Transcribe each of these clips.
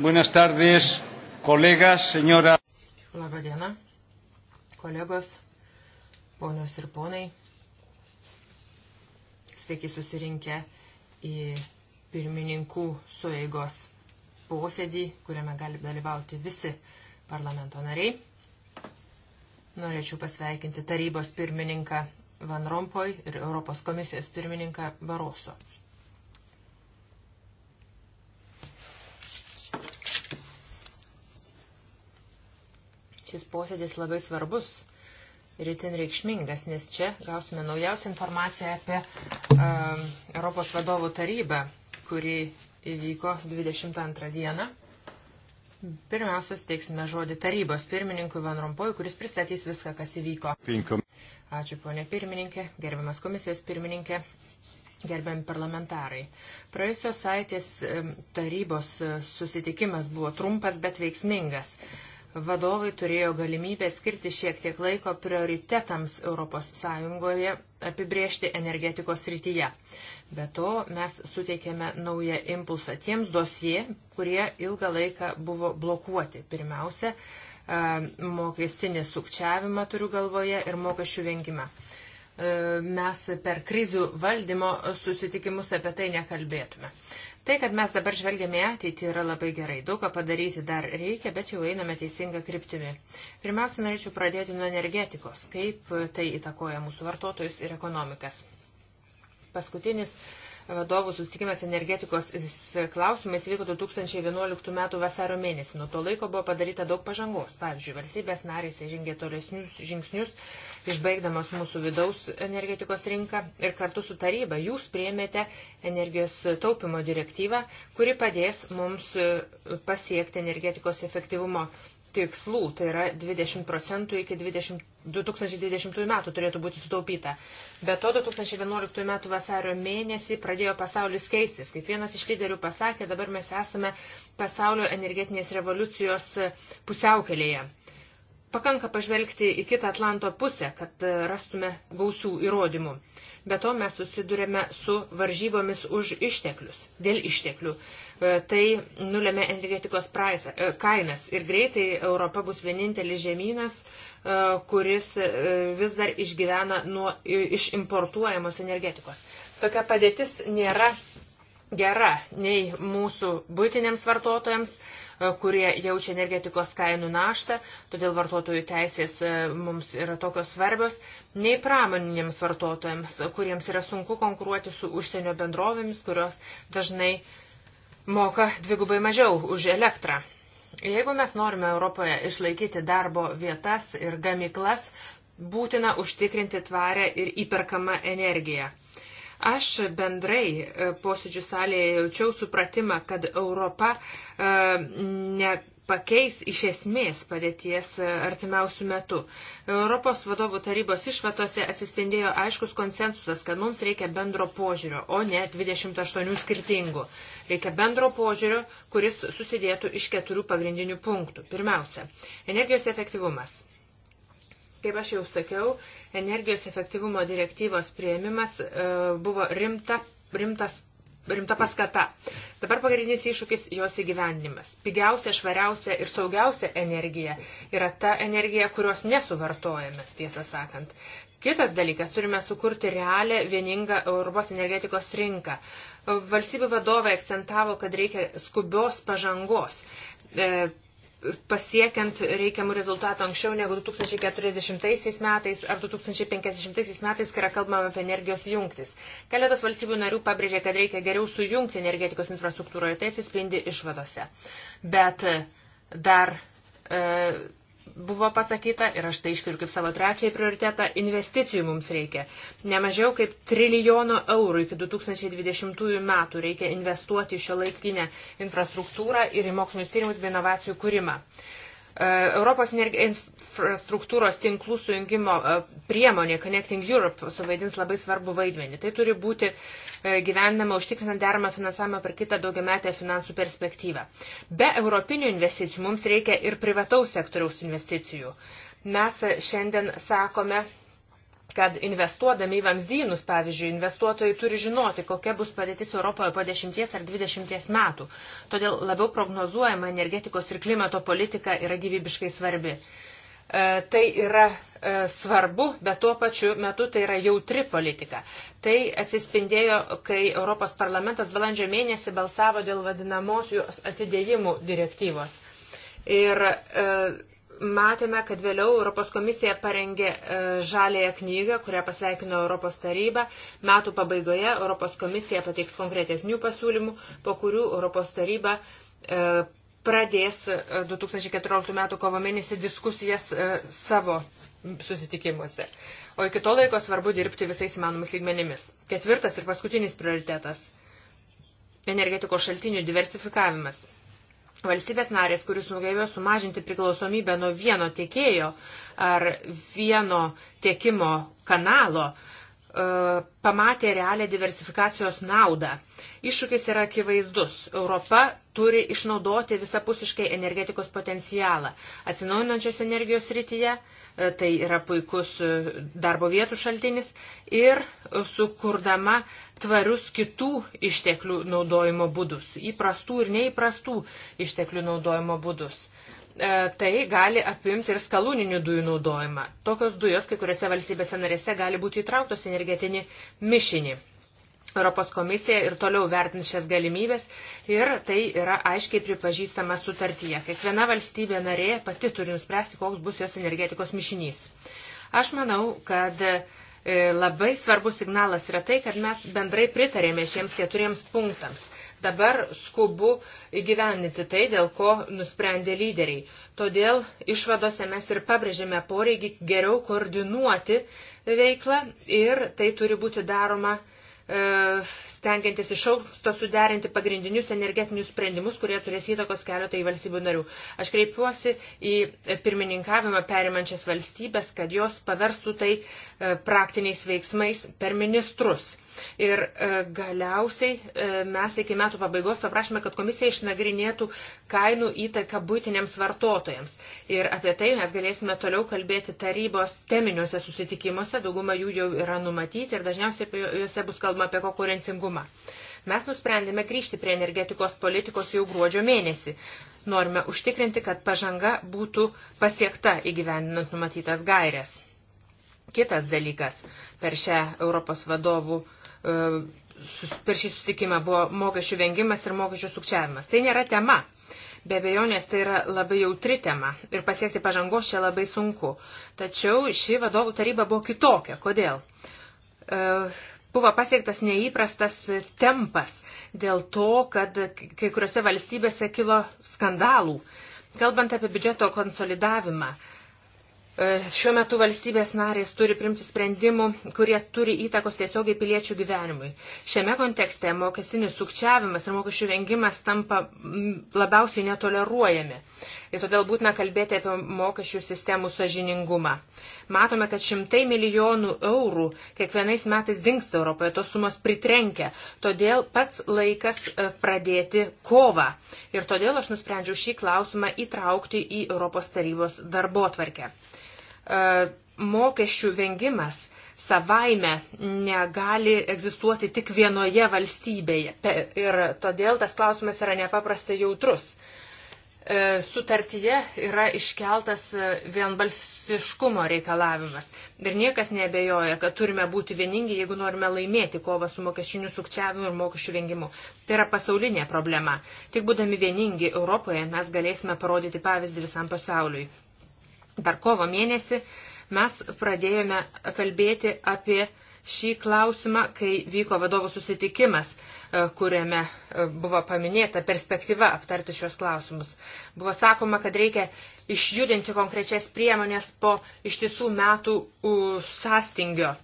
Buenas tardes, kolegas, senora. Labą dieną, kolegos, ponios ir ponai. Sveiki susirinkę į pirmininkų sueigos posėdį, kuriame gali dalyvauti visi parlamento nariai. Norėčiau pasveikinti tarybos pirmininką Van Rompoj ir Europos komisijos pirmininką Baroso. Šis posėdis labai svarbus ir itin reikšmingas, nes čia gausime naujausią informaciją apie uh, Europos vadovų tarybą, kuri įvyko 22 dieną. Pirmiausia, suteiksime žodį tarybos pirmininkui Van Rompoj, kuris pristatys viską, kas įvyko. Pinkom. Ačiū, ponė pirmininkė, gerbiamas komisijos pirmininkė. Gerbiami parlamentarai. Praėjusios savaitės tarybos e, susitikimas buvo trumpas, bet veiksmingas. Uh, vadovai turėjo galimybę skirti šiek tiek laiko prioritetams ES apibriežti energetikos rytyje. Be to, mes suteikėme naują impulsą tiems dosie, kurie ilgą laiką buvo blokuoti. Pirmiausia, e, mokestinį sukčiavimą turiu galvoje ir mokesčių vengimą. E, mes per krizių valdymo susitikimus apie tai nekalbėtume. Tai, kad mes dabar žvelgiame ateitį, yra labai gerai. Daug ką padaryti dar reikia, bet jau einame teisinga kryptimi. Pirmiausia, norėčiau pradėti nuo energetikos, kaip tai įtakoja mūsų vartotojus ir ekonomikas. Paskutinis vadovų sustikimas energetikos klausimais vyko 2011 m. vasario mėnesį. Nuo to laiko buvo padaryta daug pažangos. Pavyzdžiui, valstybės narės žengė tolesnius žingsnius, išbaigdamas mūsų vidaus energetikos rinką ir kartu su taryba jūs priemėte energijos taupimo direktyvą, kuri padės mums e, pasiekti energetikos efektyvumo tikslų, tai yra 20 procentų iki 20, 2020 metų turėtų būti sutaupyta. Be to, 2011 metų vasario mėnesį pradėjo pasaulis keistis. Kaip vienas iš lyderių pasakė, dabar mes esame pasaulio energetinės revoliucijos pusiaukelėje. Pakanka pažvelgti į kitą Atlanto pusę, kad e, rastume gausių įrodymų. Be to mes susidurėme su varžybomis už išteklius, dėl išteklių. E, tai nulėmė energetikos praisa, e, kainas ir greitai Europa bus vienintelis žemynas, kuris vis dar išgyvena nuo, iš importuojamos energetikos. Tokia padėtis nėra gera nei mūsų būtiniams vartotojams, kurie jaučia energetikos kainų naštą, todėl vartotojų teisės e, mums yra tokios svarbios, nei pramoniniams vartotojams, kuriems yra sunku konkuruoti su užsienio bendrovėmis, kurios dažnai moka dvigubai mažiau už elektrą. Jeigu mes norime Europoje išlaikyti darbo vietas ir gamyklas, būtina užtikrinti tvarę ir įperkamą energiją. Aš bendrai e, posėdžių salėje jaučiau supratimą, kad Europa e, ne pakeis iš esmės padėties e, artimiausių metų. Europos vadovų tarybos išvatose atsispindėjo aiškus konsensusas, kad mums reikia bendro požiūrio, o ne 28 skirtingų. Reikia bendro požiūrio, kuris susidėtų iš keturių pagrindinių punktų. Pirmiausia, energijos efektyvumas. Kaip aš jau sakiau, energijos efektyvumo direktyvos prieimimas e, buvo rimta, rimtas, rimta paskata. Dabar pagrindinis iššūkis jos įgyvendinimas. Pigiausia, švariausia ir saugiausia energija yra ta energija, kurios nesuvartojame, tiesą sakant. Kitas dalykas, turime sukurti realią vieningą Europos energetikos rinką. Valstybių vadovai akcentavo, kad reikia skubios pažangos. E, pasiekiant reikiamų rezultatų anksčiau negu 2040 metais ar 2050 metais, kai yra kalbama apie energijos jungtis. Keletas valstybių narių pabrėžė, kad reikia geriau sujungti energetikos infrastruktūroje, tai atsispindi išvadose. Bet dar e, buvo pasakyta ir aš tai iškiriu kaip savo trečiąjį prioritetą, investicijų mums reikia. Nemažiau kaip trilijono eurų iki 2020 metų reikia investuoti į šio laikinę infrastruktūrą ir į mokslinius tyrimus bei inovacijų kūrimą. Europos infrastruktūros tinklų sujungimo e, priemonė Connecting Europe suvaidins labai svarbu vaidmenį. Tai turi būti e, gyvenama užtikrinant deramą finansavimą per kitą daugiametę finansų perspektyvą. Be europinių investicijų mums reikia ir privataus sektoriaus investicijų. Mes šiandien sakome, kad investuodami į vamzdynus, pavyzdžiui, investuotojai turi žinoti, kokia bus padėtis Europoje po 10 ar 20 metų. Todėl labiau prognozuojama energetikos ir klimato politika yra gyvybiškai svarbi. E, tai yra e, svarbu, bet tuo pačiu metu tai yra jautri politika. Tai atsispindėjo, kai Europos parlamentas balandžio mėnesį balsavo dėl vadinamosios atidėjimų direktyvos. Ir e, matėme, kad vėliau Europos komisija parengė e, žalėją knygą, kurią pasveikino Europos taryba. Metų pabaigoje Europos komisija pateiks konkretesnių pasiūlymų, po kurių Europos taryba e, pradės 2014 e, m. kovo mėnesį diskusijas savo susitikimuose. O iki to laiko svarbu dirbti visais įmanomis lygmenimis. Ketvirtas ir paskutinis prioritetas - energetikos šaltinių diversifikavimas. Valstybės narės, kuris sugebėjo sumažinti priklausomybę nuo vieno tiekėjo ar vieno tiekimo kanalo, uh, E, pamatė realią diversifikacijos naudą. Iššūkis yra akivaizdus. Europa turi išnaudoti visapusiškai energetikos potencialą. Atsinaujinančios energijos rytyje e, tai yra puikus e, darbo vietų šaltinis ir sukurdama tvarius kitų išteklių naudojimo būdus, įprastų ir neįprastų išteklių naudojimo būdus. E, tai gali apimti ir skaluninių dujų naudojimą. Tokios dujos kai kuriuose valstybėse narėse gali būti įtrauktos energetinį mišinį. Europos komisija ir toliau vertins šias galimybės ir tai yra aiškiai pripažįstama sutartyje. Kiekviena valstybė narė pati turi nuspręsti, koks bus jos energetikos mišinys. Aš manau, kad e, labai svarbus signalas yra tai, kad mes bendrai pritarėme šiems keturiems punktams. Dabar skubu įgyvendinti tai, dėl ko nusprendė lyderiai. Todėl išvadose mes ir pabrėžėme poreigį geriau koordinuoti veiklą ir tai turi būti daroma e, stengiantis iš aukšto suderinti pagrindinius energetinius sprendimus, kurie turės įtakos keletai valstybių narių. Aš kreipiuosi į pirmininkavimą perimančias valstybės, kad jos paverstų tai e, praktiniais veiksmais per ministrus. Ir e, galiausiai e, mes iki metų pabaigos paprašome, kad komisija išnagrinėtų kainų įtaką būtiniams vartotojams. Ir apie tai mes galėsime toliau kalbėti tarybos teminiuose susitikimuose, dauguma jų jau yra numatyti ir dažniausiai juose bus kalbama apie konkurencingumą saugumą. Mes nusprendėme grįžti prie energetikos politikos jau gruodžio mėnesį. Norime užtikrinti, kad pažanga būtų pasiekta įgyvendinant numatytas gairias. Kitas dalykas per šią Europos vadovų. E, per šį sustikimą buvo mokesčių vengimas ir mokesčių sukčiavimas. Tai nėra tema, Be abejonės tai yra labai jautri tema ir pasiekti pažangos čia labai sunku. Tačiau ši vadovų taryba buvo kitokia. Kodėl? E, buvo pasiektas neįprastas tempas dėl to, kad kai kuriuose valstybėse kilo skandalų. Kalbant apie biudžeto konsolidavimą, e, šiuo metu valstybės narės turi primti sprendimų, kurie turi įtakos tiesiogiai piliečių gyvenimui. Šiame kontekste mokestinis sukčiavimas ir mokesčių vengimas tampa labiausiai netoleruojami. Ir todėl būtina kalbėti apie mokesčių sistemų sažiningumą. Matome, kad šimtai milijonų eurų kiekvienais metais dinksta Europoje, tos sumos pritrenkia. Todėl pats laikas e, pradėti kovą. Ir todėl aš nusprendžiau šį klausimą įtraukti į Europos tarybos darbo tvarkę. E, mokesčių vengimas savaime negali egzistuoti tik vienoje valstybėje. Ir todėl tas klausimas yra nepaprastai jautrus. E, sutartyje yra iškeltas e, vienbalsiškumo reikalavimas. Ir niekas nebejoja, kad turime būti vieningi, jeigu norime laimėti kovą su mokesčių sukčiavimu ir mokesčių vengimu. Tai yra pasaulinė problema. Tik būdami vieningi Europoje mes galėsime parodyti pavyzdį visam pasauliui. Dar kovo mėnesį mes pradėjome kalbėti apie šį klausimą, kai vyko vadovo susitikimas E, kuriame e, buvo paminėta perspektyva aptarti šios klausimus. Buvo sakoma, kad reikia išjudinti konkrečias priemonės po ištisų metų sąstingio.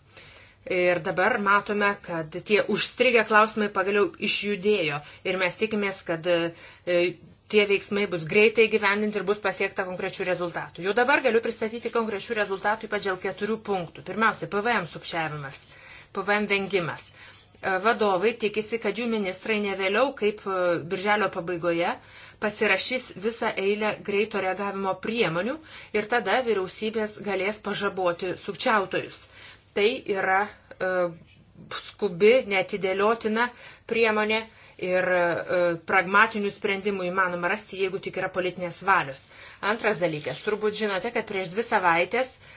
Ir dabar matome, kad tie užstrigę klausimai pagaliau išjudėjo ir mes tikimės, kad e, tie veiksmai bus greitai gyvendinti ir bus pasiekta konkrečių rezultatų. Jau dabar galiu pristatyti konkrečių rezultatų, ypač dėl keturių punktų. Pirmiausia, PVM sukčiavimas, PVM vengimas vadovai tikisi, kad jų ministrai ne vėliau kaip e, birželio pabaigoje pasirašys visą eilę greito reagavimo priemonių ir tada vyriausybės galės pažaboti sukčiautojus. Tai yra e, skubi, netidėliotina priemonė ir e, pragmatinių sprendimų įmanoma rasti, jeigu tik yra politinės valios. Antras dalykas, turbūt žinote, kad prieš dvi savaitės e,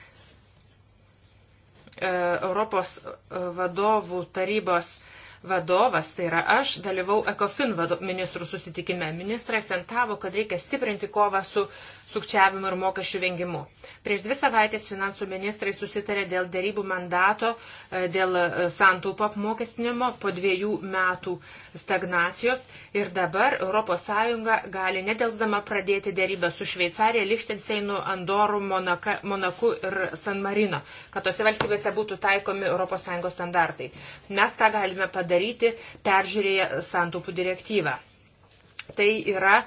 E, Europos e, vadovų tarybos vadovas, tai yra aš, dalyvau ECOFIN ministrų susitikime. Ministrai akcentavo, kad reikia stiprinti kovą su sukčiavimu ir mokesčių vengimu. Prieš dvi savaitės finansų ministrai susitarė dėl dėrybų mandato, e, dėl santaupo apmokestinimo po dviejų metų stagnacijos Ir dabar ES gali nedelsdama pradėti dėrybę su Šveicarija, Lichtensteinu, Andoru, Monaka, Monaku ir San Marino, kad tose valstybėse būtų taikomi ES standartai. Mes tą galime padaryti peržiūrėję santupų direktyvą. Tai yra e,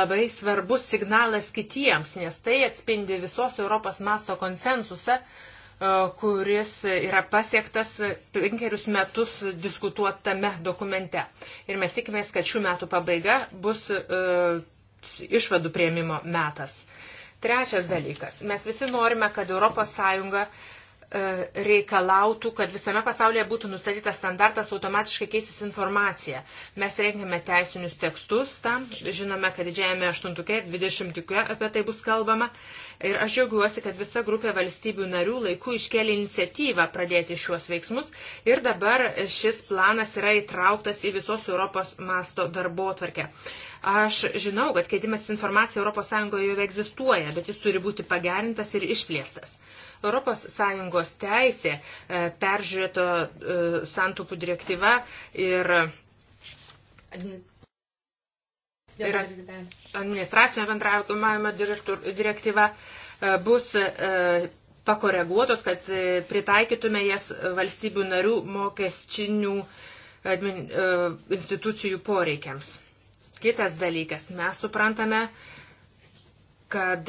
labai svarbus signalas kitiems, nes tai atspindi visos Europos masto konsensusą, uh, E, kuris yra pasiektas penkerius metus diskutuotame dokumente. Ir mes tikimės, kad šių metų pabaiga bus e, išvadų prieimimo metas. Trečias dalykas. Mes visi norime, kad ES E, reikalautų, kad visame pasaulyje būtų nustatytas standartas automatiškai keisis informacija. Mes rengiame teisinius tekstus tam, žinome, kad didžiajame 8-tuke ir 20-tuke apie tai bus kalbama. Ir aš džiaugiuosi, kad visa grupė valstybių narių laiku iškėlė iniciatyvą pradėti šiuos veiksmus ir dabar šis planas yra įtrauktas į visos Europos masto darbo atvarkę. Aš žinau, kad keitimas informacija ES jau egzistuoja, bet jis turi būti pagerintas ir išplėstas. ES teisė e, peržiūrėto e, santupų direktyva ir ir administracinio bendravimo direktyva e, bus pakoreguotos, kad pritaikytume jas valstybių narių mokesčinių institucijų poreikiams. Kitas dalykas, mes suprantame, kad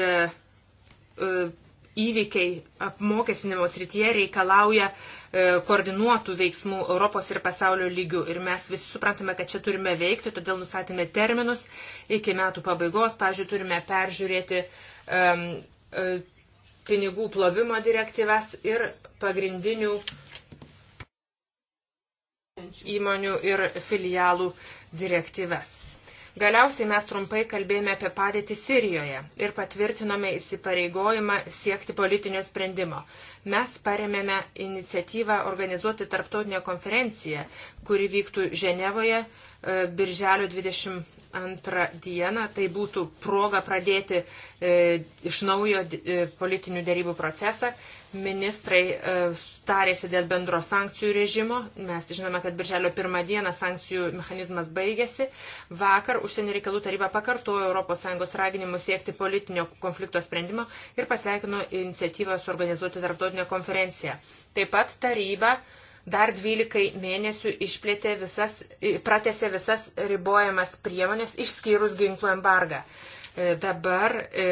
įvykiai apmokestinimo srityje reikalauja e, koordinuotų veiksmų Europos ir pasaulio lygių. Ir mes visi suprantame, kad čia turime veikti, todėl nusatėme terminus iki metų pabaigos. Pavyzdžiui, turime peržiūrėti um, pinigų plovimo direktyvas ir pagrindinių įmonių ir filialų direktyvas. Galiausiai mes trumpai kalbėjome apie padėtį Sirijoje ir patvirtinome įsipareigojimą siekti politinio sprendimo. Mes paremėme iniciatyvą organizuoti tarptautinę konferenciją, kuri vyktų Ženevoje e, birželio 20, antrą dieną, tai būtų proga pradėti e, iš naujo e, politinių dėrybų procesą. Ministrai e, tarėsi dėl bendro sankcijų režimo. Mes žinome, kad birželio pirmą dieną sankcijų mechanizmas baigėsi. Vakar užsienio reikalų taryba pakartojo ES raginimus siekti politinio konflikto sprendimo ir pasveikino iniciatyvą suorganizuoti tarptautinę konferenciją. Taip pat taryba e, dar 12 mėnesių išplėtė visas, pratėse visas ribojamas priemonės, išskyrus ginklų embargą. E, dabar e,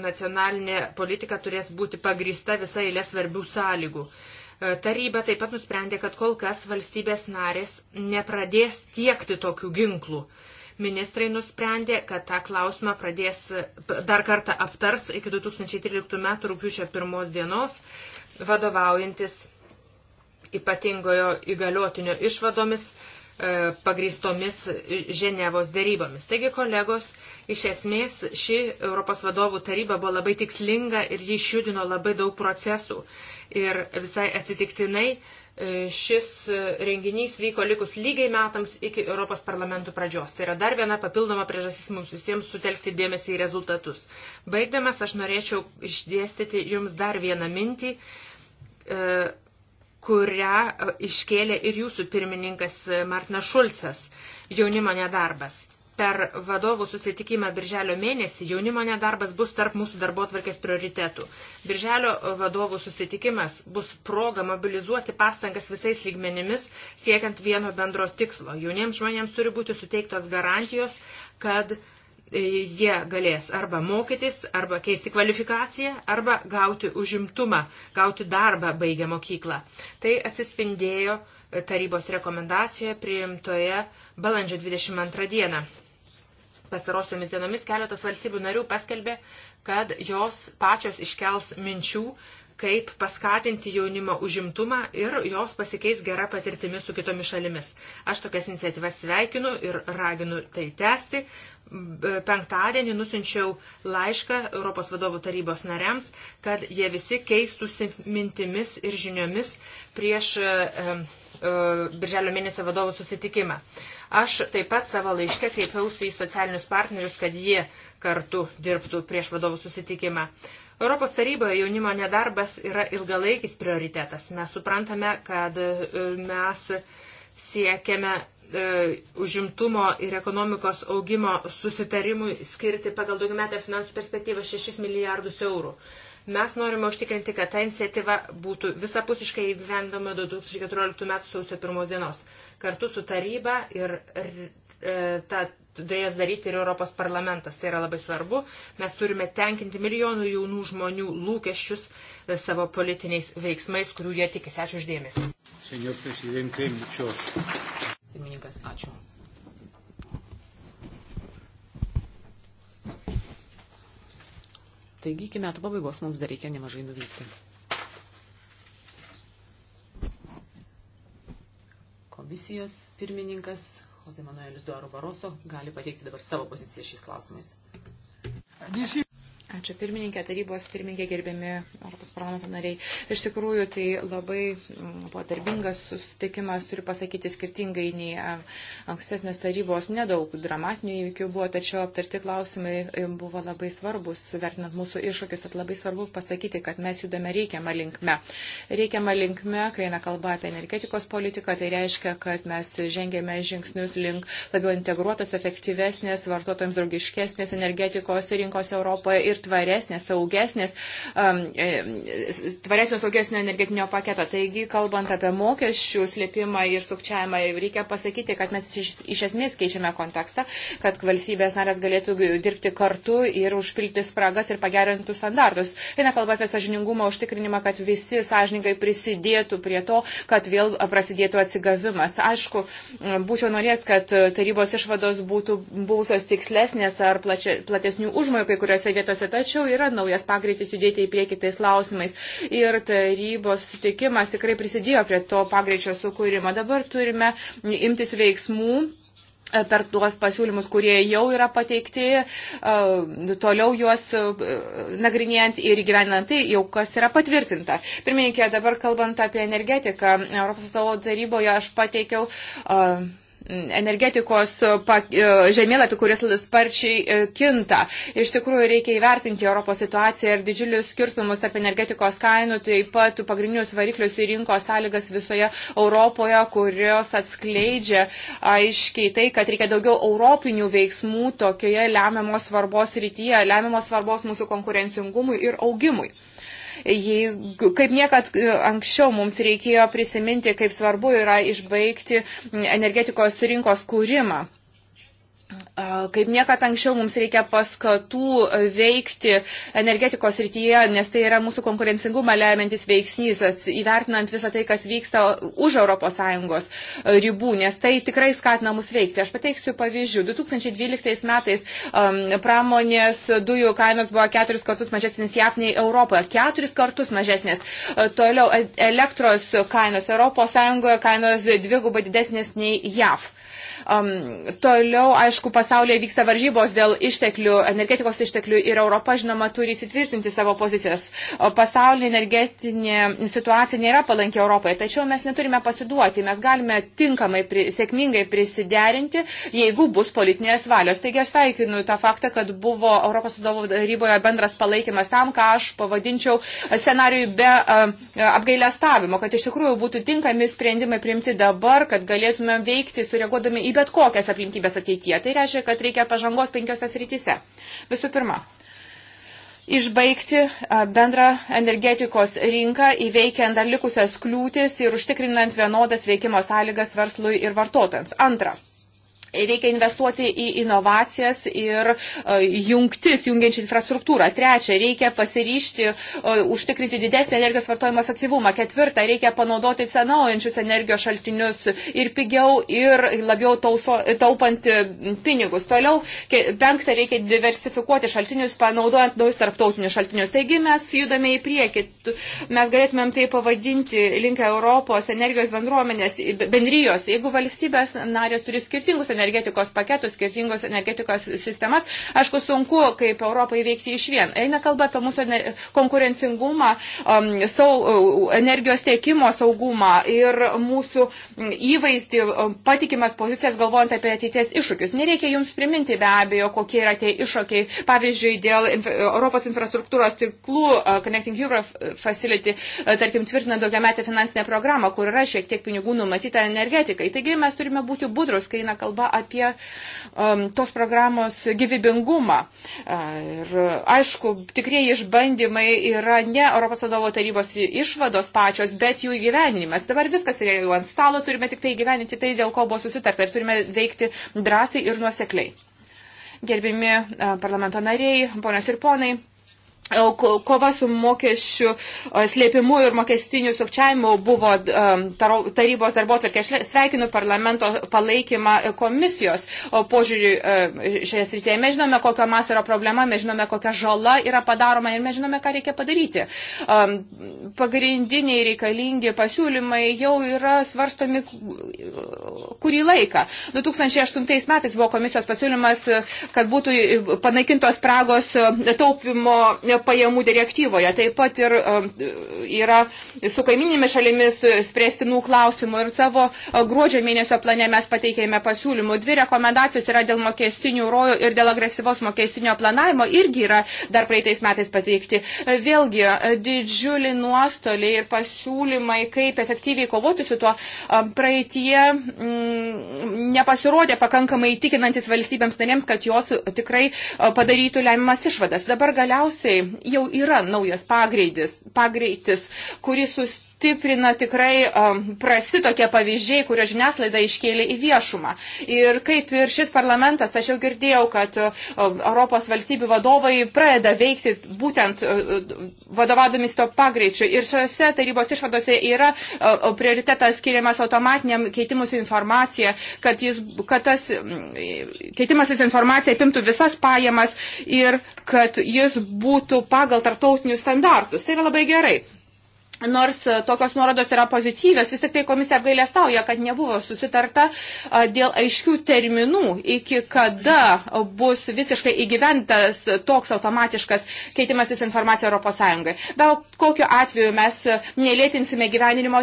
nacionalinė politika turės būti pagrįsta visai eilė svarbių sąlygų. E, taryba taip pat nusprendė, kad kol kas valstybės narės nepradės tiekti tokių ginklų. Ministrai nusprendė, kad tą klausimą pradės dar kartą aptars iki 2013 m. rūpiučio 1 dienos, vadovaujantis ypatingojo įgaliotinio išvadomis e, pagrįstomis Ženevos dėrybomis. Taigi, kolegos, iš esmės ši Europos vadovų taryba buvo labai tikslinga ir ji išjudino labai daug procesų. Ir visai atsitiktinai e, šis renginys vyko likus lygiai metams iki Europos parlamentų pradžios. Tai yra dar viena papildoma priežasis mums visiems sutelkti dėmesį į rezultatus. Baigdamas aš norėčiau išdėstyti jums dar vieną mintį e, kurią e, iškėlė ir jūsų pirmininkas e, Martinas Šulcas - jaunimo nedarbas. Per vadovų susitikimą Birželio mėnesį jaunimo nedarbas bus tarp mūsų darbo atvarkės prioritetų. Birželio e, vadovų susitikimas bus proga mobilizuoti pastangas visais lygmenimis, siekiant vieno bendro tikslo. Jauniems žmonėms turi būti suteiktos garantijos, kad uh, E, jie galės arba mokytis, arba keisti kvalifikaciją, arba gauti užimtumą, gauti darbą baigę mokyklą. Tai atsispindėjo e, tarybos rekomendacijoje priimtoje balandžio 22 dieną. Pastarosiomis dienomis keletas valstybių narių paskelbė, kad jos pačios iškels minčių kaip paskatinti jaunimo užimtumą ir jos pasikeis gera patirtimi su kitomis šalimis. Aš tokias iniciatyvas sveikinu ir raginu tai tęsti. Penktadienį nusinčiau laišką Europos vadovų tarybos nariams, kad jie visi keistųsi mintimis ir žiniomis prieš e, e, e, Birželio mėnesio vadovų susitikimą. Aš taip pat savo laiške kreipiausi į socialinius partnerius, kad jie kartu dirbtų prieš vadovų susitikimą. Europos taryboje jaunimo nedarbas yra ilgalaikis prioritetas. Mes suprantame, kad e, mes siekiame e, užimtumo ir ekonomikos augimo susitarimui skirti pagal daugiametę finansų perspektyvą 6 milijardus eurų. Mes norime užtikrinti, kad ta iniciatyva būtų visapusiškai įgyvendama 2014 m. sausio 1 dienos. Kartu su taryba ir e, ta turės daryti ir Europos parlamentas. Tai yra labai svarbu. Mes turime tenkinti milijonų jaunų žmonių lūkesčius e, savo politiniais veiksmais, kurių jie tikisi. Ačiū uždėmesi. Senor prezidentė, mucho. Pirmininkas, ačiū. Taigi iki metų pabaigos mums dar reikia nemažai nuvykti. Komisijos pirmininkas Jose Manuelis Duaro Baroso gali pateikti dabar savo poziciją šiais klausimais. Ačiū pirmininkė, tarybos pirmininkė, gerbiami Europos parlamento nariai. Iš tikrųjų, tai labai mm, buvo darbingas susitikimas, turiu pasakyti, skirtingai nei ankstesnės tarybos. Nedaug dramatinių įvykių buvo, tačiau aptarti klausimai e, buvo labai svarbus, vertinant mūsų iššūkius, tad labai svarbu pasakyti, kad mes judame reikiamą linkmę. Reikiamą linkmę, kai eina kalba apie energetikos politiką, tai reiškia, kad mes žengėme žingsnius link labiau integruotos, efektyvesnės, vartotojams draugiškesnės energetikos rinkos Europoje. Ir ir tvaresnės, saugesnės, um, tvaresnio saugesnio energetinio paketo. Taigi, kalbant apie mokesčių slėpimą ir sukčiavimą, reikia pasakyti, kad mes iš, iš esmės keičiame kontekstą, kad valstybės narės galėtų dirbti kartu ir užpilti spragas ir pagerintų standartus. Eina kalba apie sažiningumą, užtikrinimą, kad visi sąžininkai prisidėtų prie to, kad vėl prasidėtų atsigavimas. Aišku, būčiau norėjęs, kad tarybos išvados būtų buvusios tikslesnės ar plačia, platesnių užmojų kai kuriuose vietose, tačiau yra naujas pagreitis judėti į priekį tais klausimais ir tarybos sutikimas tikrai prisidėjo prie to pagreičio sukūrimo. Dabar turime imtis veiksmų e, per tuos pasiūlymus, kurie jau yra pateikti, e, toliau juos e, nagrinėjant ir gyvenant tai, jau kas yra patvirtinta. Pirmininkė, dabar kalbant apie energetiką, Europos savo taryboje aš pateikiau. Uh, energetikos e, žemėlapį, kuris sparčiai e, kinta. Iš tikrųjų, reikia įvertinti Europos situaciją ir didžiulius skirtumus tarp energetikos kainų, taip pat pagrindinius variklius ir rinkos sąlygas visoje Europoje, kurios atskleidžia aiškiai tai, kad reikia daugiau europinių veiksmų tokioje lemiamos svarbos rytyje, lemiamos svarbos mūsų konkurencingumui ir augimui. Jeigu, kaip niekad e, anksčiau mums reikėjo prisiminti, kaip svarbu yra išbaigti energetikos rinkos kūrimą. Kaip niekada anksčiau mums reikia paskatų veikti energetikos rytyje, nes tai yra mūsų konkurencingumą lemiantis veiksnys, įvertinant visą tai, kas vyksta už ES ribų, nes tai tikrai skatina mus veikti. Aš pateiksiu pavyzdžių. 2012 metais um, pramonės dujų kainos buvo keturis kartus mažesnės JAV nei Europoje. Keturis kartus mažesnės. Toliau e-, elektros kainos ES kainos dvigubai didesnės nei JAV. Um, toliau, aišku, pasaulyje vyksta varžybos dėl išteklių, energetikos išteklių ir Europa, žinoma, turi įsitvirtinti savo pozicijas. Pasaulyje energetinė situacija nėra palankia Europai, tačiau mes neturime pasiduoti, mes galime tinkamai, pri, sėkmingai prisiderinti, jeigu bus politinės valios. Taigi aš sveikinu tą faktą, kad buvo Europos vadovų taryboje bendras palaikymas tam, ką aš pavadinčiau scenarijui be apgailę stavimo, kad iš tikrųjų būtų tinkami sprendimai priimti dabar, kad galėtume veikti, sureaguodami į į bet kokias aplinkybės ateityje. Tai reiškia, kad reikia pažangos penkiose srityse. Visų pirma, išbaigti bendrą energetikos rinką, įveikiant dar likusias kliūtis ir užtikrinant vienodas veikimo sąlygas verslui ir vartotojams. Antra, Reikia investuoti į inovacijas ir e, jungtis, jungiančią infrastruktūrą. Trečia, reikia pasiryšti e, užtikrinti didesnį energijos vartojimo efektyvumą. Ketvirta, reikia panaudoti senaujančius energijos šaltinius ir pigiau, ir labiau tauso, taupant e, pinigus. Toliau, penkta, reikia diversifikuoti šaltinius, panaudojant naujus tarptautinius šaltinius. Taigi mes judame į priekį. Mes galėtumėm tai pavadinti link Europos energijos bendruomenės bendrijos, jeigu valstybės narės turi skirtingus energijos energetikos paketus, skirtingos energetikos sistemas. Aišku, sunku, kaip Europai veikti iš vien. Eina kalba apie mūsų konkurencingumą, um, sau, uh, energijos tiekimo saugumą ir mūsų mm, įvaizdį, um, patikimas pozicijas galvojant apie ateities iššūkius. Nereikia jums priminti be abejo, kokie yra tie iššūkiai. Pavyzdžiui, dėl Europos infrastruktūros tiklų uh, Connecting Europe Facility, uh, tarkim, tvirtina daugiametę finansinę programą, kur yra šiek tiek pinigų numatyta energetikai. Taigi mes turime būti budrus, kai eina kalba apie um, tos programos gyvybingumą. Ir aišku, tikrieji išbandymai yra ne Europos vadovo tarybos išvados pačios, bet jų gyvenimas. Dabar viskas yra jau ant stalo, turime tik tai gyveninti tai, dėl ko buvo susitarta ir turime veikti drąsiai ir nuosekliai. Gerbimi parlamento nariai, ponios ir ponai. Kova su mokesčių slėpimu ir mokestiniu sukčiavimu buvo um, tarybos darbo atvarkė. Sveikinu parlamento palaikymą e, komisijos požiūrį e, šioje srityje. Mes žinome, kokio masto yra problema, mes žinome, kokia žala yra padaroma ir mes žinome, ką reikia padaryti. Um, pagrindiniai reikalingi pasiūlymai jau yra svarstomi kurį laiką. 2008 metais buvo komisijos pasiūlymas, kad būtų panaikintos spragos taupimo pajamų direktyvoje. Taip pat ir um, yra su kaiminėmis šalimis spręstinų klausimų ir savo uh, gruodžio mėnesio plane mes pateikėme pasiūlymų. Dvi rekomendacijos yra dėl mokestinių rojų ir dėl agresyvos mokestinio planavimo irgi yra dar praeitais metais pateikti. Uh, vėlgi, uh, didžiuliai nuostoliai ir pasiūlymai, kaip efektyviai kovoti su tuo um, praeitie m, mm, nepasirodė pakankamai įtikinantis valstybėms narėms, kad jos tikrai padarytų lemiamas išvadas. Dabar galiausiai jau yra naujas pagreitis, pagreitis kuris sustojęs stiprina tikrai um, prasti tokie pavyzdžiai, kurio žiniaslaida iškėlė į viešumą. Ir kaip ir šis parlamentas, aš jau girdėjau, kad um, Europos valstybių vadovai pradeda veikti būtent um, vadovaudomis to pagreičiu. Ir šiuose tarybos išvadose yra um, prioritetas skiriamas automatiniam keitimus informaciją, kad, jis, kad tas um, keitimasis informacija apimtų visas pajamas ir kad jis būtų pagal tarptautinius standartus. Tai yra labai gerai. Nors e, tokios nuorodos yra pozityvios, vis tik tai komisija apgailestauja, kad nebuvo susitarta e, dėl aiškių terminų, iki kada bus visiškai įgyventas toks automatiškas keitimasis informacija ES. Bet kokiu atveju mes nelėtinsime gyveninimo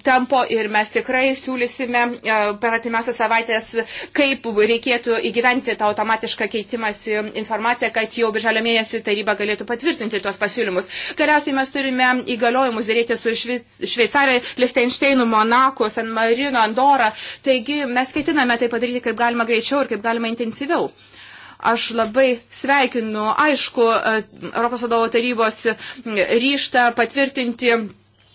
tempo ir mes tikrai siūlysime e, per atimiausias savaitės, kaip reikėtų įgyventi tą automatišką keitimąsi informaciją, kad jau birželio mėnesį taryba galėtų patvirtinti tuos pasiūlymus. Galiausiai mes turime įgaliojimus dėrėti su Šveicarija, Lichtensteinu, Monaku, San Marino, Andorą. Taigi mes ketiname tai padaryti kaip galima greičiau ir kaip galima intensyviau aš labai sveikinu, aišku, e, Europos vadovo tarybos ryštą patvirtinti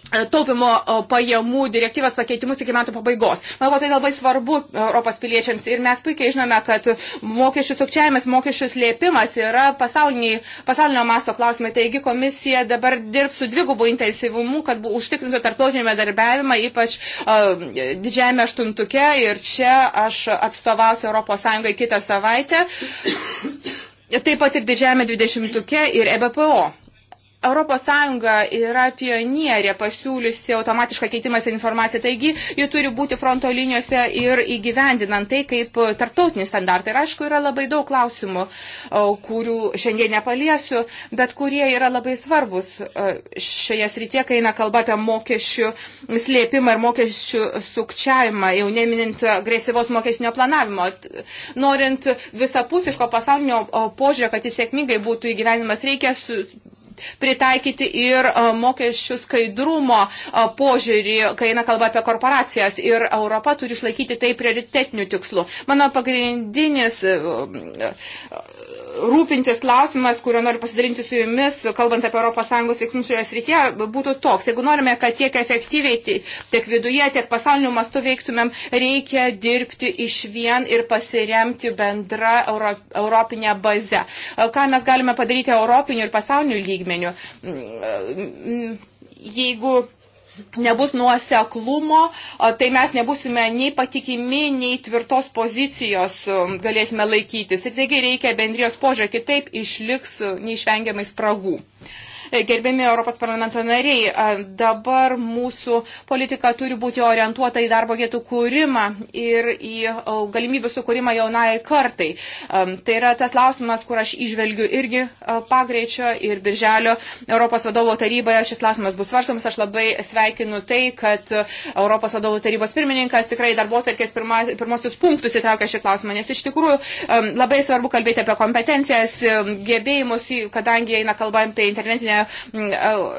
E, taupimo pajamų direktyvos pakeitimus iki metų pabaigos. Manau, tai labai svarbu Europos piliečiams ir mes puikiai žinome, kad mokesčių sukčiavimas, mokesčių slėpimas yra pasaulinio masto klausimai. Taigi komisija dabar dirbs su dvigubu intensyvumu, kad būtų užtikrintų tarptautinį darbiavimą, ypač uh, didžiajame aštuntuke ir čia aš atstovausiu ES kitą savaitę. Taip pat ir didžiajame dvidešimtuke ir EBPO. Europos Sąjunga yra pionierė pasiūliusi automatišką keitimąsi informaciją, taigi ji turi būti fronto linijose ir įgyvendinant tai kaip tarptautinį standartą. Ir aišku, yra labai daug klausimų, kurių šiandien nepaliesiu, bet kurie yra labai svarbus šioje srityje, kai eina kalba apie mokesčių slėpimą ir mokesčių sukčiavimą, jau neminint agresyvos mokesnio planavimo. Norint visapusiško pasaulinio požiūrio, kad jis sėkmingai būtų įgyvenimas, reikia su pritaikyti ir mokesčių skaidrumo požiūrį, kai eina kalba apie korporacijas. Ir Europa turi išlaikyti tai prioritetiniu tikslu. Mano pagrindinis rūpintis klausimas, kurio noriu pasidalinti su jumis, kalbant apie ES veiksmus šioje srityje, būtų toks. Jeigu norime, kad tiek efektyviai, tiek viduje, tiek pasauliniu mastu veiktumėm, reikia dirbti iš vien ir pasiremti bendrą euro, europinę bazę. Ką mes galime padaryti europiniu ir pasauliniu lygmeniu? Mm, mm, jeigu nebus nuoseklumo, tai mes nebusime nei patikimi, nei tvirtos pozicijos um, galėsime laikytis. Ir taigi reikia bendrijos požiūrį, kitaip išliks neišvengiamai spragų. Uh, E, Gerbėmi Europos parlamento nariai, e, dabar mūsų politika turi būti orientuota į darbo vietų kūrimą ir į e, galimybių sukūrimą jaunai kartai. Tai yra tas klausimas, kur aš išvelgiu irgi pagreičio ir birželio Europos vadovo taryboje šis klausimas bus svarstamas. Aš labai sveikinu tai, kad Europos vadovo tarybos pirmininkas tikrai darbo atverkės pirmosius punktus įtraukia šį klausimą, nes iš tikrųjų labai svarbu kalbėti apie kompetencijas, gebėjimus, kadangi eina kalba apie internetinę Mm,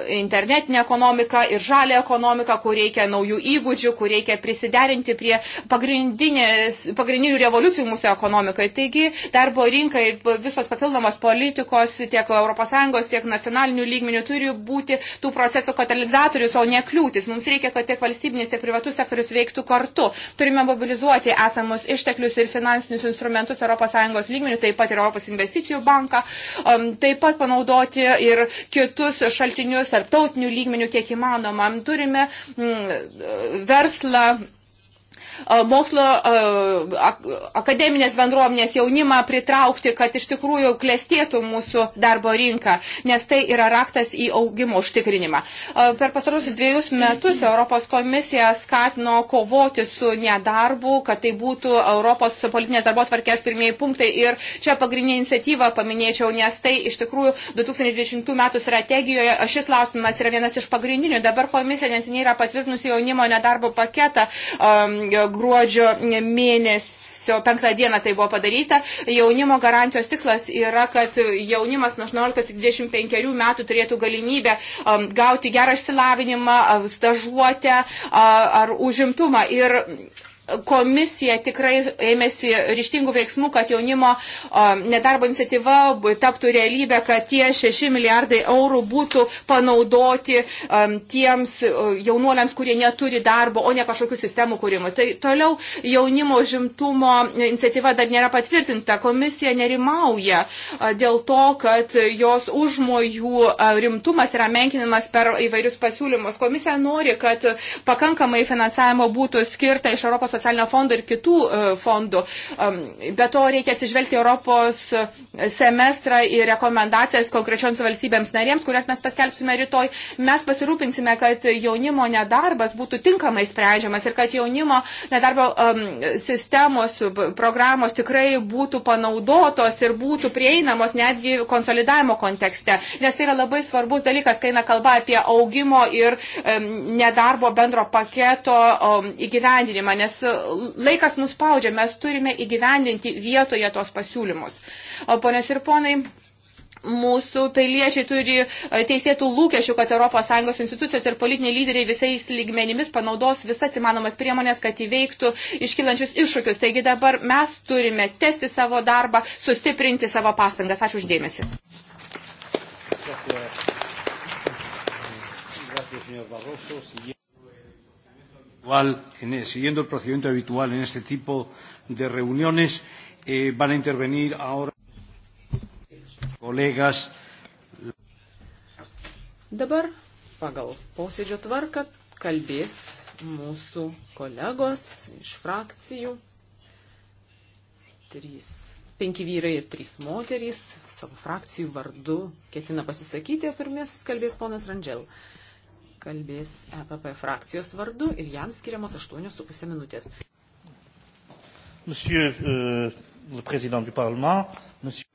internetinę ekonomiką ir žalę ekonomiką, kur reikia naujų įgūdžių, kur reikia prisiderinti prie pagrindinių revoliucijų mūsų ekonomikai. Taigi darbo rinka ir visos papildomos politikos tiek ES, tiek nacionalinių lygmenių turi būti tų procesų katalizatorius, o ne kliūtis. Mums reikia, kad tiek valstybinis, tiek privatus sektorius veiktų kartu. Turime mobilizuoti esamus išteklius ir finansinius instrumentus ES lygmenių, taip pat ir Europos investicijų banką, um, taip pat panaudoti ir kitų kitus šaltinius, tarptautinių lygmenių, kiek įmanoma. Turime mm, verslą mokslo akademinės bendruomenės jaunimą pritraukti, kad iš tikrųjų klestėtų mūsų darbo rinka, nes tai yra raktas į augimo užtikrinimą. Per pasarosius dviejus metus Europos komisija skatino kovoti su nedarbu, kad tai būtų Europos politinės darbo tvarkės pirmieji punktai ir čia pagrindinė iniciatyva paminėčiau, nes tai iš tikrųjų 2020 metų strategijoje šis klausimas yra vienas iš pagrindinių. Dabar komisija nesiniai yra patvirtinusi jaunimo nedarbo paketą. Um, gruodžio mėnesį sausio penktą dieną tai buvo padaryta. Jaunimo garantijos tikslas yra, kad jaunimas nuo 18-25 metų turėtų galimybę um, gauti gerą išsilavinimą, stažuotę uh, ar užimtumą. Ir komisija tikrai ėmėsi ryštingų veiksmų, kad jaunimo nedarbo iniciatyva taptų realybę, kad tie 6 milijardai eurų būtų panaudoti um, tiems jaunuoliams, kurie neturi darbo, o ne kažkokių sistemų kūrimo. Tai toliau jaunimo žimtumo iniciatyva dar nėra patvirtinta. Komisija nerimauja dėl to, kad jos užmojų rimtumas yra menkinimas per įvairius pasiūlymus. Komisija nori, kad pakankamai finansavimo būtų skirta iš Europos socialinio fondo ir kitų e, fondų. Be to reikia atsižvelgti Europos semestrą ir rekomendacijas konkrečioms valstybėms narėms, kurias mes paskelbsime rytoj. Mes pasirūpinsime, kad jaunimo nedarbas būtų tinkamai sprendžiamas ir kad jaunimo nedarbo sistemos, programos tikrai būtų panaudotos ir būtų prieinamos netgi konsolidavimo kontekste. Nes tai yra labai svarbus dalykas, kai eina kalba apie augimo ir nedarbo bendro paketo įgyvendinimą, nes laikas mus spaudžia, mes turime įgyvendinti vietoje tos pasiūlymus. Ponios ir ponai, mūsų piliečiai turi e, teisėtų lūkesčių, kad ES institucijos ir politiniai lyderiai visais lygmenimis panaudos visas įmanomas priemonės, kad įveiktų iškilančius iššūkius. Taigi dabar mes turime testi savo darbą, sustiprinti savo pastangas. Ačiū uždėmesi. Gracias, señor Barroso habitual, en, siguiendo el procedimiento habitual en este tipo de reuniones, eh, van a intervenir ahora kolegas. Dabar pagal posėdžio tvarką kalbės mūsų kolegos iš frakcijų. Trys, penki vyrai ir trys moterys savo frakcijų vardu ketina pasisakyti, o pirmasis kalbės ponas Randžel. Uh, kalbės EPP frakcijos vardu ir jam skiriamos 8,5 minutės. Monsieur, uh, monsieur...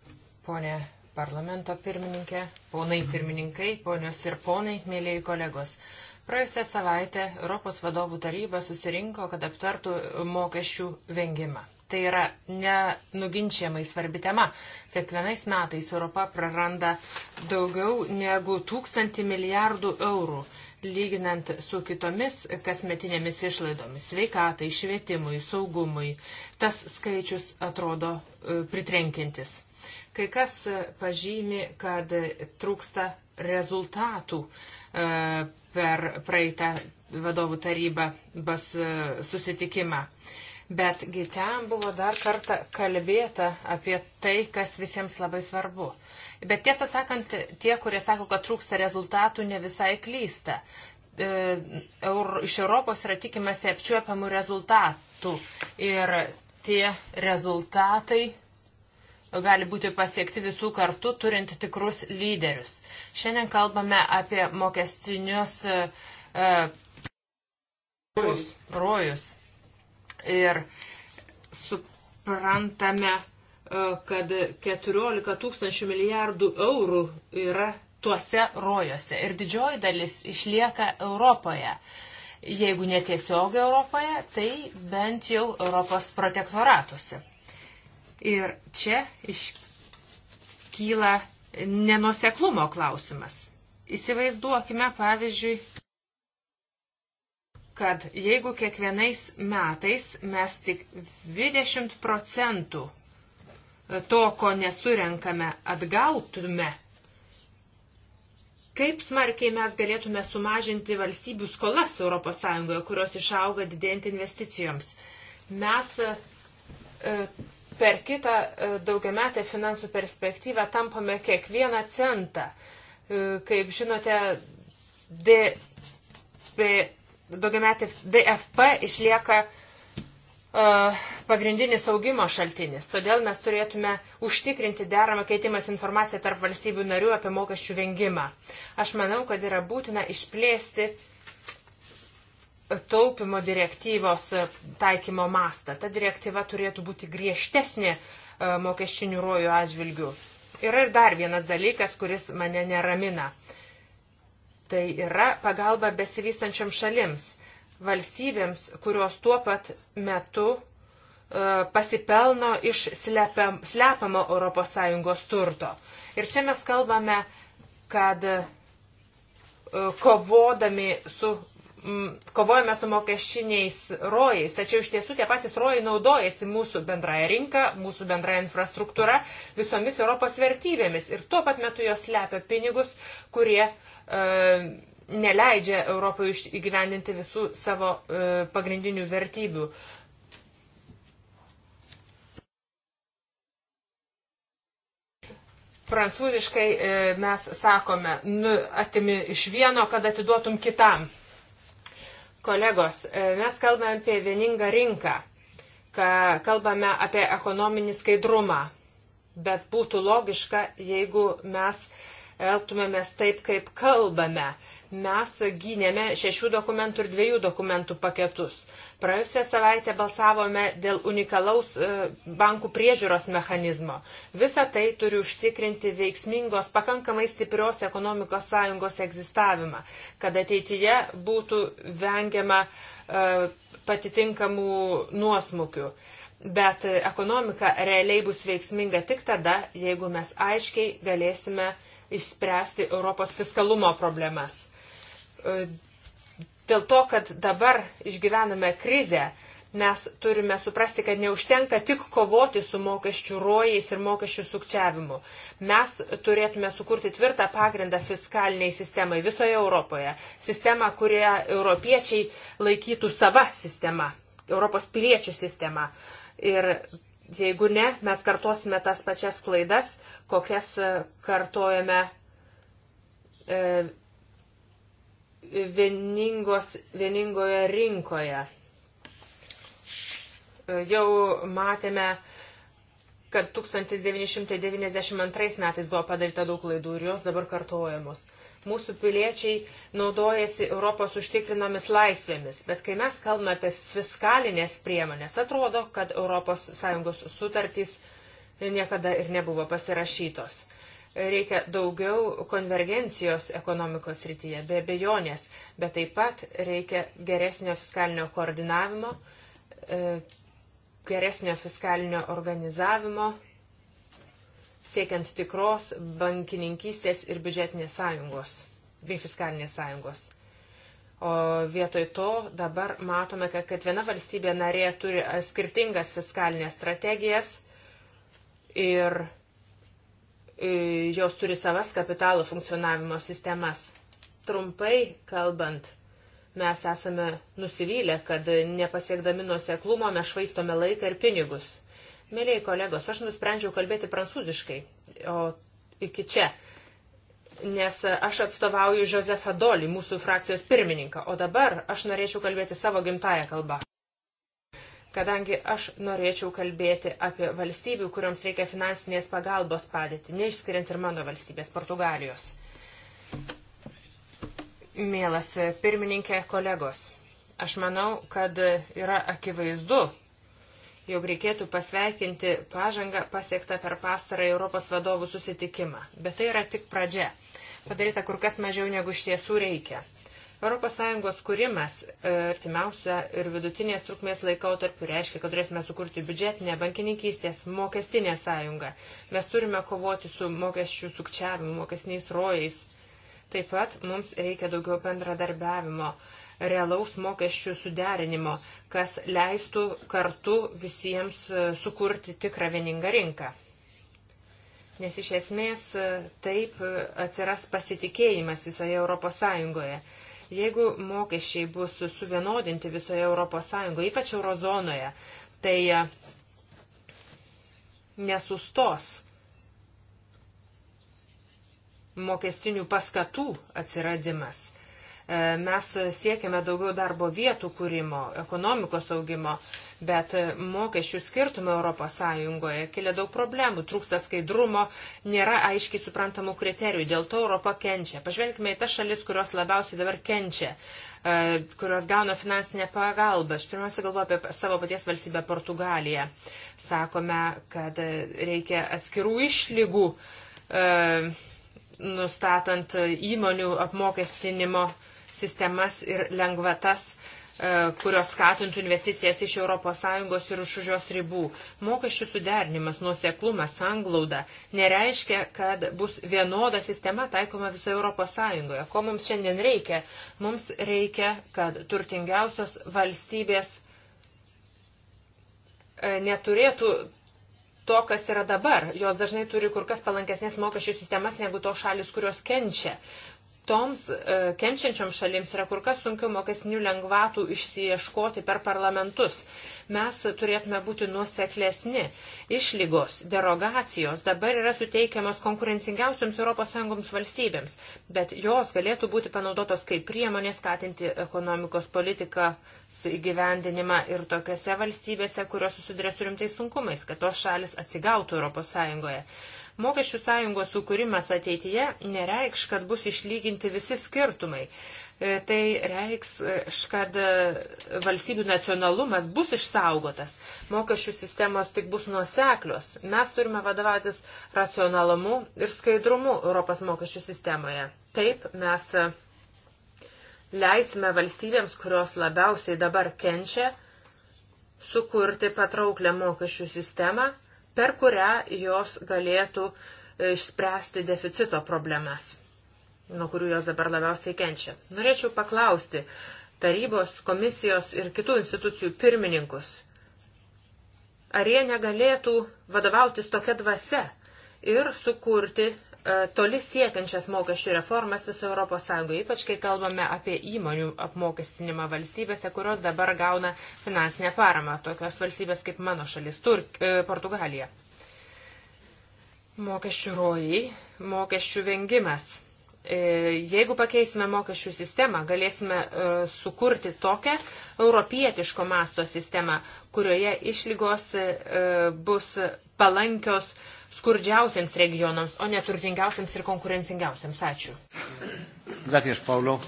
Pone parlamento pirmininkė, ponai pirmininkai, ponios ir ponai, mėlyjei kolegos. Praėjusią savaitę Europos vadovų taryba susirinko, kad aptartų mokesčių vengimą. Tai yra nenuginčiamai svarbi tema. Kiekvienais metais Europa praranda daugiau negu tūkstantį milijardų eurų lyginant su kitomis kasmetinėmis išlaidomis - sveikatai, švietimui, saugumui. Tas skaičius atrodo e, pritrenkintis. Kai kas e, pažymi, kad trūksta rezultatų e, per praeitą vadovų tarybą bus susitikimą betgi ten buvo dar kartą kalbėta apie tai, kas visiems labai svarbu. Bet tiesą sakant, tie, kurie sako, kad trūksta rezultatų, ne visai klysta. E, Eur, iš Europos yra tikimasi apčiuopiamų rezultatų ir tie rezultatai gali būti pasiekti visų kartų, turint tikrus lyderius. Šiandien kalbame apie mokestinius uh, rojus. rojus. Ir suprantame, e, kad 14 tūkstančių milijardų eurų yra tuose rojuose. Ir didžioji dalis išlieka Europoje. Jeigu netiesiogiai Europoje, tai bent jau Europos protektoratuose. Ir čia iškyla nenuseklumo klausimas. Įsivaizduokime, pavyzdžiui, kad jeigu kiekvienais metais mes tik 20 procentų e, to, ko nesurenkame, atgautume, kaip smarkiai mes galėtume sumažinti valstybių skolas ES, kurios išauga didėjant investicijoms. Mes e, e, per kitą daugiametę finansų perspektyvą tampame kiekvieną centą. Kaip žinote, DP daugiametė VFP išlieka uh, pagrindinis augimo šaltinis. Todėl mes turėtume užtikrinti deramą keitimas informaciją tarp valstybių narių apie mokesčių vengimą. Aš manau, kad yra būtina išplėsti taupimo direktyvos taikymo mastą. Ta direktyva turėtų būti griežtesnė uh, e, mokesčinių rojų atžvilgių. Yra ir dar vienas dalykas, kuris mane neramina. Uh, Tai yra pagalba besivystančiam šalims, valstybėms, kurios tuo pat metu e, pasipelno iš slepiam, slepiamo ES turto. Ir čia mes kalbame, kad e, kovodami su, kovojame su mokesčiniais rojais, tačiau iš tiesų tie patys rojai naudojasi mūsų bendraja rinka, mūsų bendraja infrastruktūra, visomis Europos vertybėmis ir tuo pat metu jos slepia pinigus, kurie E, neleidžia Europai įgyvendinti visų savo e, pagrindinių vertybių. Prancūziškai e, mes sakome, nu, atimi iš vieno, kad atiduotum kitam. Kolegos, mes kalbame apie vieningą rinką, kalbame apie ekonominį skaidrumą, bet būtų logiška, jeigu mes uh, elgtumėmės taip, kaip kalbame. Mes gynėme šešių dokumentų ir dviejų dokumentų paketus. Praėjusią savaitę balsavome dėl unikalaus e, bankų priežiūros mechanizmo. Visa tai turi užtikrinti veiksmingos, pakankamai stiprios ekonomikos sąjungos egzistavimą, kad ateityje būtų vengiama e, patitinkamų nuosmukių. Bet ekonomika realiai bus veiksminga tik tada, jeigu mes aiškiai galėsime uh, išspręsti Europos fiskalumo problemas. E, dėl to, kad dabar išgyvename krizę, mes turime suprasti, kad neužtenka tik kovoti su mokesčių rojais ir mokesčių sukčiavimu. Mes turėtume sukurti tvirtą pagrindą fiskaliniai sistemai visoje Europoje. Sistema, kurią europiečiai laikytų sava sistema, Europos piliečių sistema. Ir jeigu ne, mes kartosime tas pačias klaidas kokias e, kartojame e, vieningos, vieningoje rinkoje. E, jau matėme, kad 1992 metais buvo padaryta daug klaidų ir jos dabar kartojamos mūsų piliečiai naudojasi Europos užtikrinomis laisvėmis. Bet kai mes kalbame apie fiskalinės priemonės, atrodo, kad ES sutartys niekada ir nebuvo pasirašytos. Reikia daugiau konvergencijos ekonomikos rytyje, be abejonės, bet taip pat reikia geresnio fiskalinio koordinavimo, e, geresnio fiskalinio organizavimo, siekiant tikros bankininkystės ir biudžetinės sąjungos bei fiskalinės sąjungos. O vietoj to dabar matome, kad, kad viena valstybė narė turi skirtingas fiskalinės strategijas ir e, jos turi savas kapitalo funkcionavimo sistemas. Trumpai kalbant, mes esame nusivylę, kad nepasiekdami nuoseklumo mes švaistome laiką ir pinigus. Mėlyjei kolegos, aš nusprendžiau kalbėti prancūziškai, o iki čia, nes aš atstovauju Josefą Dolį, mūsų frakcijos pirmininką, o dabar aš norėčiau kalbėti savo gimtają kalbą kadangi aš norėčiau kalbėti apie valstybių, kuriams reikia finansinės pagalbos padėti, neišskiriant ir mano valstybės, Portugalijos. Mielas pirmininkė, kolegos, aš manau, kad yra akivaizdu, jog reikėtų pasveikinti pažangą pasiektą per pastarą Europos vadovų susitikimą. Bet tai yra tik pradžia. Padaryta kur kas mažiau negu iš tiesų reikia. ES kūrimas e, artimiausia ir vidutinės trukmės laikotarpiu reiškia, kad turėsime sukurti biudžetinę, bankininkystės, mokestinę sąjungą. Mes turime kovoti su mokesčių sukčiavimu, mokesniais rojais. Taip pat mums reikia daugiau bendradarbiavimo, realaus mokesčių suderinimo, kas leistų kartu visiems e, sukurti tikrą vieningą rinką. Nes iš esmės e, taip atsiras pasitikėjimas visoje Europos Sąjungoje Jeigu mokesčiai bus suvienodinti visoje ES, ypač eurozonoje, tai e, nesustos mokestinių paskatų atsiradimas. E, mes siekiame daugiau darbo vietų kūrimo, ekonomikos augimo, bet e, mokesčių skirtumai ES kilia daug problemų, trūksta skaidrumo, nėra aiškiai suprantamų kriterijų, dėl to Europa kenčia. Pažvelkime į tas šalis, kurios labiausiai dabar kenčia e, kurios gauna finansinę pagalbą. Aš pirmiausia galvoju apie savo paties valstybę Portugaliją. Sakome, kad reikia atskirų išlygų nustatant įmonių apmokestinimo sistemas ir lengvatas e, kurios skatintų investicijas iš ES ir už jos ribų. Mokesčių sudernimas, nuoseklumas, sanglauda nereiškia, kad bus vienoda sistema taikoma visoje ES. Ko mums šiandien reikia? Mums reikia, kad turtingiausios valstybės e, neturėtų to, kas yra dabar. Jos dažnai turi kur kas palankesnės mokesčių sistemas negu to šalis, kurios kenčia toms e, kenčiančiom šalims yra kur kas sunkiau mokesnių lengvatų išsieškoti per parlamentus. Mes turėtume būti nuoseklesni. Išlygos, derogacijos dabar yra suteikiamos konkurencingiausiams ES valstybėms, bet jos galėtų būti panaudotos kaip priemonė skatinti ekonomikos politiką įgyvendinimą ir tokiose valstybėse, kurios susiduria su rimtais sunkumais, kad tos šalis atsigautų ES. Mokesčių sąjungos sukūrimas ateityje nereikš, kad bus išlyginti visi skirtumai. E, tai reiks, e, kad e, valstybių nacionalumas bus išsaugotas, mokesčių sistemos tik bus nuoseklios. Mes turime vadovautis racionalumu ir skaidrumu Europos mokesčių sistemoje. Taip mes leisime valstybėms, kurios labiausiai dabar kenčia, sukurti patrauklę mokesčių sistemą per kurią jos galėtų išspręsti deficito problemas, nuo kurių jos dabar labiausiai kenčia. Norėčiau paklausti tarybos, komisijos ir kitų institucijų pirmininkus, ar jie negalėtų vadovautis tokia dvasia ir sukurti E, toli siekiančias mokesčių reformas viso Europos Sąjungoje, ypač kai kalbame apie įmonių apmokestinimą valstybėse, kurios dabar gauna finansinę paramą, tokios valstybės kaip mano šalis, Turk, e, Portugalija. Mokesčių rojai, mokesčių vengimas. E, jeigu pakeisime mokesčių sistemą, galėsime sukurti tokią europietiško masto sistemą, kurioje išlygos bus palankios uh, skurdžiausiams regionams, o neturtingiausiams ir konkurencingiausiams. Ačiū. Gracias, Paulo.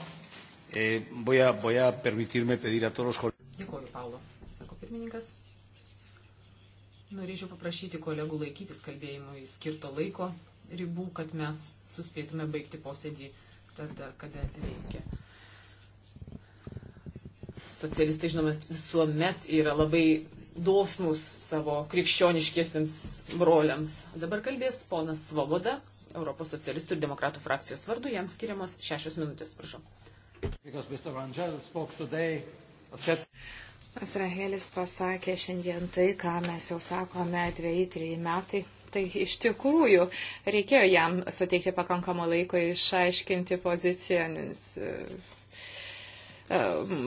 Eh, voy, a, voy a permitirme pedir a todos los colegas. Dėkuoju, Paulo, sako pirmininkas. Norėčiau paprašyti kolegų laikytis kalbėjimui skirto laiko ribų, kad mes suspėtume baigti posėdį tada, kada reikia. Socialistai, žinoma, visuomet yra labai dosnus savo krikščioniškiesiams broliams. Dabar kalbės ponas Svoboda, Europos socialistų ir demokratų frakcijos vardu, jam skiriamos šešios minutės, prašau. Izraelis pasakė šiandien tai, ką mes jau sakome dviejai, trijai metai. Tai iš tikrųjų reikėjo jam suteikti pakankamą laiko išaiškinti poziciją, nes e,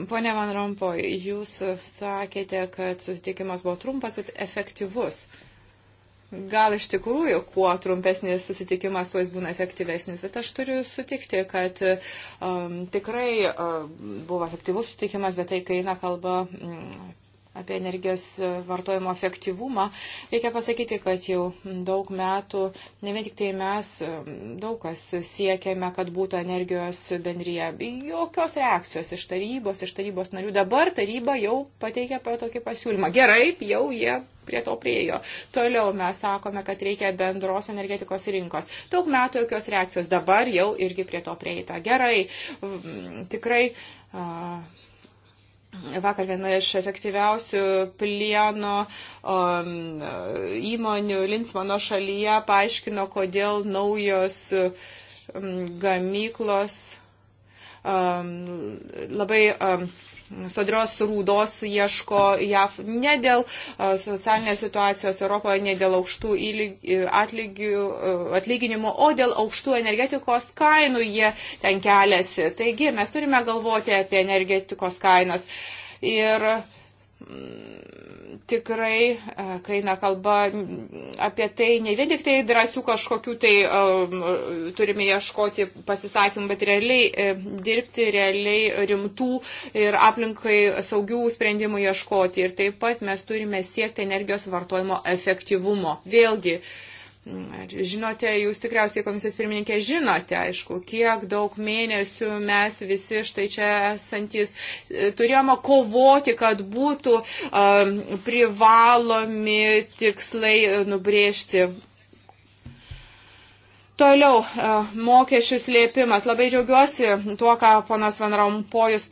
Pone Van Rompoj, jūs sakėte, kad susitikimas buvo trumpas, bet efektyvus. Gal iš tikrųjų, kuo trumpesnis susitikimas, tuo jis būna efektyvesnis, bet aš turiu sutikti, kad um, tikrai um, buvo efektyvus susitikimas, bet tai, kai eina kalba um, apie energijos vartojimo efektyvumą, reikia pasakyti, kad jau daug metų, ne vien tik tai mes, daug kas siekiame, kad būtų energijos bendryje. Jokios reakcijos iš tarybos, iš tarybos narių. Dabar taryba jau pateikė tokį pasiūlymą. Gerai, jau jie prie to priejo. Toliau mes sakome, kad reikia bendros energetikos rinkos. Daug metų jokios reakcijos, dabar jau irgi prie to prieita. Gerai, tikrai. Uh, Vakar viena iš efektyviausių plieno um, įmonių Linsmano šalyje paaiškino, kodėl naujos um, gamyklos um, labai um, sodrios rūdos ieško JAF ne dėl e, socialinės situacijos Europoje, ne dėl aukštų e, atlygių, e, atlyginimų, o dėl aukštų energetikos kainų jie ten keliasi. Taigi mes turime galvoti apie energetikos kainas. Ir mm, tikrai, e, kai eina kalba apie tai, ne vien tik tai drąsių kažkokių tai e, turime ieškoti pasisakymų, bet realiai e, dirbti, realiai rimtų ir aplinkai saugių sprendimų ieškoti. Ir taip pat mes turime siekti energijos vartojimo efektyvumo. Vėlgi, uh, Žinote, jūs tikriausiai komisijos pirmininkė žinote, aišku, kiek daug mėnesių mes visi štai čia esantis e, turėjome kovoti, kad būtų um, privalomi tikslai e, nubriežti Toliau e, mokesčių slėpimas. Labai džiaugiuosi tuo, ką ponas Van Rompojus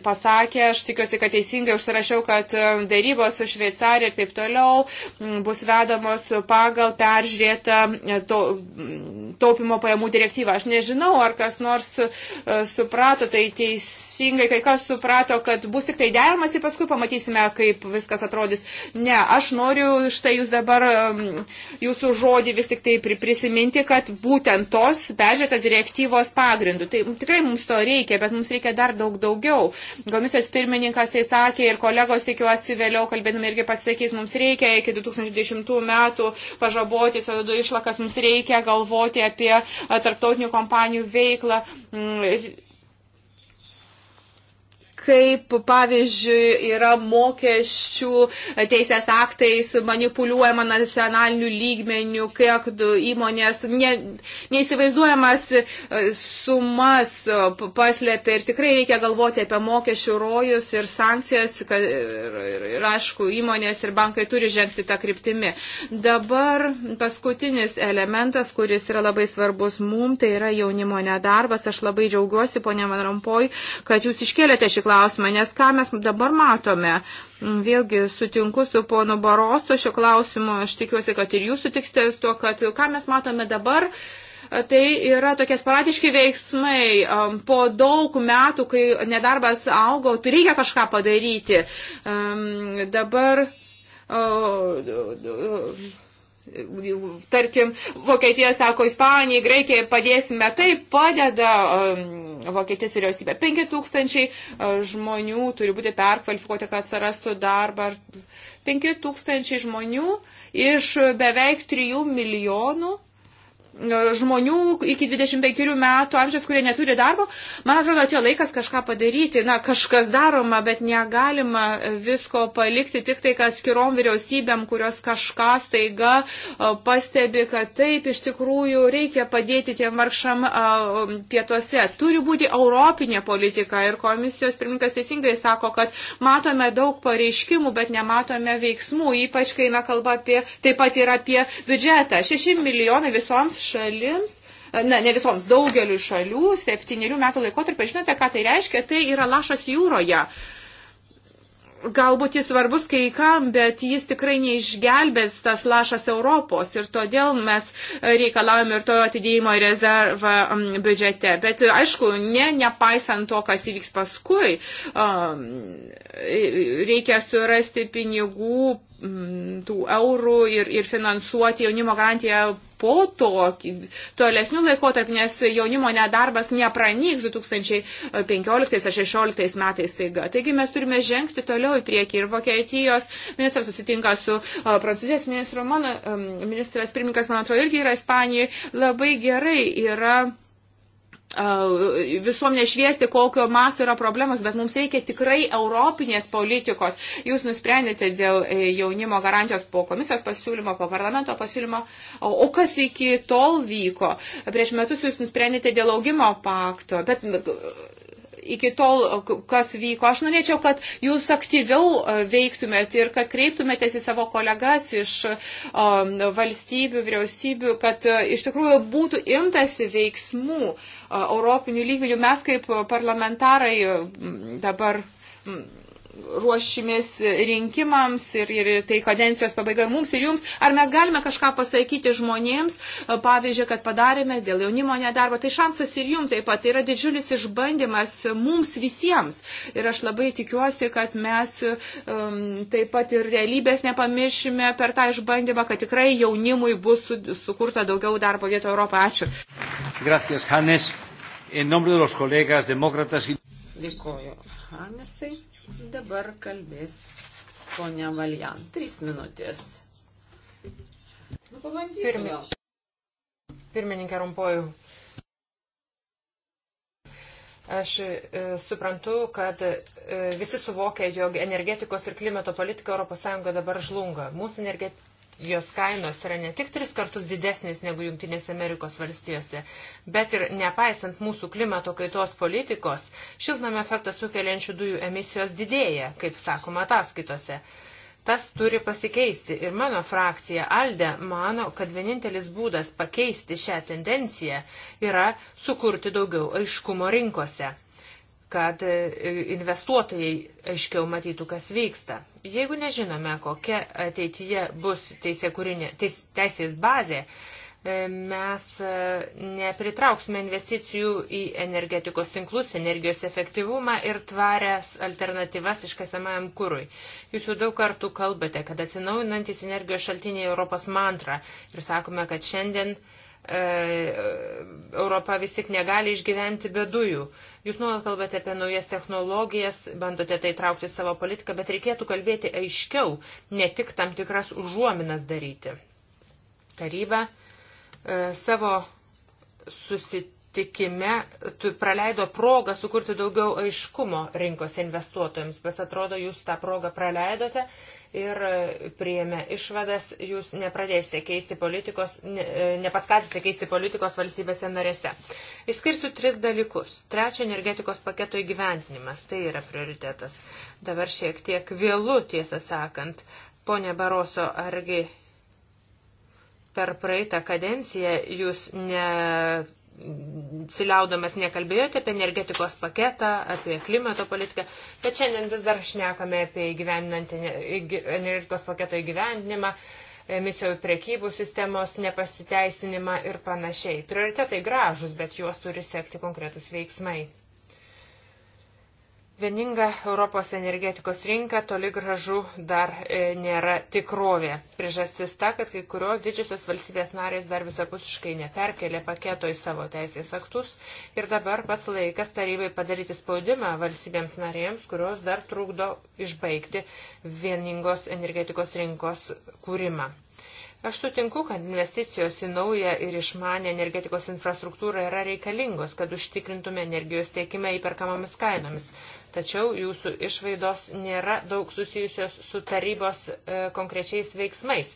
pasakė. Aš tikiuosi, kad teisingai užsirašiau, kad e, dėrybos su Šveicarija ir taip toliau bus vedamos pagal peržiūrėtą e, taupimo pajamų direktyvą. Aš nežinau, ar kas nors suprato, tai teisingai kai kas suprato, kad bus tik tai deramas ir tai paskui pamatysime, kaip viskas atrodys. Ne, aš noriu štai jūs dabar, jūsų žodį vis tik tai prisiminti, kad būtų būtent tos peržiūrėto direktyvos pagrindų. Tai tikrai mums to reikia, bet mums reikia dar daug daugiau. Komisijos pirmininkas tai sakė ir kolegos tikiuosi vėliau kalbėdami irgi pasakys, mums reikia iki 2010 metų pažaboti CO2 išlakas, mums reikia galvoti apie tarptautinių kompanijų veiklą. Mm, kaip pavyzdžiui yra mokesčių e, teisės aktais manipuliuojama nacionaliniu lygmeniu, kiek įmonės ne, neįsivaizduojamas e, sumas e, paslėpia ir tikrai reikia galvoti apie mokesčių rojus ir sankcijas kad, ir, ir, ir aišku, įmonės ir bankai turi žengti tą kryptimį. Dabar paskutinis elementas, kuris yra labai svarbus mums, tai yra jaunimo nedarbas. Aš labai džiaugiuosi, ponia Van Rompoj, kad jūs iškėlėte šį klausimą klausimą, nes ką mes dabar matome, mm, Vėlgi sutinku su ponu Barosu šiuo klausimu, aš tikiuosi, kad ir jūs sutiksite su tuo, kad ką mes matome dabar, tai yra tokie sparatiški veiksmai. Mm, po daug metų, kai nedarbas augo, tai reikia kažką padaryti. Mm, dabar tarkim, Vokietija sako, Ispanijai, Graikijai padėsime, tai padeda um, Vokietijos vyriausybė. 5 tūkstančiai uh, žmonių turi būti perkvalifikuoti, kad surastų darbą. 5 tūkstančiai žmonių iš beveik 3 milijonų žmonių iki 25 metų amžiaus, kurie neturi darbo, man atrodo, atėjo laikas kažką padaryti. Na, kažkas daroma, bet negalima visko palikti tik tai, kad skirom vyriausybėm, kurios kažką staiga pastebi, kad taip iš tikrųjų reikia padėti tiem vargšam pietuose. Turi būti europinė politika ir komisijos pirmininkas teisingai sako, kad matome daug pareiškimų, bet nematome veiksmų, ypač kai eina kalba apie, taip pat ir apie biudžetą. 6 milijonai visoms šalims, e, na, ne visoms, daugeliu šalių, septynerių metų laikotarpį, žinote, ką tai reiškia, tai yra lašas jūroje. Galbūt jis svarbus kai kam, bet jis tikrai neišgelbės tas lašas Europos ir todėl mes reikalaujame ir to atidėjimo rezervą biudžete. Bet aišku, ne, nepaisant to, kas įvyks paskui, reikia surasti pinigų Mm, tų eurų ir, ir finansuoti jaunimo garantiją po to, tolesnių laikotarpį, nes jaunimo nedarbas nepranyks 2015-2016 metais taiga. Taigi mes turime žengti toliau į priekį ir Vokietijos ministras susitinka su prancūzijos ministru, mano ministras pirmininkas, man atrodo, irgi yra Ispanijoje, labai gerai yra visuomenė šviesti, kokio masto yra problemas, bet mums reikia tikrai europinės politikos. Jūs nusprendėte dėl e, jaunimo garantijos po komisijos pasiūlymo, po parlamento pasiūlymo, o kas iki tol vyko? Prieš metus jūs nusprendėte dėl augimo pakto, bet iki tol, kas vyko. Aš norėčiau, kad jūs aktyviau e, veiktumėt ir kad kreiptumėtės į savo kolegas iš um, valstybių, vyriausybių, kad e, iš tikrųjų būtų imtasi veiksmų uh, europinių lygmenių. Mes kaip parlamentarai dabar. Mm, ruošimės rinkimams ir, ir tai kadencijos pabaiga ir mums ir jums, ar mes galime kažką pasakyti žmonėms, pavyzdžiui, kad padarėme dėl jaunimo nedarbo, tai šansas ir jums taip pat, tai yra didžiulis išbandymas mums visiems. Ir aš labai tikiuosi, kad mes um, taip pat ir realybės nepamiršime per tą išbandymą, kad tikrai jaunimui bus su, sukurta daugiau darbo vietų Europoje. Ačiū. Gracias, Hannes. En nombre de los colegas demócratas y. Dėkuoju, Hanesai. Dabar kalbės ponia Valjan. Trys minutės. Nu, Pirmi... Pirmininkė Rumpoju. Aš e, suprantu, kad e, visi suvokia, jog energetikos ir klimato politika ES dabar žlunga. Mūsų energet, jos kainos yra ne tik tris kartus didesnės negu Junktinės Amerikos valstijose, bet ir nepaisant mūsų klimato kaitos politikos, šiltnamio efektą sukeliančių dujų emisijos didėja, kaip sakoma ataskaitose. Tas turi pasikeisti ir mano frakcija Alde mano, kad vienintelis būdas pakeisti šią tendenciją yra sukurti daugiau aiškumo rinkose kad e, investuotojai aiškiau matytų, kas vyksta. Jeigu nežinome, kokia ateityje bus teisė, teis, teisės bazė, e, mes e, nepritrauksime investicijų į energetikos tinklus, energijos efektyvumą ir tvarias alternatyvas iškasamajam kūrui. Jūs jau daug kartų kalbate, kad atsinaujinantis energijos šaltiniai Europos mantra ir sakome, kad šiandien uh, E, Europa vis tik negali išgyventi be dujų. Jūs nuolat kalbate apie naujas technologijas, bandote tai traukti savo politiką, bet reikėtų kalbėti aiškiau, ne tik tam tikras užuominas daryti. Taryba e, savo susitikimą susitikime praleido progą sukurti daugiau aiškumo rinkose investuotojams, bet atrodo, jūs tą progą praleidote ir e, prieėmė išvadas, jūs nepradėsite keisti politikos, ne, e, nepaskatysite keisti politikos valstybėse narėse. Išskirsiu tris dalykus. Trečia, energetikos paketo įgyventinimas, tai yra prioritetas. Dabar šiek tiek vėlų, tiesą sakant, ponė Baroso, argi per praeitą kadenciją jūs ne siliaudamas nekalbėjote apie energetikos paketą, apie klimato politiką, bet šiandien vis dar šnekame apie energetikos paketo įgyvendinimą, emisijų priekybų sistemos nepasiteisinimą ir panašiai. Prioritetai gražus, bet juos turi sekti konkretus veiksmai. Vieninga Europos energetikos rinka toli gražu dar e, nėra tikrovė. Priežastis ta, kad kai kurios didžiosios valstybės narės dar visapusiškai neperkelė paketo į savo teisės aktus ir dabar pats laikas tarybai padaryti spaudimą valstybėms narėms, kurios dar trukdo išbaigti vieningos energetikos rinkos kūrimą. Aš sutinku, kad investicijos į naują ir išmanę energetikos infrastruktūrą yra reikalingos, kad užtikrintume energijos tiekimą įperkamomis kainomis. Tačiau jūsų išvaidos nėra daug susijusios su tarybos e, konkrečiais veiksmais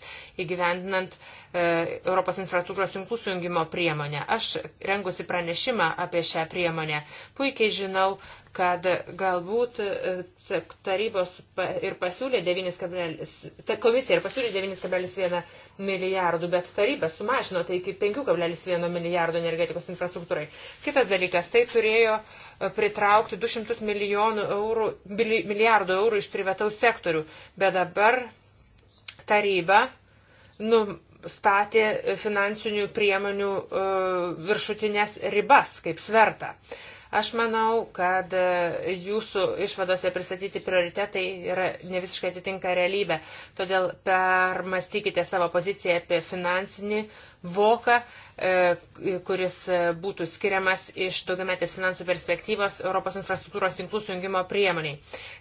įgyvendinant E, Europos infrastruktūros tinklų sujungimo priemonę. Aš rengusi pranešimą apie šią priemonę. Puikiai žinau, kad galbūt e, tarybos ir pasiūlė 9, komisija ir pasiūlė 9,1 milijardų, bet taryba sumažino tai iki 5,1 milijardų energetikos infrastruktūrai. Kitas dalykas, tai turėjo e, pritraukti 200 milijonų eurų, milijardų eurų iš privataus sektorių, bet dabar taryba nu, statė finansinių priemonių e, viršutinės ribas kaip svertą. Aš manau, kad e, jūsų išvadose pristatyti prioritetai yra ne visiškai atitinka realybę. Todėl permastykite savo poziciją apie finansinį voką E, kuris būtų skiriamas iš daugiametės finansų perspektyvos Europos infrastruktūros tinklų sujungimo priemoniai.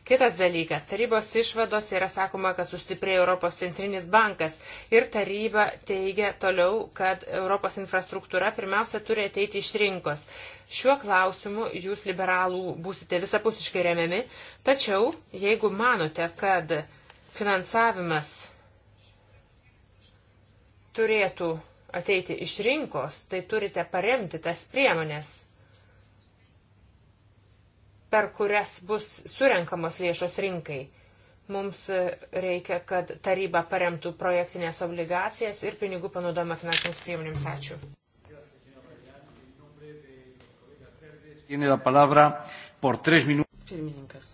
Kitas dalykas, tarybos išvados yra sakoma, kad sustiprėjo Europos centrinis bankas ir taryba teigia toliau, kad Europos infrastruktūra pirmiausia turi ateiti iš rinkos. Šiuo klausimu jūs liberalų būsite visapusiškai remiami, tačiau jeigu manote, kad finansavimas turėtų ateiti iš rinkos, tai turite paremti tas priemonės, per kurias bus surenkamos lėšos rinkai. Mums reikia, kad taryba paremtų projektinės obligacijas ir pinigų panaudojimą finansinėms priemonėms. Ačiū. Pirmininkas.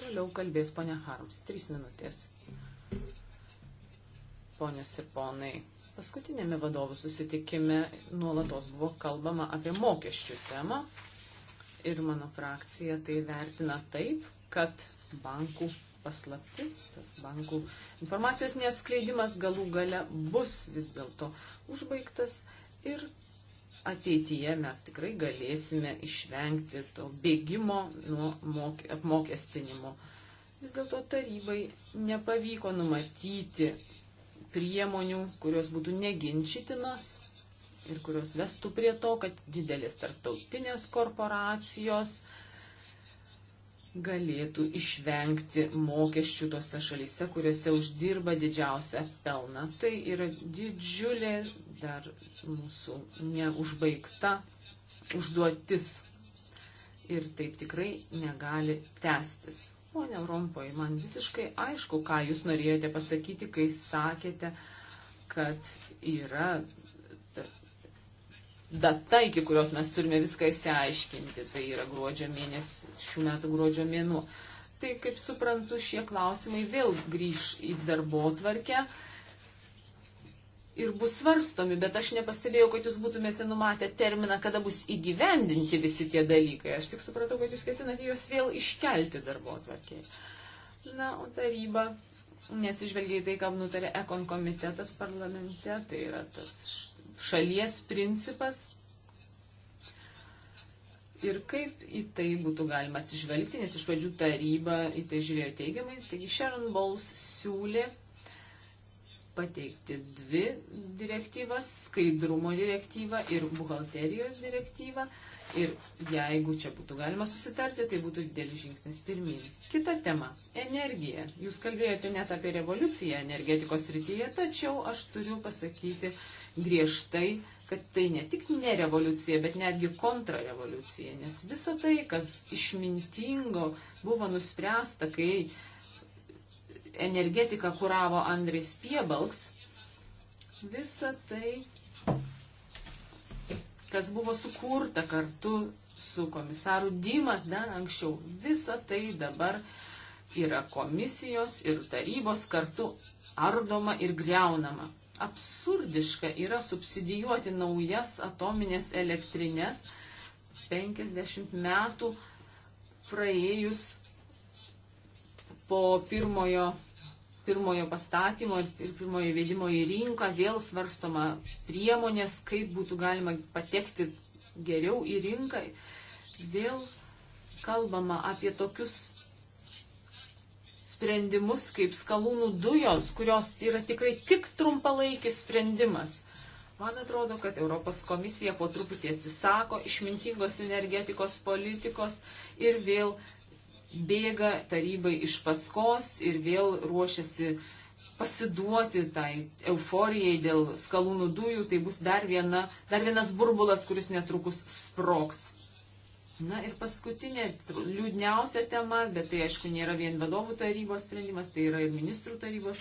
Toliau kalbės ponia Harms. Trys minutės ponios ir ponai. Paskutinėme vadovų susitikime nuolatos buvo kalbama apie mokesčių temą ir mano frakcija tai vertina taip, kad bankų paslaptis, tas bankų informacijos neatskleidimas galų gale bus vis dėlto užbaigtas ir ateityje mes tikrai galėsime išvengti to bėgimo nuo apmokestinimo. Vis dėlto tarybai nepavyko numatyti priemonių, kurios būtų neginčytinos ir kurios vestų prie to, kad didelės tarptautinės korporacijos galėtų išvengti mokesčių tose šalise, kuriuose uždirba didžiausią pelną. Tai yra didžiulė dar mūsų neužbaigta užduotis. Ir taip tikrai negali tęstis. Pone Rompoj, man visiškai aišku, ką jūs norėjote pasakyti, kai sakėte, kad yra data, iki kurios mes turime viską įsiaiškinti. Tai yra gruodžio mėnesio, šių metų gruodžio mėnuo. Tai kaip suprantu, šie klausimai vėl grįž į darbo tvarkę ir bus svarstomi, bet aš nepastebėjau, kad jūs būtumėte numatę terminą, kada bus įgyvendinti visi tie dalykai. Aš tik supratau, kad jūs ketinate juos vėl iškelti darbo atvarkiai. Na, o taryba neatsižvelgiai tai, ką nutarė ekon komitetas parlamente, tai yra tas šalies principas. Ir kaip į tai būtų galima atsižvelgti, nes iš pradžių taryba į tai žiūrėjo teigiamai. Taigi Sharon Bowles siūlė pateikti dvi direktyvas - skaidrumo direktyvą ir buhalterijos direktyvą. Ir jeigu čia būtų galima susitarti, tai būtų didelis žingsnis pirmin. Kita tema - energija. Jūs kalbėjote net apie revoliuciją energetikos rytyje, tačiau aš turiu pasakyti griežtai, kad tai ne tik ne revoliucija, bet netgi kontrarevoliucija. Nes visa tai, kas išmintingo buvo nuspręsta, kai energetiką kuravo Andris Piebalks, visa tai, kas buvo sukurta kartu su komisaru Dimas dar anksčiau, visa tai dabar yra komisijos ir tarybos kartu ardoma ir greunama. Absurdiška yra subsidijuoti naujas atominės elektrinės 50 metų praėjus po pirmojo pirmojo pastatymo ir pirmojo įvedimo į rinką vėl svarstoma priemonės, kaip būtų galima patekti geriau į rinką. Vėl kalbama apie tokius sprendimus kaip skalūnų dujos, kurios yra tikrai tik trumpalaikis sprendimas. Man atrodo, kad Europos komisija po truputį atsisako išmintingos energetikos politikos ir vėl bėga tarybai iš paskos ir vėl ruošiasi pasiduoti tai euforijai dėl skalūnų dujų, tai bus dar, viena, dar vienas burbulas, kuris netrukus sproks. Na ir paskutinė, liūdniausia tema, bet tai aišku nėra vien vadovų tarybos sprendimas, tai yra ir ministrų tarybos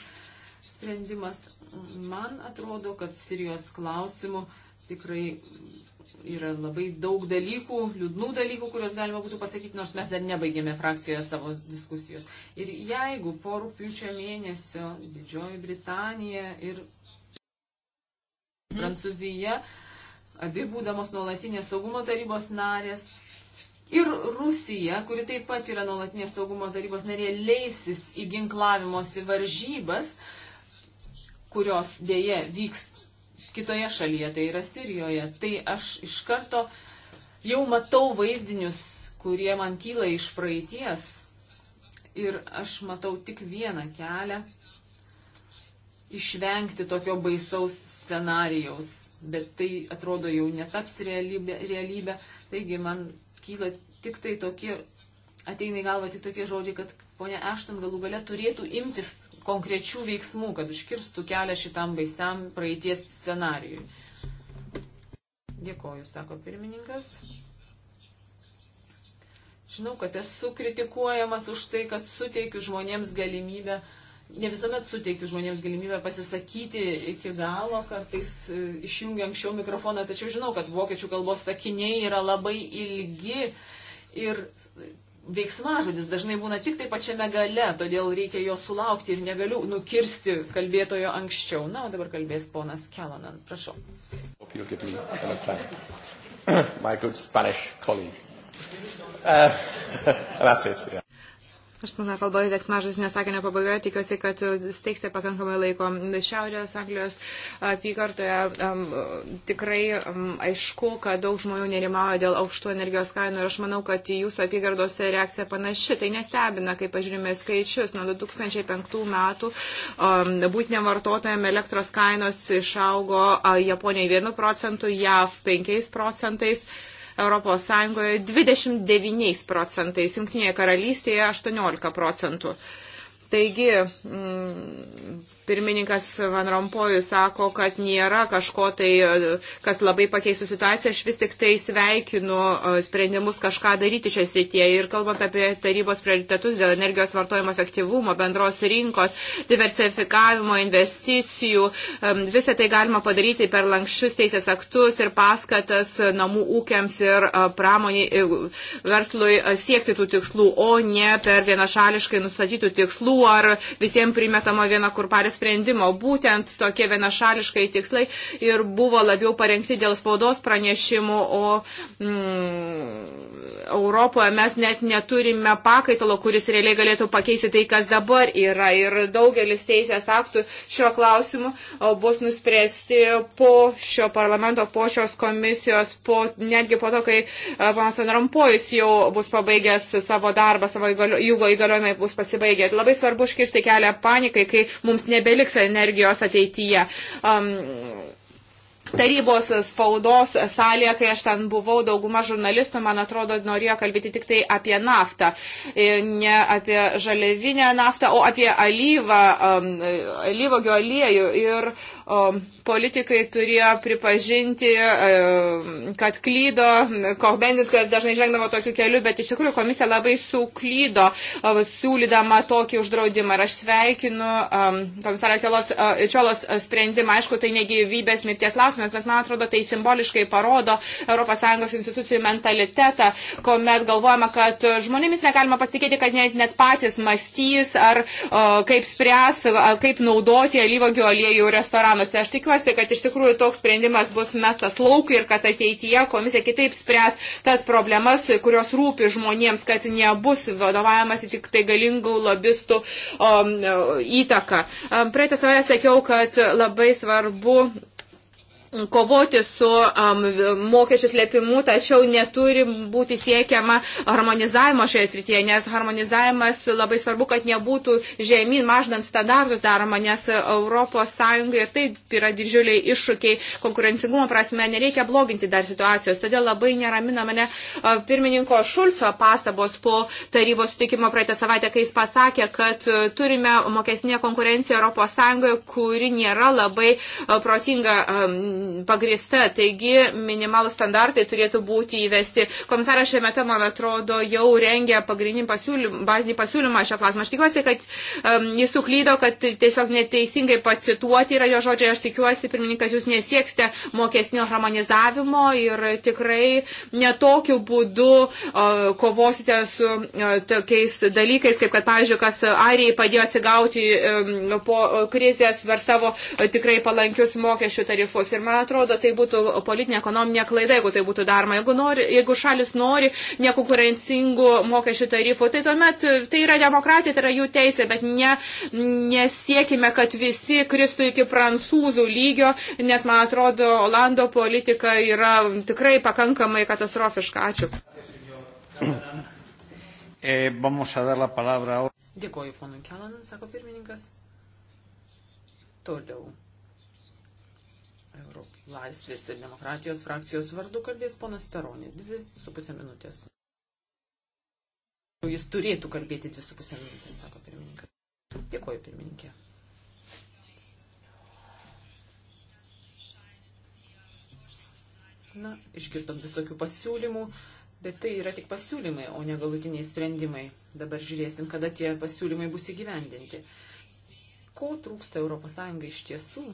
sprendimas. Man atrodo, kad Sirijos klausimų tikrai yra labai daug dalykų, liūdnų dalykų, kuriuos galima būtų pasakyti, nors mes dar nebaigėme frakcijoje savo diskusijos. Ir jeigu po rūpiučio mėnesio Didžioji Britanija ir Prancūzija, abi būdamos nuolatinės saugumo tarybos narės, ir Rusija, kuri taip pat yra nuolatinės saugumo tarybos narė, leisis į ginklavimosi varžybas, kurios dėje vyks kitoje šalyje, tai yra Sirijoje. Tai aš iš karto jau matau vaizdinius, kurie man kyla iš praeities. Ir aš matau tik vieną kelią išvengti tokio baisaus scenarijaus. Bet tai atrodo jau netaps realybė. realybė. Taigi man kyla tik tai tokie, ateina į galvą tik tokie žodžiai, kad ponia Ešton galų gale turėtų imtis konkrečių veiksmų, kad užkirstų kelią šitam baisiam praeities scenarijui. Dėkoju, sako pirmininkas. Žinau, kad esu kritikuojamas už tai, kad suteikiu žmonėms galimybę, ne visuomet suteikiu žmonėms galimybę pasisakyti iki galo, kartais e, išjungiu anksčiau mikrofoną, tačiau žinau, kad vokiečių kalbos sakiniai yra labai ilgi ir veiksmažodis dažnai būna tik tai pačiame gale, todėl reikia jo sulaukti ir negaliu nukirsti kalbėtojo anksčiau. Na, o dabar kalbės ponas Kelonan. Prašau. My good Spanish colleague. Uh, that's it. Yeah. Aš mano kalba teks mažas nesakinio pabaigoje, tikiuosi, kad steiksite pakankamai laiko. Šiaurės Anglijos apygardoje um, tikrai um, aišku, kad daug žmonių nerimauja dėl aukštų energijos kainų ir aš manau, kad jūsų apygardose reakcija panaši. Tai nestebina, kai pažiūrime skaičius. Nuo 2005 metų um, būtiniam vartotojam elektros kainos išaugo uh, Japonijoje 1 procentu, JAV 5 procentais. Uh, ES 29 procentais, Junktinėje karalystėje 18 procentų. Taigi, mm, Pirmininkas Van Rompojus sako, kad nėra kažko tai, kas labai pakeisų situaciją. Aš vis tik tai sveikinu e, sprendimus kažką daryti šios rytyje. Ir kalbant apie tarybos prioritetus dėl energijos vartojimo efektyvumo, bendros rinkos, diversifikavimo, investicijų, e, visą tai galima padaryti per lankščius teisės aktus ir paskatas namų ūkiams ir e, pramoniai verslui siekti tų tikslų, o ne per vienašališkai nustatytų tikslų ar visiems primetama viena kurparės sprendimo. Būtent tokie vienašališkai tikslai ir buvo labiau parengti dėl spaudos pranešimų, o mm, Europoje mes net neturime pakaitalo, kuris realiai galėtų pakeisti tai, kas dabar yra. Ir daugelis teisės aktų šio klausimu bus nuspręsti po šio parlamento, po šios komisijos, po, netgi po to, kai e, panas Anrampojus jau bus pabaigęs savo darbą, savo įgaliojimai bus pasibaigę. Labai svarbu užkirsti kelią panikai, kai mums nebėra nebeliks energijos ateityje. Um, tarybos spaudos salėje, kai aš ten buvau, dauguma žurnalistų, man atrodo, norėjo kalbėti tik tai apie naftą, e, ne apie žaliavinę naftą, o apie alyvą, um, alyvogio aliejų. Ir politikai turėjo pripažinti, e, kad klydo, Kohbendit, kad dažnai žengdavo tokiu keliu, bet iš tikrųjų komisija labai suklydo, siūlydama tokį uždraudimą. Ir aš sveikinu e, komisarą Kelos e, Čiolos sprendimą. Aišku, tai negyvybės mirties klausimas, bet man atrodo, tai simboliškai parodo ES institucijų mentalitetą, kuomet galvojama, kad žmonėmis negalima pasitikėti, kad net, net patys mąstys ar kaip spręs, kaip naudoti alyvogių aliejų restoraną planus. Tai aš tikiuosi, kad iš tikrųjų toks sprendimas bus mestas laukai ir kad ateityje komisija kitaip spręs tas problemas, kurios rūpi žmonėms, kad nebus vadovavimas tik tai galingų lobistų o, um, e, įtaka. Um, praeitą savaitę sakiau, kad labai svarbu kovoti su um, mokesčių slėpimu, tačiau neturi būti siekiama harmonizavimo šioje srityje, nes harmonizavimas labai svarbu, kad nebūtų žemyn maždant standartus daroma, nes ES ir taip yra didžiuliai iššūkiai konkurencingumo prasme, nereikia bloginti dar situacijos. Todėl labai neramina mane pirmininko Šulco pastabos po tarybos sutikimo praeitą savaitę, kai jis pasakė, kad turime mokesnė konkurencija ES, kuri nėra labai protinga. Um, pagrįsta, taigi minimalų standartai turėtų būti įvesti. Komisaras šiame tema, man atrodo, jau rengia pagrindinį pasiūlymą, bazinį pasiūlymą šio klausimą. Aš tikiuosi, kad um, jis suklydo, kad tiesiog neteisingai pacituoti yra jo žodžiai. Aš tikiuosi, pirmininkas, jūs nesieksite mokesnio harmonizavimo ir tikrai netokiu būdu uh, kovosite su uh, tokiais dalykais, kaip kad, pavyzdžiui, kas Airijai padėjo atsigauti um, po krizės per savo uh, tikrai palankius mokesčių tarifus. Ir man Man atrodo, tai būtų politinė ekonominė klaida, jeigu tai būtų daroma. Jeigu, nori, jeigu šalis nori nekonkurencingų mokesčių tarifų, tai tuomet tai yra demokratija, tai yra jų teisė, bet ne, nesiekime, kad visi kristų iki prancūzų lygio, nes man atrodo, Olando politika yra tikrai pakankamai katastrofiška. Ačiū. Eh, vamos a dar la palabra ahora. Dėkoju, ponui Kelanin, sako pirmininkas. Toliau. Laisvės ir demokratijos frakcijos vardu kalbės ponas Peronė. Dvi su pusė minutės. Jis turėtų kalbėti dvi su pusė minutės, sako pirmininkas. Dėkuoju, pirmininkė. Na, išgirdom visokių pasiūlymų, bet tai yra tik pasiūlymai, o ne galutiniai sprendimai. Dabar žiūrėsim, kada tie pasiūlymai bus įgyvendinti. Ko trūksta ES iš tiesų?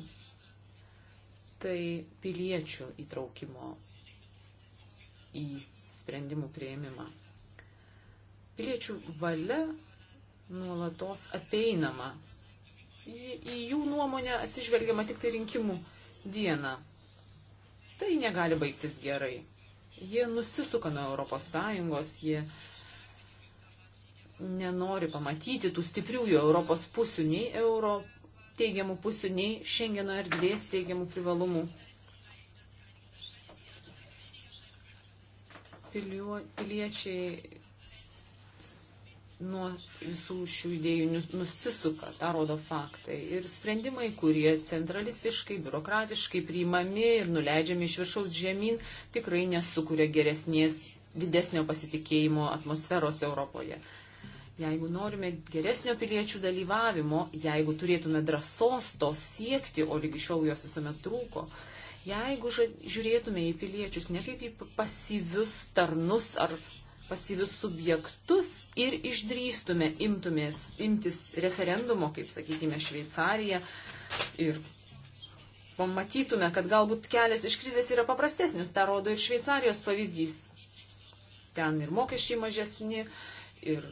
tai piliečių įtraukimo į sprendimų prieimimą. Piliečių valia nuolatos apeinama. Į, į jų nuomonę atsižvelgiama tik tai rinkimų dieną. Tai negali baigtis gerai. Jie nusisuka nuo Europos Sąjungos, jie nenori pamatyti tų stipriųjų Europos pusių nei Europos teigiamų pusių, nei Schengeno erdvės teigiamų privalumų. Piliu, piliečiai nuo visų šių idėjų nusisuka, tą rodo faktai. Ir sprendimai, kurie centralistiškai, biurokratiškai priimami ir nuleidžiami iš viršaus žemyn, tikrai nesukuria geresnės, didesnio pasitikėjimo atmosferos Europoje. Jeigu norime geresnio piliečių dalyvavimo, jeigu turėtume drąsos to siekti, o lygi šiol jos visuomet trūko, jeigu žiūrėtume į piliečius ne kaip į pasyvius tarnus ar pasyvius subjektus ir išdrįstume imtumės, imtis referendumo, kaip sakykime, Šveicarija ir pamatytume, kad galbūt kelias iš krizės yra paprastesnis, tą rodo ir Šveicarijos pavyzdys. Ten ir mokesčiai mažesni, ir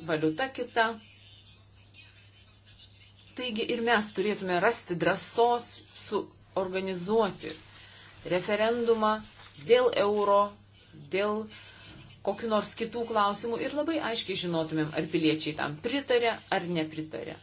valiuta kita. Taigi ir mes turėtume rasti drąsos suorganizuoti referendumą dėl euro, dėl kokiu nors kitų klausimų ir labai aiškiai žinotumėm, ar piliečiai tam pritarė ar nepritarė.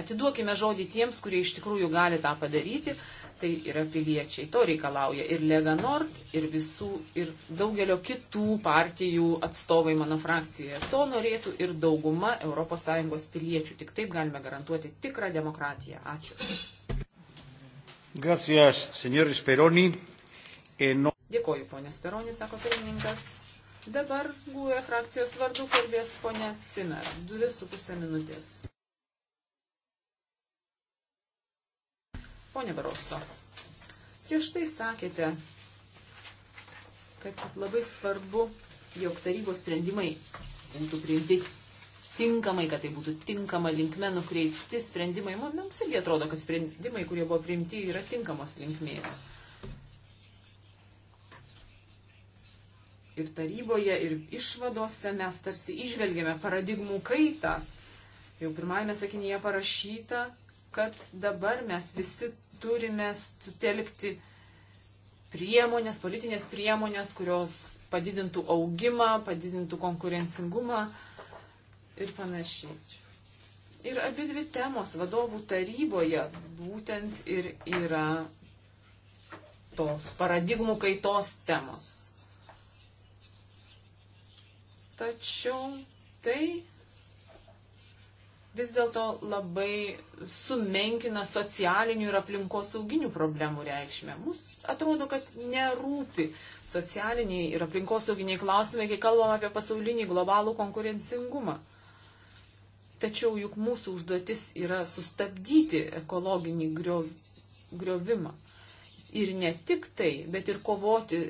Atiduokime žodį tiems, kurie iš tikrųjų gali tą padaryti, tai yra piliečiai. To reikalauja ir Lega Nord, ir visų, ir daugelio kitų partijų atstovai mano frakcijoje. To norėtų ir dauguma ES piliečių. Tik taip galime garantuoti tikrą demokratiją. Ačiū. Gracias, senor Speroni. Eno... Eh, Dėkoju, ponė Speroni, sako pirmininkas. Dabar GUE frakcijos vardu kalbės ponė Cimer. 2,5 minutės. Pone Baroso, prieš tai sakėte, kad labai svarbu, jog tarybos sprendimai būtų priimti tinkamai, kad tai būtų tinkama linkme nukreipti sprendimai. Man mums irgi atrodo, kad sprendimai, kurie buvo priimti, yra tinkamos linkmės. ir taryboje, ir išvadose mes tarsi išvelgėme paradigmų kaitą. Jau pirmajame sakinyje parašyta, kad dabar mes visi turime sutelkti priemonės, politinės priemonės, kurios padidintų augimą, padidintų konkurencingumą ir panašiai. Ir abi dvi temos vadovų taryboje būtent ir yra tos paradigmų kaitos temos. Tačiau tai vis dėlto labai sumenkina socialinių ir aplinkosauginių problemų reikšmę. Mums atrodo, kad nerūpi socialiniai ir aplinkosauginiai klausimai, kai kalbam apie pasaulinį globalų konkurencingumą. Tačiau juk mūsų užduotis yra sustabdyti ekologinį griovimą. Ir ne tik tai, bet ir kovoti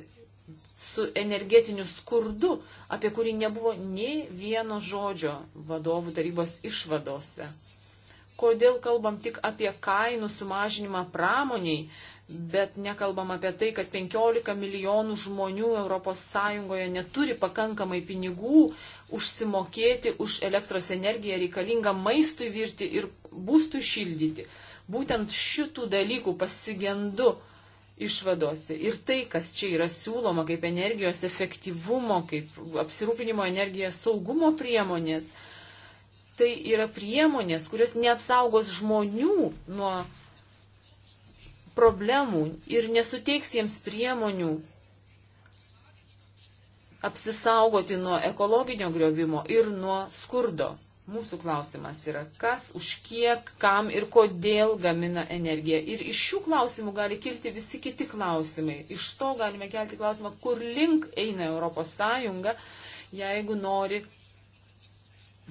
su energetiniu skurdu, apie kurį nebuvo nei vieno žodžio vadovų tarybos išvadose. Kodėl kalbam tik apie kainų sumažinimą pramoniai, bet nekalbam apie tai, kad 15 milijonų žmonių ES neturi pakankamai pinigų užsimokėti už elektros energiją reikalingą maistui virti ir būstui šildyti. Būtent šitų dalykų pasigendu išvadose. Ir tai, kas čia yra siūloma kaip energijos efektyvumo, kaip apsirūpinimo energija saugumo priemonės, tai yra priemonės, kurios neapsaugos žmonių nuo problemų ir nesuteiks jiems priemonių apsisaugoti nuo ekologinio griovimo ir nuo skurdo. Mūsų klausimas yra, kas, už kiek, kam ir kodėl gamina energiją. Ir iš šių klausimų gali kilti visi kiti klausimai. Iš to galime kelti klausimą, kur link eina ES, jeigu nori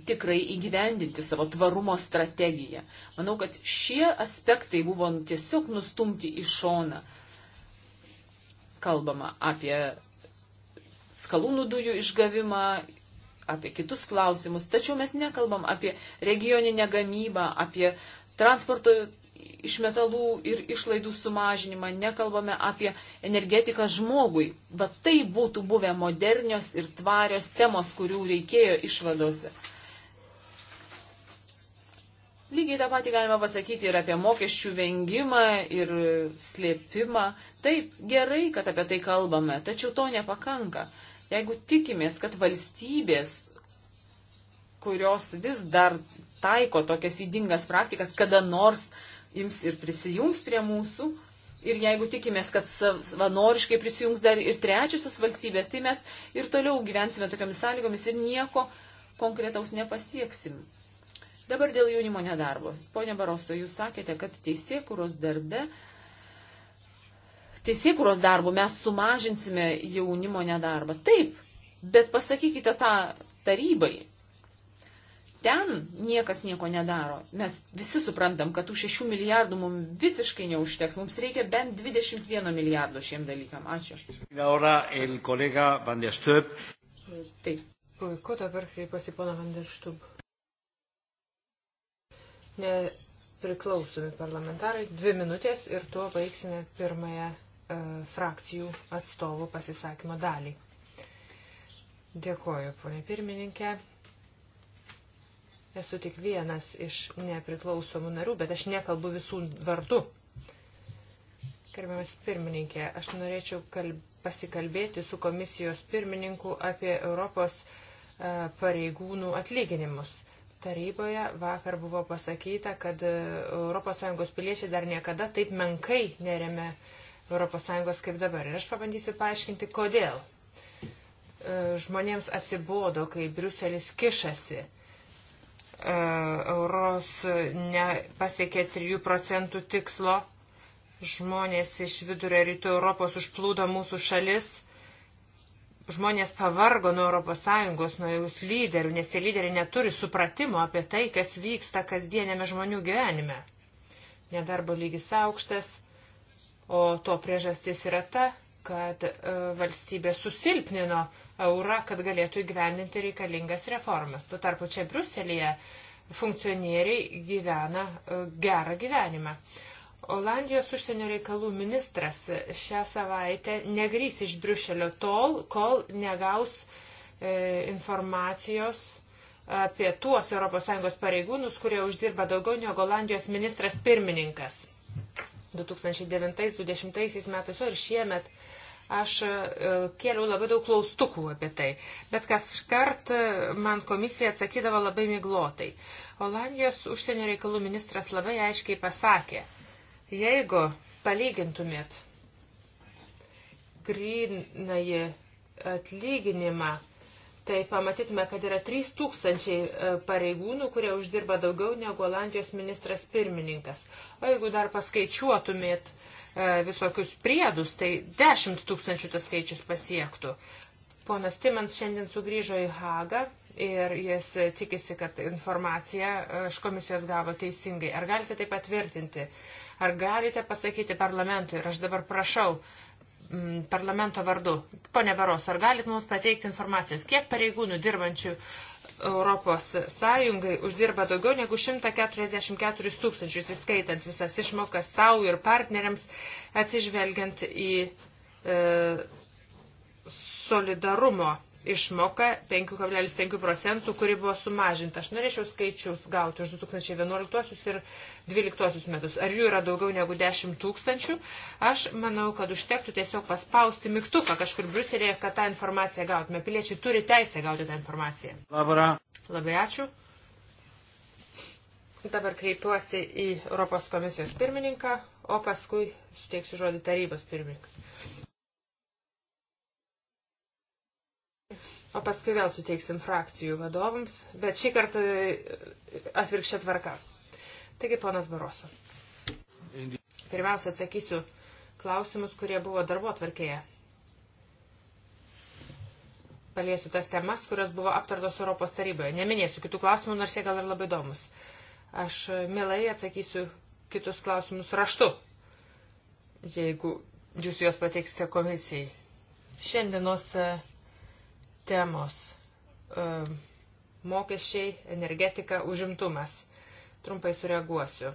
tikrai įgyvendinti savo tvarumo strategiją. Manau, kad šie aspektai buvo tiesiog nustumti į šoną. Kalbama apie skalūnų dujų išgavimą, apie kitus klausimus, tačiau mes nekalbam apie regioninę gamybą, apie transporto iš metalų ir išlaidų sumažinimą, nekalbame apie energetiką žmogui. Va tai būtų buvę modernios ir tvarios temos, kurių reikėjo išvadose. Lygiai tą patį galima pasakyti ir apie mokesčių vengimą ir slėpimą. Taip, gerai, kad apie tai kalbame, tačiau to nepakanka. Jeigu tikimės, kad valstybės, kurios vis dar taiko tokias įdingas praktikas, kada nors jums ir prisijungs prie mūsų, ir jeigu tikimės, kad savanoriškai prisijungs dar ir trečiosios valstybės, tai mes ir toliau gyvensime tokiamis sąlygomis ir nieko konkretaus nepasieksim. Dabar dėl jaunimo nedarbo. Pone Baroso, jūs sakėte, kad teisė, kuros darbe teisėkuros darbu mes sumažinsime jaunimo nedarbą. Taip, bet pasakykite tą tarybai. Ten niekas nieko nedaro. Mes visi suprantam, kad tų 6 milijardų mums visiškai neužteks. Mums reikia bent 21 milijardo šiem dalykam. Ačiū. Taip. Puiku, dabar kreipiuosi pana Vanderštub. Ne, priklausomi parlamentarai. Dvi minutės ir tuo baigsime pirmąją E, frakcijų atstovų pasisakymo dalį. Dėkoju, ponė pirmininkė. Esu tik vienas iš nepriklausomų narių, bet aš nekalbu visų vardu. Gerbiamas pirmininkė, aš norėčiau kalb... pasikalbėti su komisijos pirmininku apie Europos e, pareigūnų atlyginimus. Taryboje vakar buvo pasakyta, kad ES piliečiai dar niekada taip menkai neremia e, ES kaip dabar. Ir aš pabandysiu paaiškinti, kodėl. E, žmonėms atsibodo, kai Briuselis kišasi. E, Euros nepasiekė 3 procentų tikslo. Žmonės iš vidurio rytų Europos užplūdo mūsų šalis žmonės pavargo nuo ES, nuo jos lyderių, nes tie lyderiai neturi supratimo apie tai, kas vyksta kasdienėme žmonių gyvenime. Nedarbo lygis aukštas, O to priežastis yra ta, kad e, valstybė susilpnino eurą, kad galėtų įgyvendinti reikalingas reformas. Tuo tarpu čia Bruselėje funkcionieriai gyvena e, gerą gyvenimą. Olandijos užsienio reikalų ministras šią savaitę negrys iš Briušelio tol, kol negaus e, informacijos apie tuos ES pareigūnus, kurie uždirba daugiau negu Olandijos ministras pirmininkas. 2009-2010 metais, o ir šiemet aš e, kėliau labai daug klaustukų apie tai. Bet kas kart e, man komisija atsakydavo labai miglotai. Olandijos užsienio reikalų ministras labai aiškiai pasakė, jeigu palygintumėt grinai atlyginimą tai pamatytume, kad yra 3000 e, pareigūnų, kurie uždirba daugiau negu Olandijos ministras pirmininkas. O jeigu dar paskaičiuotumėt e, visokius priedus, tai 10 tūkstančių tas skaičius pasiektų. Ponas Timans šiandien sugrįžo į Hagą ir jis tikisi, kad informaciją e, iš komisijos gavo teisingai. Ar galite tai patvirtinti? Ar galite pasakyti parlamentui, ir aš dabar prašau, mm, parlamento vardu. Pone Baros, ar galit mums pateikti informacijos, kiek pareigūnų dirbančių Europos Sąjungai uždirba daugiau negu 144 tūkstančius, įskaitant visas išmokas savo ir partneriams, atsižvelgiant į e, solidarumo išmoka 5,5 procentų, kuri buvo sumažinta. Aš norėčiau skaičius gauti už 2011 ir 2012 metus. Ar jų yra daugiau negu 10 tūkstančių? Aš manau, kad užtektų tiesiog paspausti mygtuką kažkur Bruselėje, kad tą informaciją gautume. Piliečiai turi teisę gauti tą informaciją. Labara. Labai ačiū. Dabar kreipiuosi į Europos komisijos pirmininką, o paskui suteiksiu žodį tarybos pirmininkui. o paskui vėl suteiksim frakcijų vadovams, bet šį kartą e, atvirkščia tvarka. Taigi, ponas Baroso. Pirmiausia, atsakysiu klausimus, kurie buvo darbo tvarkėje. Paliesiu tas temas, kurios buvo aptartos Europos taryboje. Neminėsiu kitų klausimų, nors jie gal ir labai įdomus. Aš mielai atsakysiu kitus klausimus raštu, jeigu jūs juos pateiksite komisijai. Šiandienos e, temos e, - mokesčiai, energetika, užimtumas. Trumpai sureaguosiu.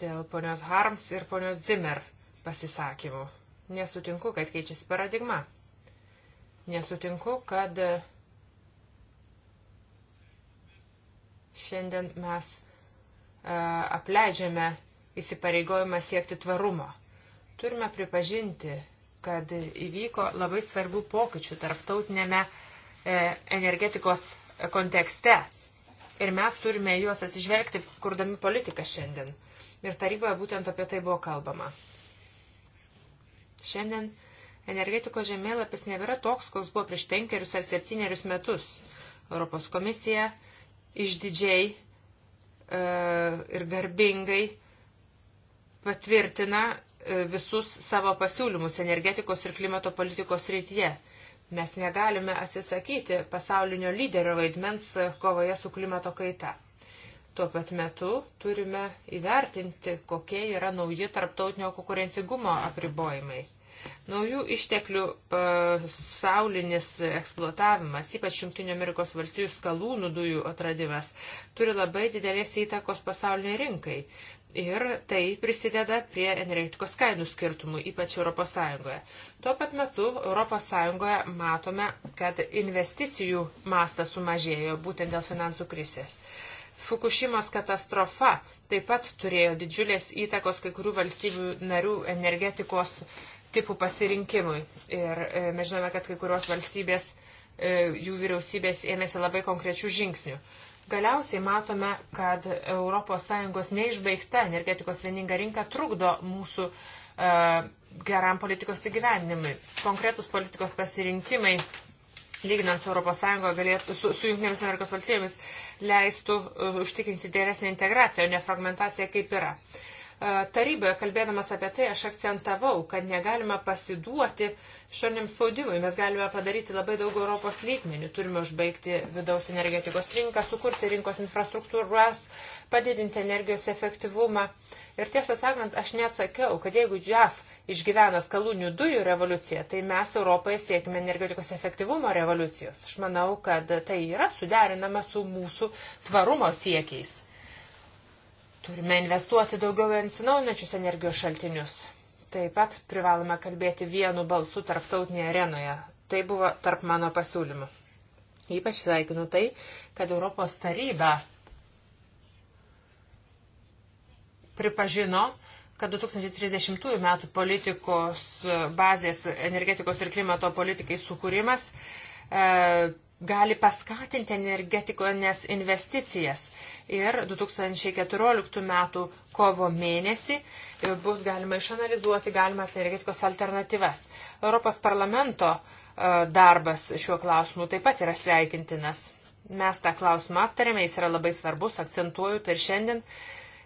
Dėl ponios Harms ir ponios Zimmer pasisakymų. Nesutinku, kad keičiasi paradigma. Nesutinku, kad šiandien mes e, apleidžiame įsipareigojimą siekti tvarumo. Turime pripažinti, kad įvyko labai svarbių pokyčių tarptautinėme e, energetikos kontekste. Ir mes turime juos atsižvelgti, kurdami politiką šiandien. Ir taryboje būtent apie tai buvo kalbama. Šiandien energetikos žemėlapis nebėra toks, koks buvo prieš penkerius ar septynerius metus. Europos komisija išdidžiai e, ir garbingai patvirtina visus savo pasiūlymus energetikos ir klimato politikos rytyje. Mes negalime atsisakyti pasaulinio lyderio vaidmens kovoje su klimato kaita. Tuo pat metu turime įvertinti, kokie yra nauji tarptautinio konkurencingumo apribojimai. Naujų išteklių pasaulinis eksploatavimas, ypač Junktinio Amerikos valstijų skalūnų dujų atradimas, turi labai didelės įtakos pasauliniai rinkai ir tai prisideda prie energetikos kainų skirtumų, ypač ES. Tuo pat metu ES matome, kad investicijų mastas sumažėjo būtent dėl finansų krisės. Fukushimos katastrofa taip pat turėjo didžiulės įtakos kai kurių valstybių narių energetikos tipų pasirinkimui. Ir e, mes žinome, kad kai kurios valstybės, e, jų vyriausybės ėmėsi labai konkrečių žingsnių. Galiausiai matome, kad ES neišbaigta energetikos vieninga rinka trukdo mūsų e, geram politikos įgyvenimui. Konkretus politikos pasirinkimai, lyginant su ES, galėtų, su, su Junktinėmis Amerikos valstybėmis, leistų e, užtikrinti geresnį integraciją, o ne fragmentaciją kaip yra. E, E, taryboje kalbėdamas apie tai aš akcentavau, kad negalima pasiduoti šoniam spaudimui. Mes galime padaryti labai daug Europos lygmenių. Turime užbaigti vidaus energetikos rinką, sukurti rinkos infrastruktūras, padidinti energijos efektyvumą. Ir tiesą sakant, aš neatsakiau, kad jeigu JAF išgyvena skalūnių dujų revoliuciją, tai mes Europoje siekime energetikos efektyvumo revoliucijos. Aš manau, kad tai yra suderinama su mūsų tvarumo siekiais. Turime investuoti daugiau į atsinaujinančius energijos šaltinius. Taip pat privalome kalbėti vienu balsu tarptautinėje arenoje. Tai buvo tarp mano pasiūlymų. Ypač sveikinu tai, kad Europos taryba pripažino, kad 2030 metų politikos bazės energetikos ir klimato politikai sukūrimas e, gali paskatinti energetikones investicijas. Ir 2014 m. kovo mėnesį bus galima išanalizuoti galimas energetikos alternatyvas. Europos parlamento e, darbas šiuo klausimu taip pat yra sveikintinas. Mes tą klausimą aptarėme, jis yra labai svarbus, akcentuoju tai ir šiandien.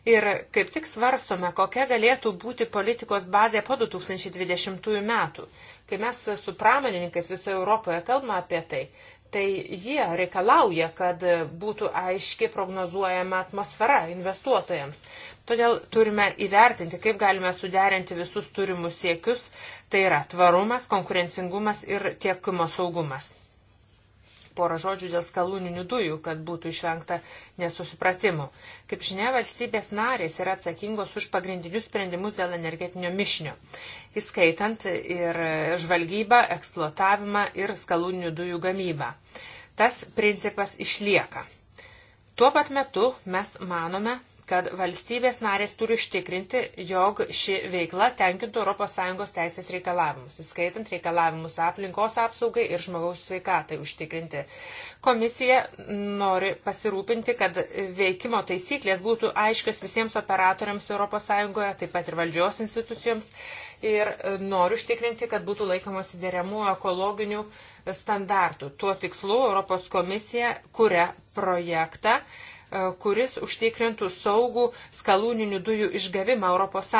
Ir kaip tik svarstome, kokia galėtų būti politikos bazė po 2020 metų. Kai mes su pramonininkais visoje Europoje kalbame apie tai, tai jie reikalauja, kad būtų aiški prognozuojama atmosfera investuotojams. Todėl turime įvertinti, kaip galime suderinti visus turimus siekius, tai yra tvarumas, konkurencingumas ir tiekimo saugumas porą žodžių dėl skaluninių dujų, kad būtų išvengta nesusipratimų. Kaip žinia, valstybės narės yra atsakingos už pagrindinius sprendimus dėl energetinio mišinio, įskaitant ir žvalgybą, eksploatavimą ir skaluninių dujų gamybą. Tas principas išlieka. Tuo pat metu mes manome, kad valstybės narės turi užtikrinti, jog ši veikla tenkintų ES teisės reikalavimus, įskaitant reikalavimus aplinkos apsaugai ir žmogaus sveikatai užtikrinti. Komisija nori pasirūpinti, kad veikimo taisyklės būtų aiškios visiems operatoriams ES, taip pat ir valdžios institucijoms. Ir noriu užtikrinti, kad būtų laikomasi dėriamų ekologinių standartų. Tuo tikslu Europos komisija kuria projektą E, kuris užtikrintų saugų skalūninių dujų išgavimą ES.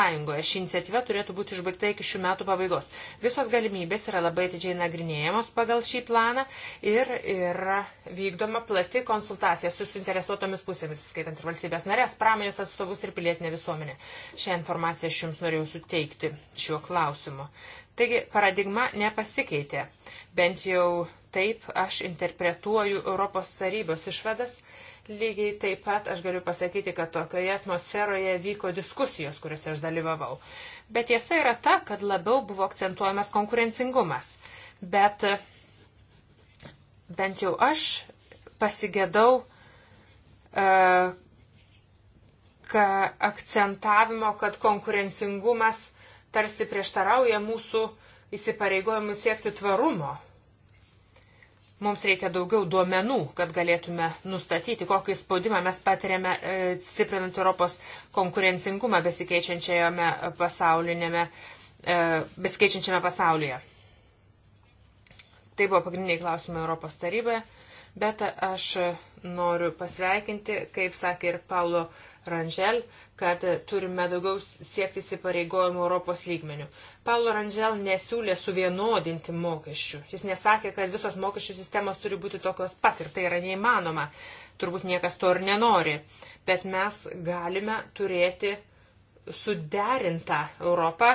Ši iniciatyva turėtų būti išbaigta iki šių metų pabaigos. Visos galimybės yra labai atidžiai nagrinėjamos pagal šį planą ir yra vykdoma plati konsultacija su suinteresuotomis pusėmis, skaitant ir valstybės narės, pramonės atstovus ir pilietinę visuomenę. Šią informaciją aš Jums norėjau suteikti šiuo klausimu. Taigi paradigma nepasikeitė. Bent jau taip aš interpretuoju Europos tarybos išvadas Lygiai taip pat aš galiu pasakyti, kad tokioje atmosferoje vyko diskusijos, kuriuose aš dalyvavau. Bet tiesa yra ta, kad labiau buvo akcentuojamas konkurencingumas. Bet bent jau aš pasigėdau uh, ka akcentavimo, kad konkurencingumas tarsi prieštarauja mūsų įsipareigojimų siekti tvarumo Mums reikia daugiau duomenų, kad galėtume nustatyti, kokį spaudimą mes patiriame e, stiprinant Europos konkurencingumą besikeičiančiame, pasaulinėme, e, besikeičiančiame pasaulyje. Tai buvo pagrindiniai klausimai Europos taryboje, bet aš noriu pasveikinti, kaip sakė ir Paulo Rangel, kad turime daugiau siekti įsipareigojimų Europos lygmenių. Paulo Rangel nesiūlė suvienodinti mokesčių. Jis nesakė, kad visos mokesčių sistemos turi būti tokios pat ir tai yra neįmanoma. Turbūt niekas to ir nenori. Bet mes galime turėti suderintą Europą,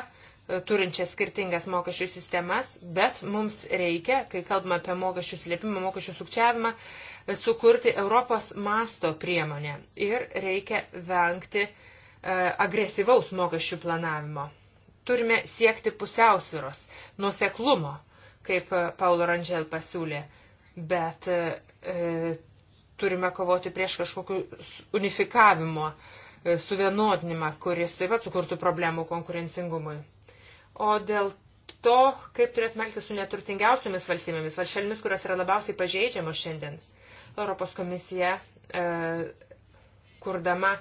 turinčią skirtingas mokesčių sistemas, bet mums reikia, kai kalbame apie mokesčių slėpimą, mokesčių sukčiavimą, sukurti Europos masto priemonę ir reikia vengti e, agresyvaus mokesčių planavimo. Turime siekti pusiausviros, nuseklumo, kaip e, Paulo Rangel pasiūlė, bet e, e turime kovoti prieš kažkokiu unifikavimo, e, suvienodinimą, kuris taip pat sukurtų problemų konkurencingumui. O dėl to, kaip turėtume elgtis su neturtingiausiomis valstybėmis, ar šalimis, kurios yra labiausiai pažeidžiamos šiandien, Europos komisija, e, kurdama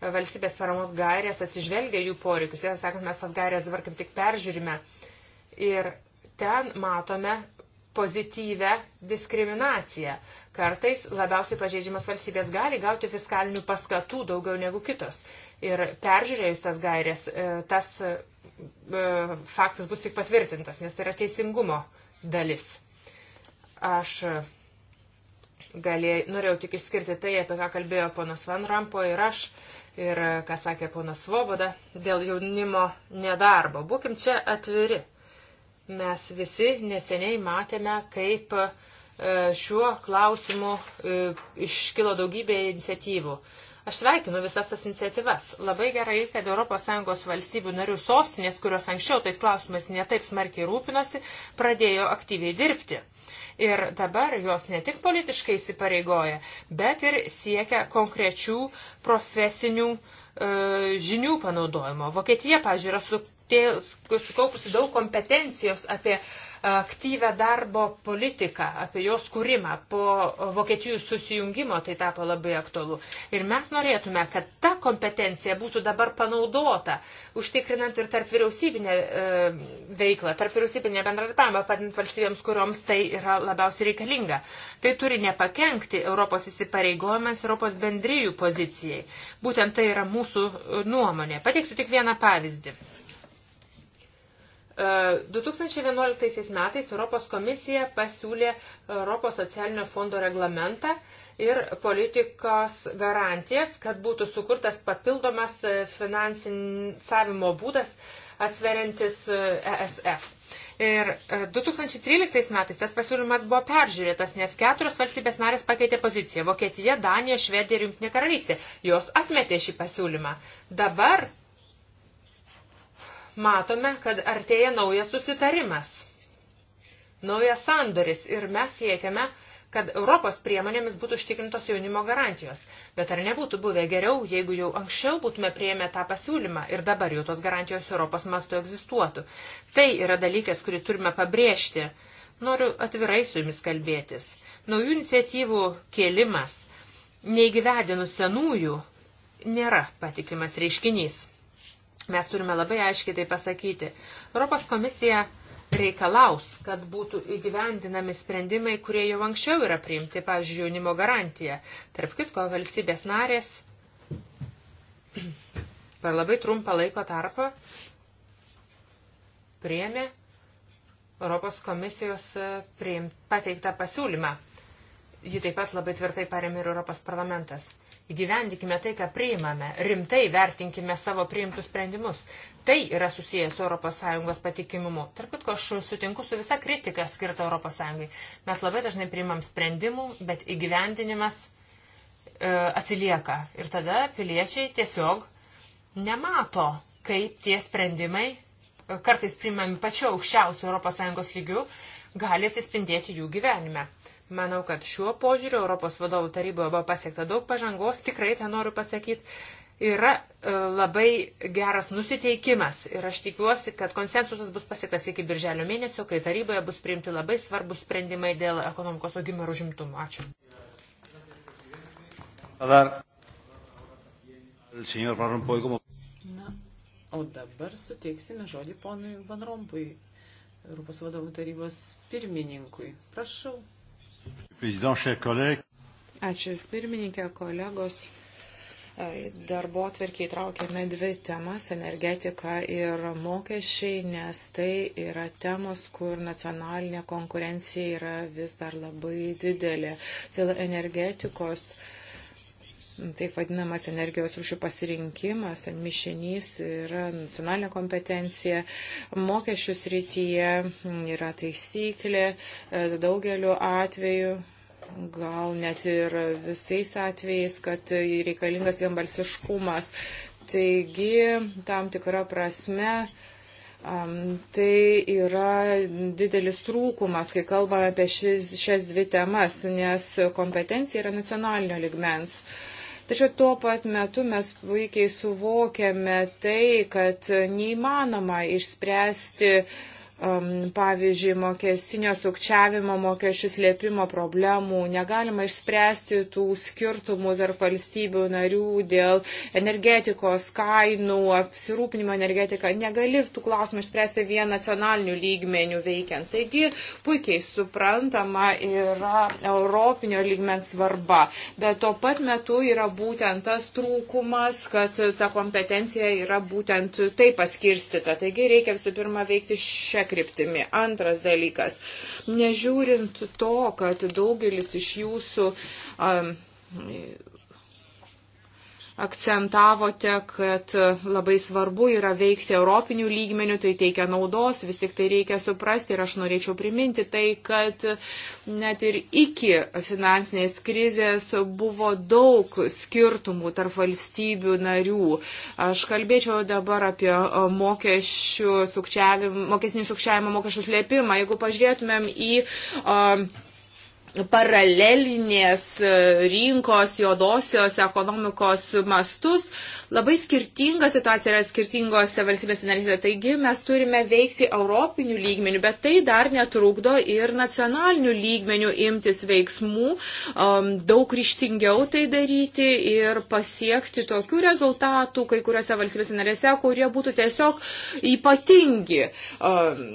valstybės paramos gairės, atsižvelgia jų poreikius. Jie sakant, mes tas gairės dabar kaip tik peržiūrime. Ir ten matome pozityvę diskriminaciją. Kartais labiausiai pažeidžiamas valstybės gali gauti fiskalinių paskatų daugiau negu kitos. Ir peržiūrėjus tas gairės, e, tas e, faktas bus tik patvirtintas, nes tai yra teisingumo dalis. Aš galėjau, norėjau tik išskirti tai, apie ką kalbėjo ponas Van Rampo ir aš, ir e, ką sakė ponas Svoboda, dėl jaunimo nedarbo. Būkim čia atviri. Mes visi neseniai matėme, kaip e, šiuo klausimu e, iškilo daugybė iniciatyvų. Aš sveikinu visas tas iniciatyvas. Labai gerai, kad ES valstybių narių sostinės, kurios anksčiau tais klausimais netaip smarkiai rūpinosi, pradėjo aktyviai dirbti. Ir dabar jos ne tik politiškai įsipareigoja, bet ir siekia konkrečių profesinių e, žinių panaudojimo. Vokietija, pažiūrėjau, yra su sukaupusi daug kompetencijos apie aktyvę darbo politiką, apie jos kūrimą. Po Vokietijų susijungimo tai tapo labai aktualu. Ir mes norėtume, kad ta kompetencija būtų dabar panaudota, užtikrinant ir tarp vyriausybinę e, veiklą, tarp vyriausybinę bendradarbiavimą, padint valstybėms, kurioms tai yra labiausiai reikalinga. Tai turi nepakenkti Europos įsipareigojimams, Europos bendryjų pozicijai. Būtent tai yra mūsų nuomonė. Pateiksiu tik vieną pavyzdį. 2011 metais Europos komisija pasiūlė Europos socialinio fondo reglamentą ir politikos garantijas, kad būtų sukurtas papildomas finansavimo būdas atsveriantis ESF. Ir 2013 e, metais tas pasiūlymas buvo peržiūrėtas, nes keturios valstybės narės pakeitė poziciją - Vokietija, Danija, Švedija ir Junktinė karalystė. Jos atmetė šį pasiūlymą. Dabar matome, kad artėja naujas susitarimas, naujas sandoris ir mes siekiame, kad Europos priemonėmis būtų užtikrintos jaunimo garantijos. Bet ar nebūtų buvę geriau, jeigu jau anksčiau būtume prieėmę tą pasiūlymą ir dabar jau tos garantijos Europos mastu egzistuotų? Tai yra dalykas, kurį turime pabrėžti. Noriu atvirai su jumis kalbėtis. Naujų iniciatyvų kėlimas, neįgyvedinus senųjų, nėra patikimas reiškinys. Mes turime labai aiškiai tai pasakyti. Europos komisija reikalaus, kad būtų įgyvendinami sprendimai, kurie jau anksčiau yra priimti, pavyzdžiui, jaunimo garantija. Tarp kitko, valstybės narės per labai trumpą laiko tarpą priėmė Europos komisijos pateiktą pasiūlymą. Ji taip pat labai tvirtai paremė ir Europos parlamentas. Įgyvendikime tai, ką priimame, rimtai vertinkime savo priimtus sprendimus. Tai yra susijęs su ES patikimumu. Tarp kitko, aš sutinku su visa kritika skirta ES. Mes labai dažnai priimam sprendimų, bet įgyvendinimas e, atsilieka. Ir tada piliečiai tiesiog nemato, kaip tie sprendimai, e, kartais priimami pačiu aukščiausiu ES lygiu, gali atsispindėti jų gyvenime. Manau, kad šiuo požiūriu Europos vadovų taryboje buvo pasiekta daug pažangos, tikrai tą noriu pasakyti. Yra e, labai geras nusiteikimas ir aš tikiuosi, kad konsensusas bus pasiektas iki birželio mėnesio, kai taryboje bus priimti labai svarbus sprendimai dėl ekonomikos augimo ir užimtumo. Ačiū. Na, o dabar suteiksime žodį ponui Van Rompui, Europos vadovų tarybos pirmininkui. Prašau. Ačiū pirmininkė, kolegos. E, darbo atverkiai traukėme dvi temas - energetika ir mokesčiai, nes tai yra temos, kur nacionalinė konkurencija yra vis dar labai didelė. Dėl energetikos uh, taip vadinamas energijos rūšių pasirinkimas, mišinys yra nacionalinė kompetencija, mokesčių srityje yra taisyklė e, daugeliu atveju. Gal net ir visais atvejais, kad reikalingas vienbalsiškumas. Taigi, tam tikra prasme, Tai yra didelis trūkumas, kai kalbame apie šis, šias dvi temas, nes kompetencija yra nacionalinio ligmens. Uh, Tačiau tuo pat metu mes puikiai suvokiame tai, kad neįmanoma išspręsti uh, pavyzdžiui, mokestinio sukčiavimo, mokesčių slėpimo problemų, negalima išspręsti tų skirtumų tarp valstybių narių dėl energetikos kainų, apsirūpinimo energetiką, negali tų klausimų išspręsti vien nacionalinių lygmenių veikiant. Taigi puikiai suprantama yra europinio lygmens svarba, bet tuo pat metu yra būtent tas trūkumas, kad ta kompetencija yra būtent taip paskirstita. Taigi reikia visų pirma veikti šią kryptimi. Antras dalykas, nežiūrint to, kad daugelis iš jūsų um, akcentavote, kad labai svarbu yra veikti europinių lygmenių, tai teikia naudos, vis tik tai reikia suprasti ir aš norėčiau priminti tai, kad net ir iki finansinės krizės buvo daug skirtumų tarp valstybių narių. Aš kalbėčiau dabar apie mokesčių sukčiavimą, mokesnių sukčiavimą, mokesčių slėpimą. Jeigu pažiūrėtumėm į uh, paralelinės e, rinkos, juodosios ekonomikos mastus. Labai skirtinga situacija yra skirtingose valstybės narėse. Taigi mes turime veikti europinių lygmenių, bet tai dar netrukdo ir nacionalinių lygmenių imtis veiksmų, um, daug ryštingiau tai daryti ir pasiekti tokių rezultatų kai kuriuose valstybės narėse, kurie būtų tiesiog ypatingi. Um,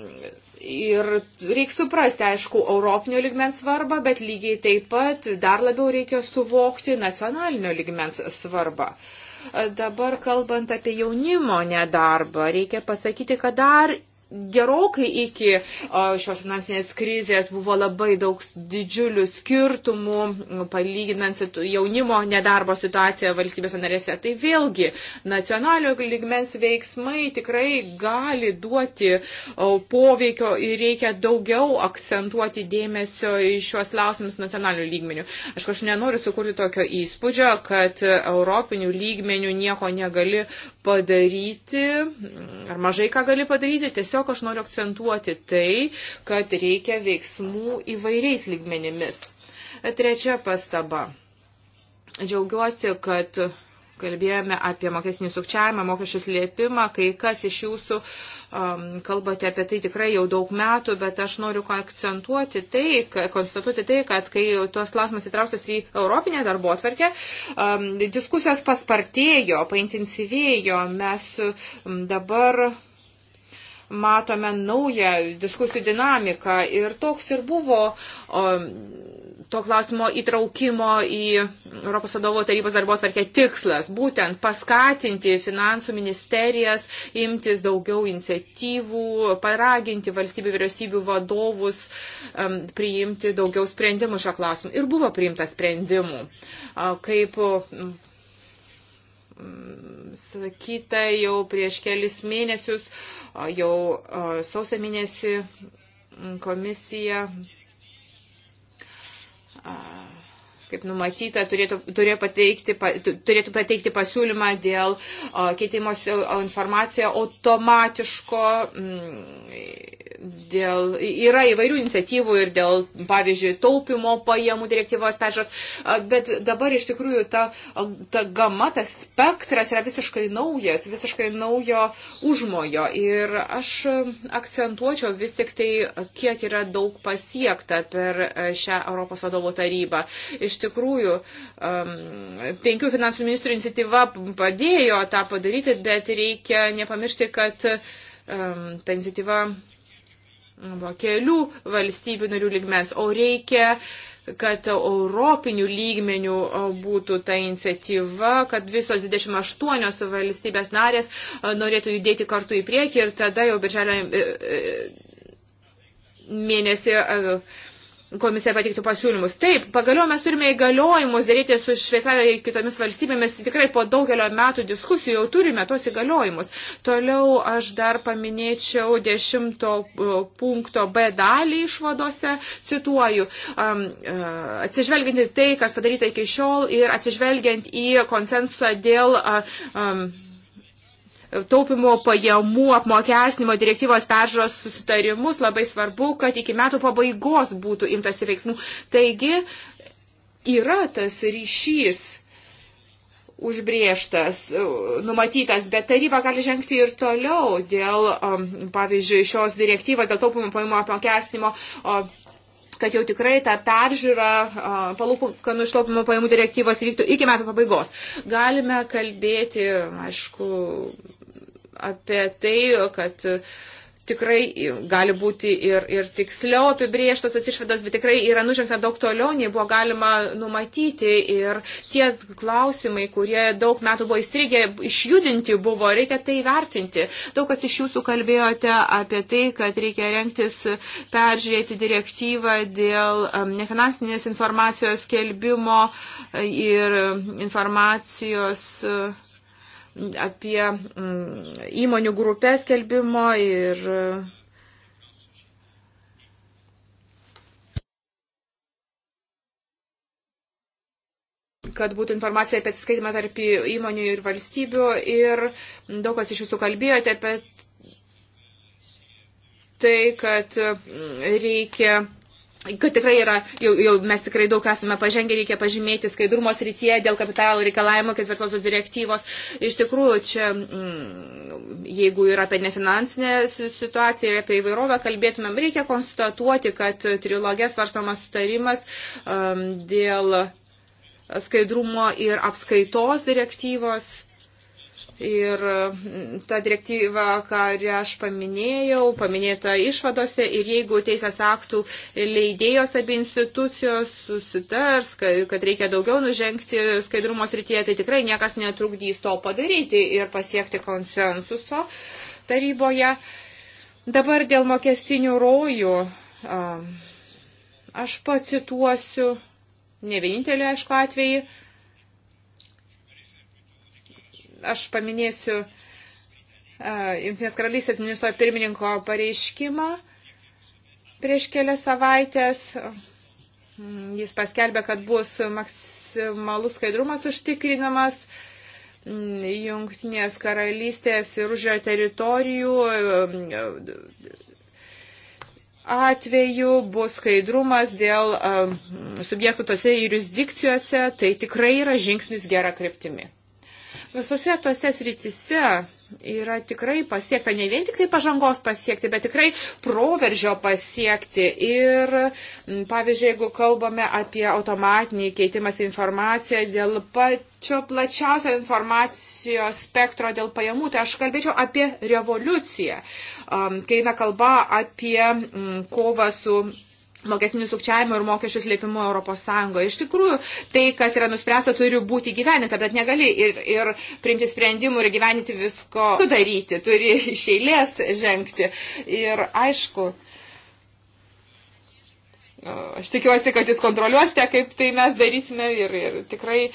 Ir reikia suprasti, aišku, europinio ligmens svarbą, bet lygiai taip pat dar labiau reikia suvokti nacionalinio ligmens svarbą. Dabar kalbant apie jaunimo nedarbą, reikia pasakyti, kad dar gerokai iki šios finansinės krizės buvo labai daug didžiulių skirtumų, palyginant jaunimo nedarbo situaciją valstybės narėse. Tai vėlgi nacionalio ligmens veiksmai tikrai gali duoti poveikio ir reikia daugiau akcentuoti dėmesio į šios klausimus nacionalinių lygmenių. Aš kažkaip nenoriu sukurti tokio įspūdžio, kad europinių lygmenių nieko negali padaryti ar mažai ką gali padaryti. Tiesiog Tiesiog aš noriu akcentuoti tai, kad reikia veiksmų įvairiais lygmenimis. Trečia pastaba. Džiaugiuosi, kad kalbėjome apie mokesnį sukčiavimą, mokesčių slėpimą, kai kas iš jūsų um, kalbate apie tai tikrai jau daug metų, bet aš noriu akcentuoti tai, konstatuoti tai, kad kai tuos klausimas įtraustas į Europinę darbo atvarkę, um, diskusijos paspartėjo, paintensyvėjo, mes um, dabar matome naują diskusijų dinamiką ir toks ir buvo. O, to klausimo įtraukimo į Europos vadovo tarybos darbo atvarkę tikslas - būtent paskatinti finansų ministerijas imtis daugiau iniciatyvų, paraginti valstybių vyriausybių vadovus um, priimti daugiau sprendimų šio klausimu. Ir buvo priimta sprendimų, uh, kaip um, sakyta jau prieš kelis mėnesius, jau sausio mėnesį komisija kaip numatyta, turėtų, turėtų, pateikti, turėtų pateikti pasiūlymą dėl keitimosi informaciją automatiško Dėl, yra įvairių iniciatyvų ir dėl, pavyzdžiui, taupimo pajamų direktyvos peržiūros, bet dabar iš tikrųjų ta, ta gama, tas spektras yra visiškai naujas, visiškai naujo užmojo. Ir aš akcentuočiau vis tik tai, kiek yra daug pasiekta per e, šią Europos vadovo tarybą. Iš tikrųjų, penkių finansų ministrų iniciatyva padėjo tą padaryti, bet reikia nepamiršti, kad ta iniciatyva buvo kelių valstybių narių ligmens, o reikia kad europinių lygmenių būtų ta iniciatyva, kad visos 28 valstybės narės norėtų judėti kartu į priekį ir tada jau birželio e, e, mėnesį komisija pateiktų pasiūlymus. Taip, pagaliau mes turime įgaliojimus daryti su Šveicarija ir kitomis valstybėmis. Tikrai po daugelio metų diskusijų jau turime tos įgaliojimus. Toliau aš dar paminėčiau dešimto e, punkto B dalį išvadose. Cituoju, um, e, atsižvelgiant į tai, kas padaryta iki šiol ir atsižvelgiant į konsensusą dėl um, taupimo pajamų apmokesnimo direktyvos peržiūros susitarimus, labai svarbu, kad iki metų pabaigos būtų imtasi veiksmų. Taigi yra tas ryšys užbrieštas, numatytas, bet taryba gali žengti ir toliau dėl, um, pavyzdžiui, šios direktyvos, dėl taupimo pajamų apmokestinimo kad jau tikrai tą peržiūrą palūkanų ištaupimo pajamų direktyvos vyktų iki metų pabaigos. Galime kalbėti, aišku, apie tai, kad tikrai gali būti ir, ir tiksliau apibrieštos tos išvados, bet tikrai yra nužengta daug toliau, nei buvo galima numatyti. Ir tie klausimai, kurie daug metų buvo įstrigę, išjudinti buvo, reikia tai vertinti. Daug kas iš jūsų kalbėjote apie tai, kad reikia renktis peržiūrėti direktyvą dėl um, nefinansinės informacijos kelbimo ir informacijos uh, apie mm, įmonių grupės kelbimo ir kad būtų informacija apie atsiskaitimą tarp įmonių ir valstybių. Ir daug kas iš jūsų kalbėjote apie tai, kad reikia kad tikrai yra, jau, jau mes tikrai daug esame pažengę, reikia pažymėti skaidrumo srityje dėl kapitalo reikalavimo ketvirtosios direktyvos. Iš tikrųjų, čia, mm, jeigu ir apie nefinansinę situaciją ir apie įvairovę kalbėtumėm, reikia konstatuoti, kad trilogės varstomas sutarimas um, dėl skaidrumo ir apskaitos direktyvos Ir mm, ta direktyva, ką aš paminėjau, paminėta išvadose ir jeigu teisės aktų leidėjos abi institucijos susitars, kad reikia daugiau nužengti skaidrumo srityje, tai tikrai niekas netrukdys to padaryti ir pasiekti konsensuso taryboje. Dabar dėl mokestinių rojų. Aš pacituosiu ne vienintelį, aišku, atvejį Aš paminėsiu e, Junktinės karalystės ministro pirmininko pareiškimą prieš kelias savaitės. Jis paskelbė, kad bus maksimalus skaidrumas užtikrinamas Junktinės karalystės ir užėjo teritorijų e, atveju bus skaidrumas dėl e, subjektų tose jurisdikcijose, tai tikrai yra žingsnis gera kryptimi visose tose srityse yra tikrai pasiekta ne vien tik tai pažangos pasiekti, bet tikrai proveržio pasiekti. Ir pavyzdžiui, jeigu kalbame apie automatinį keitimas informaciją dėl pačio plačiausio informacijos spektro dėl pajamų, tai aš kalbėčiau apie revoliuciją. Kai eina kalba apie kovą su mokesnių sukčiavimo ir mokesčių slėpimo Europos Sąjungoje. Iš tikrųjų, tai, kas yra nuspręsta, turi būti gyveninta, bet negali ir, ir priimti sprendimų ir gyveninti visko daryti, turi iš eilės žengti. Ir aišku, aš tikiuosi, kad jūs kontroliuosite, kaip tai mes darysime ir, ir tikrai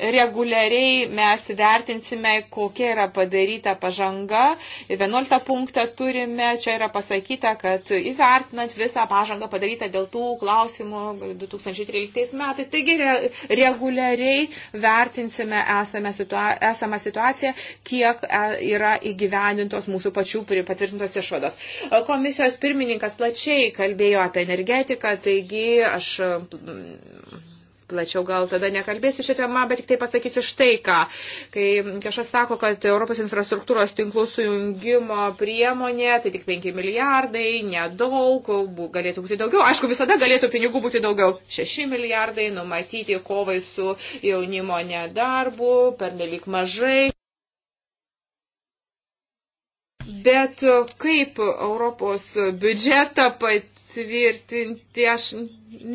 reguliariai mes vertinsime, kokia yra padaryta pažanga. 11 punktą turime, čia yra pasakyta, kad įvertinant visą pažangą padarytą dėl tų klausimų 2013 metais, taigi re, reguliariai vertinsime esamą, situa esamą situaciją, kiek e, yra įgyvendintos mūsų pačių patvirtintos išvados. Komisijos pirmininkas plačiai kalbėjo apie energetiką, taigi aš plačiau gal tada nekalbėsiu šią temą, bet tik tai pasakysiu štai ką. Kai kažkas sako, kad Europos infrastruktūros tinklų sujungimo priemonė, tai tik 5 milijardai, nedaug, galėtų būti daugiau. Aišku, visada galėtų pinigų būti daugiau. 6 milijardai numatyti kovai su jaunimo nedarbu, per nelik mažai. Bet e, kaip Europos biudžetą patvirtinti, aš,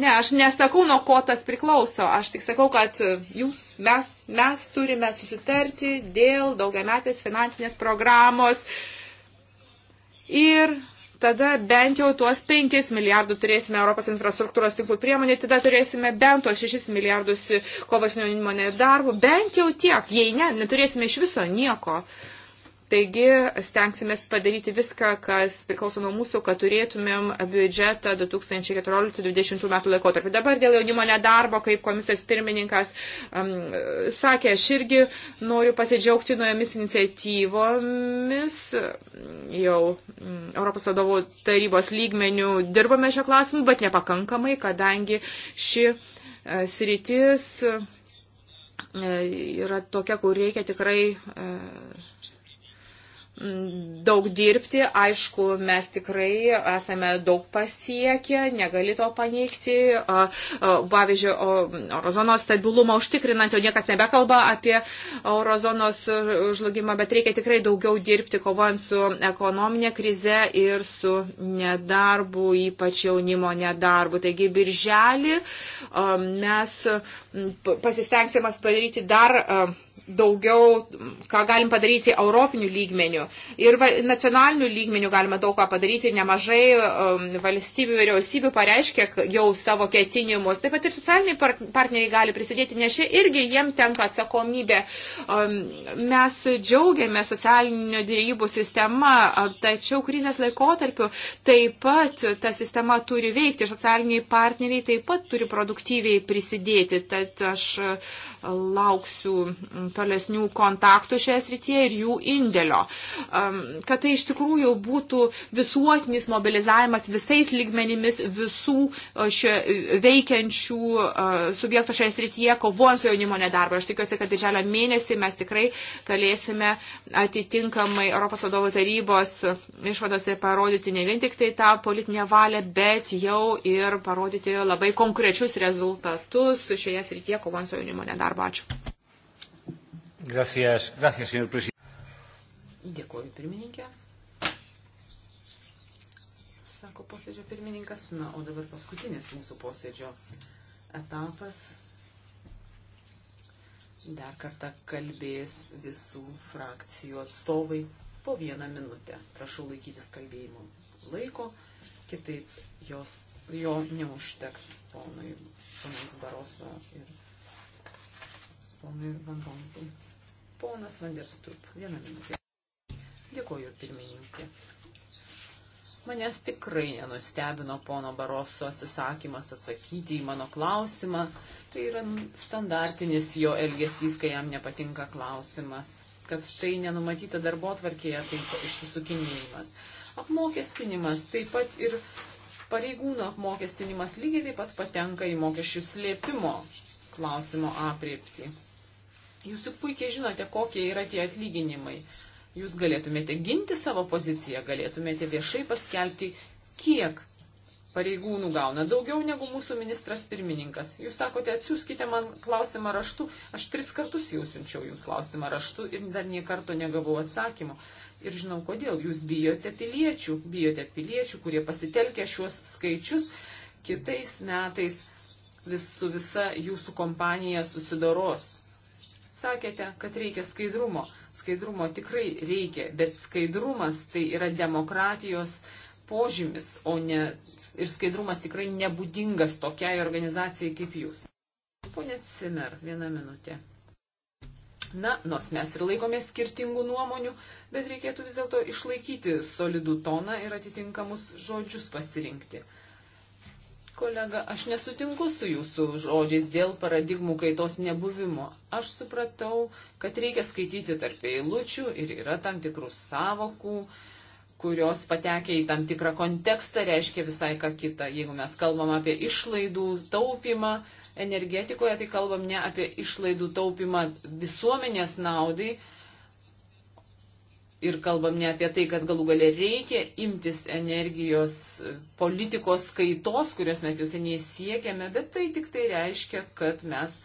ne, aš nesakau, nuo ko tas priklauso. Aš tik sakau, kad jūs, mes, mes turime susitarti dėl daugiametės finansinės programos. Ir tada bent jau tuos 5 milijardų turėsime Europos infrastruktūros tinklų priemonė, tada turėsime bent tuos 6 milijardus kovasnio įmonė darbų, bent jau tiek, jei ne, neturėsime iš viso nieko. Uh, Taigi stengsimės padaryti viską, kas priklauso nuo mūsų, kad turėtumėm biudžetą 2014-2020 metų laikotarpį. Dabar dėl jaunimo nedarbo, kaip komisijos pirmininkas um, sakė, aš irgi noriu pasidžiaugti naujomis iniciatyvomis. Jau um, Europos vadovų tarybos lygmenių dirbame šią klausimą, bet nepakankamai, kadangi ši uh, sritis uh, yra tokia, kur reikia tikrai. Uh, daug dirbti. Aišku, mes tikrai esame daug pasiekę, negali to paneigti. Pavyzdžiui, eurozonos stabilumą užtikrinant, jau niekas nebekalba apie eurozonos žlugimą, bet reikia tikrai daugiau dirbti, kovojant su ekonominė krize ir su nedarbu, ypač jaunimo nedarbu. Taigi, birželį mes pasistengsime padaryti dar daugiau, ką galim padaryti europinių lygmenių. Ir nacionalinių lygmenių galima daug ką padaryti. Nemažai um, valstybių vyriausybių pareiškia jau savo ketinimus. Taip pat ir socialiniai partneriai gali prisidėti, nes čia irgi jiem tenka atsakomybė. Um, mes džiaugiame socialinio dėrybų sistema, tačiau krizės laikotarpiu taip pat ta sistema turi veikti. Socialiniai partneriai taip pat turi produktyviai prisidėti. Tad aš lauksiu mm, tolesnių kontaktų šioje srityje ir jų indėlio. Kad tai iš tikrųjų būtų visuotinis mobilizavimas visais lygmenimis visų šio, veikiančių subjektų šioje srityje, kovojant su jaunimo nedarbu. Aš tikiuosi, kad didžialio mėnesį mes tikrai galėsime atitinkamai Europos vadovų tarybos išvadose parodyti ne vien tik tai tą politinę valią, bet jau ir parodyti labai konkrečius rezultatus šioje srityje, kovojant su jaunimo nedarbu darbo. Ačiū. Gracias, gracias, señor presidente. Dėkuoju, pirmininkė. Sako posėdžio pirmininkas. Na, o dabar paskutinis mūsų posėdžio etapas. Dar kartą kalbės visų frakcijų atstovai po vieną minutę. Prašau laikytis kalbėjimo laiko, kitaip jos, jo neužteks ponui, ponais Baroso ir ponui Vandompui. Ponas Vanderstrup, vieną minutę. Dėkoju, pirmininkė. Manęs tikrai nenustebino pono Baroso atsisakymas atsakyti į mano klausimą. Tai yra standartinis jo elgesys, kai jam nepatinka klausimas. Kad tai nenumatyta darbo tvarkėje, tai išsisukinėjimas. Apmokestinimas taip pat ir pareigūno apmokestinimas lygiai taip pat patenka į mokesčių slėpimo klausimo apriepti. Jūs juk puikiai žinote, kokie yra tie atlyginimai. Jūs galėtumėte ginti savo poziciją, galėtumėte viešai paskelbti, kiek pareigūnų gauna daugiau negu mūsų ministras pirmininkas. Jūs sakote, atsiųskite man klausimą raštu. Aš tris kartus jau siunčiau jums klausimą raštu ir dar nie karto negavau atsakymo. Ir žinau kodėl. Jūs bijote piliečių, bijote piliečių, kurie pasitelkia šiuos skaičius kitais metais vis, su visa jūsų kompanija susidoros. Sakėte, kad reikia skaidrumo. Skaidrumo tikrai reikia, bet skaidrumas tai yra demokratijos požymis, o ne ir skaidrumas tikrai nebūdingas tokiai organizacijai kaip jūs. Pone Cimer, vieną minutę. Na, nors mes ir laikomės skirtingų nuomonių, bet reikėtų vis dėlto išlaikyti solidų toną ir atitinkamus žodžius pasirinkti kolega, aš nesutinku su jūsų žodžiais dėl paradigmų kaitos nebuvimo. Aš supratau, kad reikia skaityti tarp eilučių ir yra tam tikrų savokų, kurios patekia į tam tikrą kontekstą, reiškia visai ką kitą. Jeigu mes kalbam apie išlaidų taupimą energetikoje, tai kalbam ne apie išlaidų taupimą visuomenės naudai, ir kalbam ne apie tai, kad galų galę reikia imtis energijos e, politikos kaitos, kurios mes jau seniai siekiame, bet tai tik tai reiškia, kad mes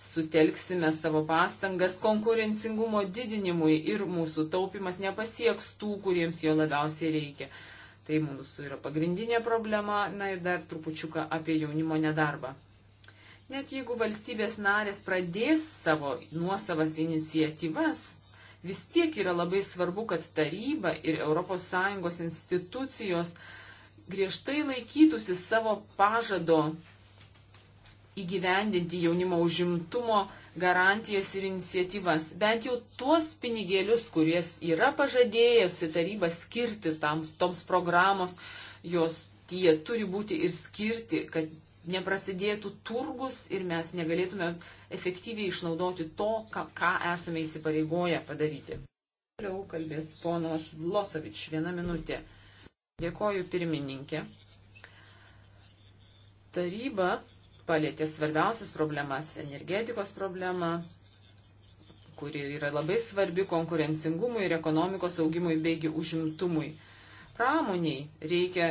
sutelksime savo pastangas konkurencingumo didinimui ir mūsų taupimas nepasieks tų, kuriems jo labiausiai reikia. Tai mūsų yra pagrindinė problema, na ir dar trupučiuką apie jaunimo nedarbą. Net jeigu valstybės narės pradės savo nuosavas iniciatyvas, vis tiek yra labai svarbu, kad taryba ir ES institucijos griežtai laikytųsi savo pažado įgyvendinti jaunimo užimtumo garantijas ir iniciatyvas, bent jau tuos pinigėlius, kuries yra pažadėjusi taryba skirti tam, toms programos, jos tie turi būti ir skirti, kad neprasidėtų turgus ir mes negalėtume efektyviai išnaudoti to, ką, ką esame įsipareigoję padaryti. Toliau kalbės ponas Vlosovič, vieną minutę. Dėkoju pirmininkė. Taryba palėtė svarbiausias problemas - energetikos problemą, kuri yra labai svarbi konkurencingumui ir ekonomikos augimui beigi užimtumui pramoniai reikia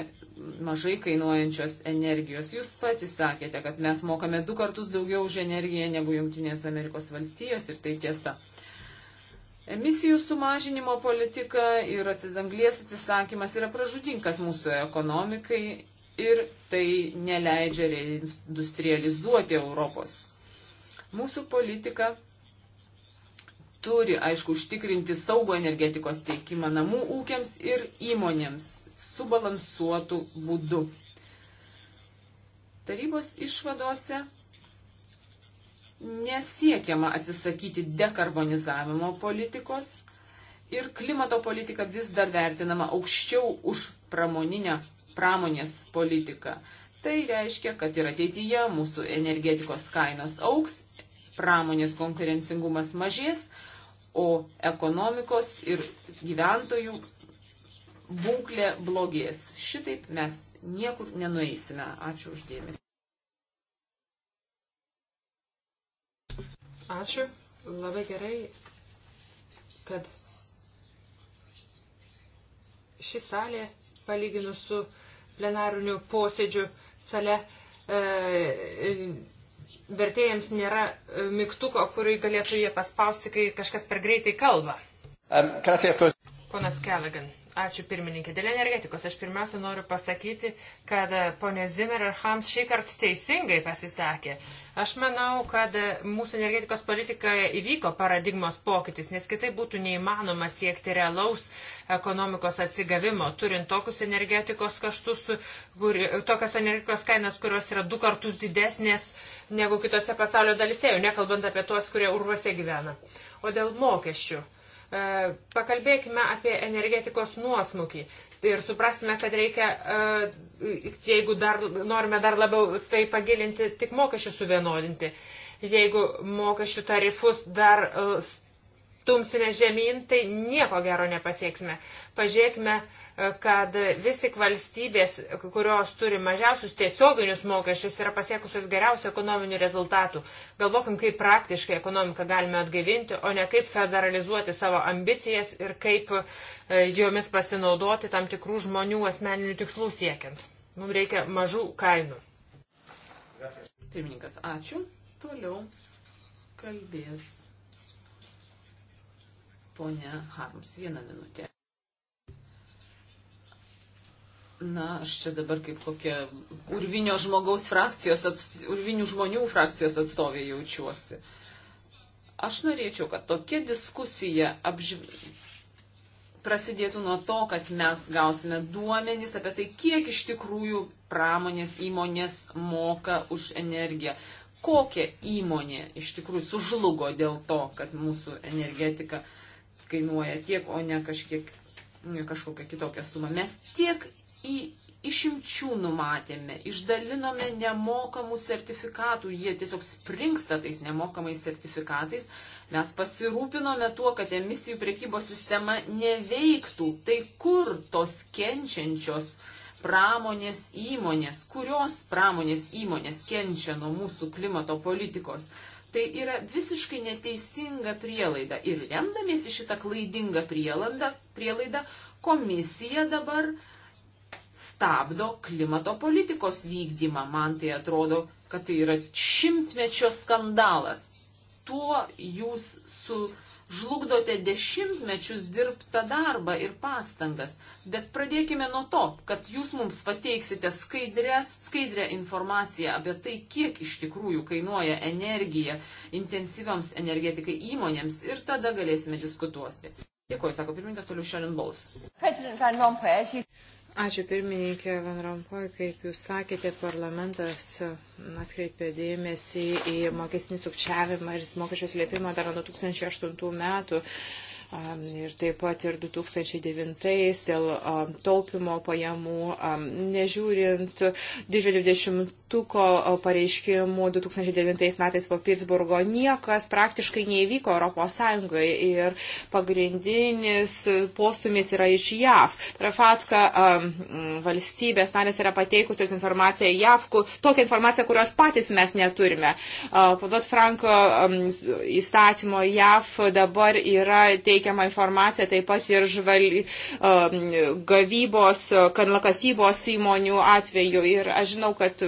mažai kainuojančios energijos. Jūs patys sakėte, kad mes mokame du kartus daugiau už energiją negu Junktinės Amerikos valstijos ir tai tiesa. Emisijų sumažinimo politika ir atsidanglės atsisakymas yra pražudinkas mūsų ekonomikai ir tai neleidžia reindustrializuoti Europos. Mūsų politika turi, aišku, užtikrinti saugų energetikos teikimą namų ūkiams ir įmonėms subalansuotų būdų. Tarybos išvadose nesiekiama atsisakyti dekarbonizavimo politikos ir klimato politika vis dar vertinama aukščiau už pramoninę pramonės politiką. Tai reiškia, kad ir ateityje mūsų energetikos kainos auks, pramonės konkurencingumas mažės, o ekonomikos ir gyventojų būklė blogės. Šitaip mes niekur nenueisime. Ačiū uždėmesi. Ačiū. Labai gerai, kad ši salė, palyginus su plenariniu posėdžiu sale, e, e vertėjams nėra e, mygtuko, kurį galėtų jie paspausti, kai kažkas per greitai kalba. Um, Ponas Kelegan, ačiū pirmininkė. Dėl energetikos aš pirmiausia noriu pasakyti, kad e, ponė Zimmer ir Hams šį kartą teisingai pasisakė. Aš manau, kad e, mūsų energetikos politikoje įvyko paradigmos pokytis, nes kitai būtų neįmanoma siekti realaus ekonomikos atsigavimo, turint tokius energetikos kaštus, kur, tokias energetikos kainas, kurios yra du kartus didesnės negu kitose pasaulio dalise, jau nekalbant apie tuos, kurie urvose gyvena. O dėl mokesčių. E, pakalbėkime apie energetikos nuosmukį ir suprasime, kad reikia, e, jeigu dar, norime dar labiau tai pagilinti, tik mokesčių suvienodinti. Jeigu mokesčių tarifus dar e, stumsime žemyn, tai nieko gero nepasieksime. Pažiūrėkime, uh, kad vis tik valstybės, kurios turi mažiausius tiesioginius mokesčius, yra pasiekusios geriausių ekonominių rezultatų. Galvokim, kaip praktiškai ekonomiką galime atgaivinti, o ne kaip federalizuoti savo ambicijas ir kaip e, jomis pasinaudoti tam tikrų žmonių asmeninių tikslų siekiant. Mums reikia mažų kainų. Pirmininkas, ačiū. Toliau kalbės ponia Harms. Vieną minutę. Na, aš čia dabar kaip kokia urvinio žmogaus frakcijos, atst... urvinių žmonių frakcijos atstovė jaučiuosi. Aš norėčiau, kad tokia diskusija apžv... prasidėtų nuo to, kad mes gausime duomenys apie tai, kiek iš tikrųjų pramonės įmonės moka už energiją. Kokia įmonė iš tikrųjų sužlugo dėl to, kad mūsų energetika kainuoja tiek, o ne kažkiek kažkokią kitokią sumą. Mes tiek į išimčių numatėme, išdalinome nemokamų sertifikatų, jie tiesiog springsta tais nemokamais sertifikatais, mes pasirūpinome tuo, kad emisijų priekybos sistema neveiktų. Tai kur tos kenčiančios pramonės įmonės, kurios pramonės įmonės kenčia nuo mūsų klimato politikos? Tai yra visiškai neteisinga prielaida. Ir remdamiesi šitą klaidingą prielaidą, prielaidą komisija dabar uh, stabdo klimato politikos vykdymą. Man tai atrodo, kad tai yra šimtmečio skandalas. Tuo jūs su žlugdote dešimtmečius dirbtą darbą ir pastangas. Bet pradėkime nuo to, kad jūs mums pateiksite skaidrės, skaidrę informaciją apie tai, kiek iš tikrųjų kainuoja energija intensyviams energetikai įmonėms ir tada galėsime diskutuoti. Dėkuoju, sako pirmininkas, toliau šiandien baus. Ačiū pirmininkė Van Rompoj, kaip jūs sakėte, parlamentas atkreipė dėmesį į mokestinį sukčiavimą ir mokesčio slėpimą dar nuo 2008 metų ir taip pat ir 2009 dėl taupimo pajamų, nežiūrint didžiojo 20-tuko pareiškimų 2009 metais po Pittsburgo, niekas praktiškai neįvyko ES ir pagrindinis postumis yra iš JAV. Prafatka valstybės narės yra pateikusios informaciją JAV, tokią informaciją, kurios padėtis mes neturime. Padot Franko įstatymo JAF dabar yra teikiamas teikiama informacija, taip pat ir žval, um, gavybos, kanlakasybos įmonių atveju. Ir aš žinau, kad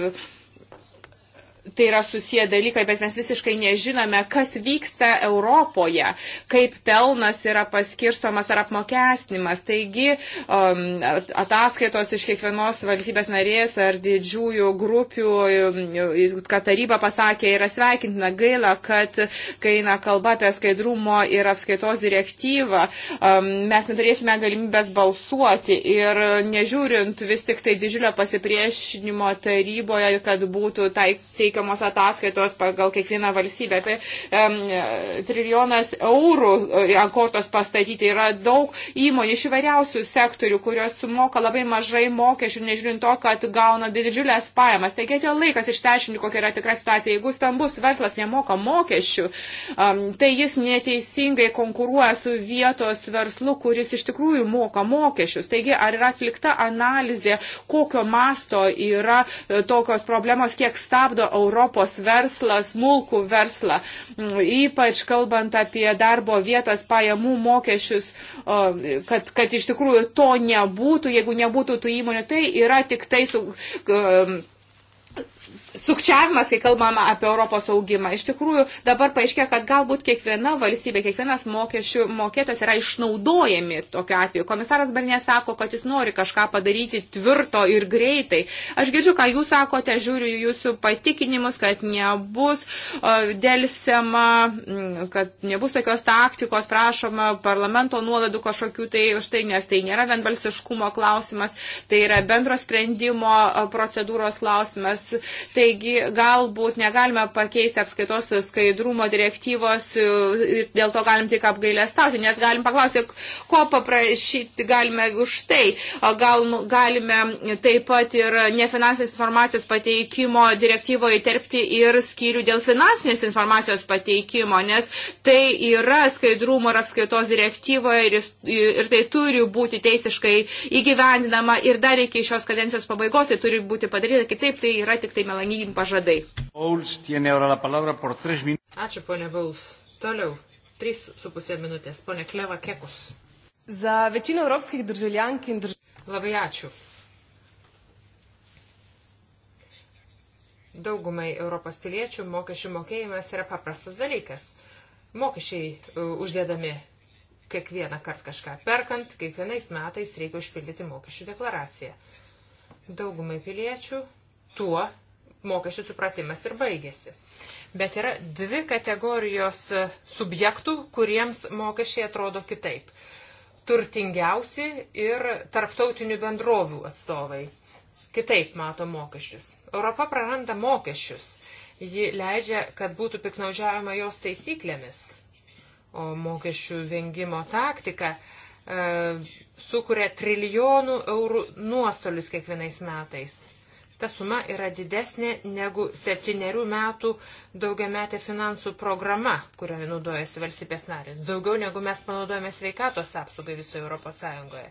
tai yra susiję dalykai, bet mes visiškai nežinome, kas vyksta Europoje, kaip pelnas yra paskirstomas ar apmokestinimas. Taigi um, ataskaitos iš kiekvienos valstybės narės ar didžiųjų grupių, um, ką taryba pasakė, yra sveikintina gaila, kad kai eina kalba apie skaidrumo ir apskaitos direktyvą, um, mes neturėsime galimybės balsuoti ir nežiūrint vis tik tai didžiulio pasipriešinimo taryboje, kad būtų tai teikiama rengiamos ataskaitos pagal kiekvieną valstybę. Apie um, trilijonas eurų e, ant kortos pastatyti yra daug įmonių iš įvairiausių sektorių, kurios sumoka labai mažai mokesčių, nežiūrint to, kad gauna didžiulės pajamas. Taigi atėjo laikas išteišinti, kokia yra tikra situacija. Jeigu stambus verslas nemoka mokesčių, um, tai jis neteisingai konkuruoja su vietos verslu, kuris iš tikrųjų moka mokesčius. Taigi, ar yra atlikta analizė, kokio masto yra e, tokios problemos, kiek stabdo Europą? Europos verslą, smulkų verslą, mm, ypač kalbant apie darbo vietas, pajamų mokesčius, kad, kad iš tikrųjų to nebūtų, jeigu nebūtų tų įmonių, tai yra tik tai su. Uh, sukčiavimas, kai kalbama apie Europos augimą. Iš tikrųjų, dabar paaiškė, kad galbūt kiekviena valstybė, kiekvienas mokesčių mokėtas yra išnaudojami tokiu atveju. Komisaras Barnė sako, kad jis nori kažką padaryti tvirto ir greitai. Aš girdžiu, ką jūs sakote, žiūriu jūsų patikinimus, kad nebus dėlsiama, kad nebus tokios taktikos, prašoma parlamento nuoladų kažkokių tai už tai, nes tai nėra vienbalsiškumo klausimas, tai yra bendro sprendimo procedūros klausimas. Tai Taigi galbūt negalime pakeisti apskaitos skaidrumo direktyvos ir dėl to galim tik apgailę stauti, nes galim paklausti, ko paprašyti galime už tai. Gal nu, galime taip pat ir nefinansinės informacijos pateikimo direktyvoje įterpti ir skyrių dėl finansinės informacijos pateikimo, nes tai yra skaidrumo ir apskaitos direktyvoje ir, ir tai turi būti teisiškai įgyvendinama ir dar iki šios kadencijos pabaigos tai turi būti padaryta, kitaip tai yra tik tai melanija atlyginimų pažadai. Ačiū, ponė Bauls. Toliau. 3,5 minutės. Pone Kleva Kekus. Za većinu europskih državljanki in državljanov. Labai ačiū. Daugumai Europos piliečių mokesčių mokėjimas yra paprastas dalykas. Mokesčiai e, uždėdami kiekvieną kartą kažką perkant, kiekvienais metais reikia užpildyti mokesčių deklaraciją. Daugumai piliečių tuo mokesčių supratimas ir baigėsi. Bet yra dvi kategorijos e, subjektų, kuriems mokesčiai atrodo kitaip. Turtingiausi ir tarptautinių bendrovių atstovai. Kitaip mato mokesčius. Europa praranda mokesčius. Ji leidžia, kad būtų piknaudžiavama jos taisyklėmis. O mokesčių vengimo taktika e, sukuria trilijonų eurų nuostolius kiekvienais metais ta suma yra didesnė negu septyniarių metų daugiametė finansų programa, kurioje naudojasi valstybės narės. Daugiau negu mes panaudojame sveikatos apsaugai visoje Europos Sąjungoje.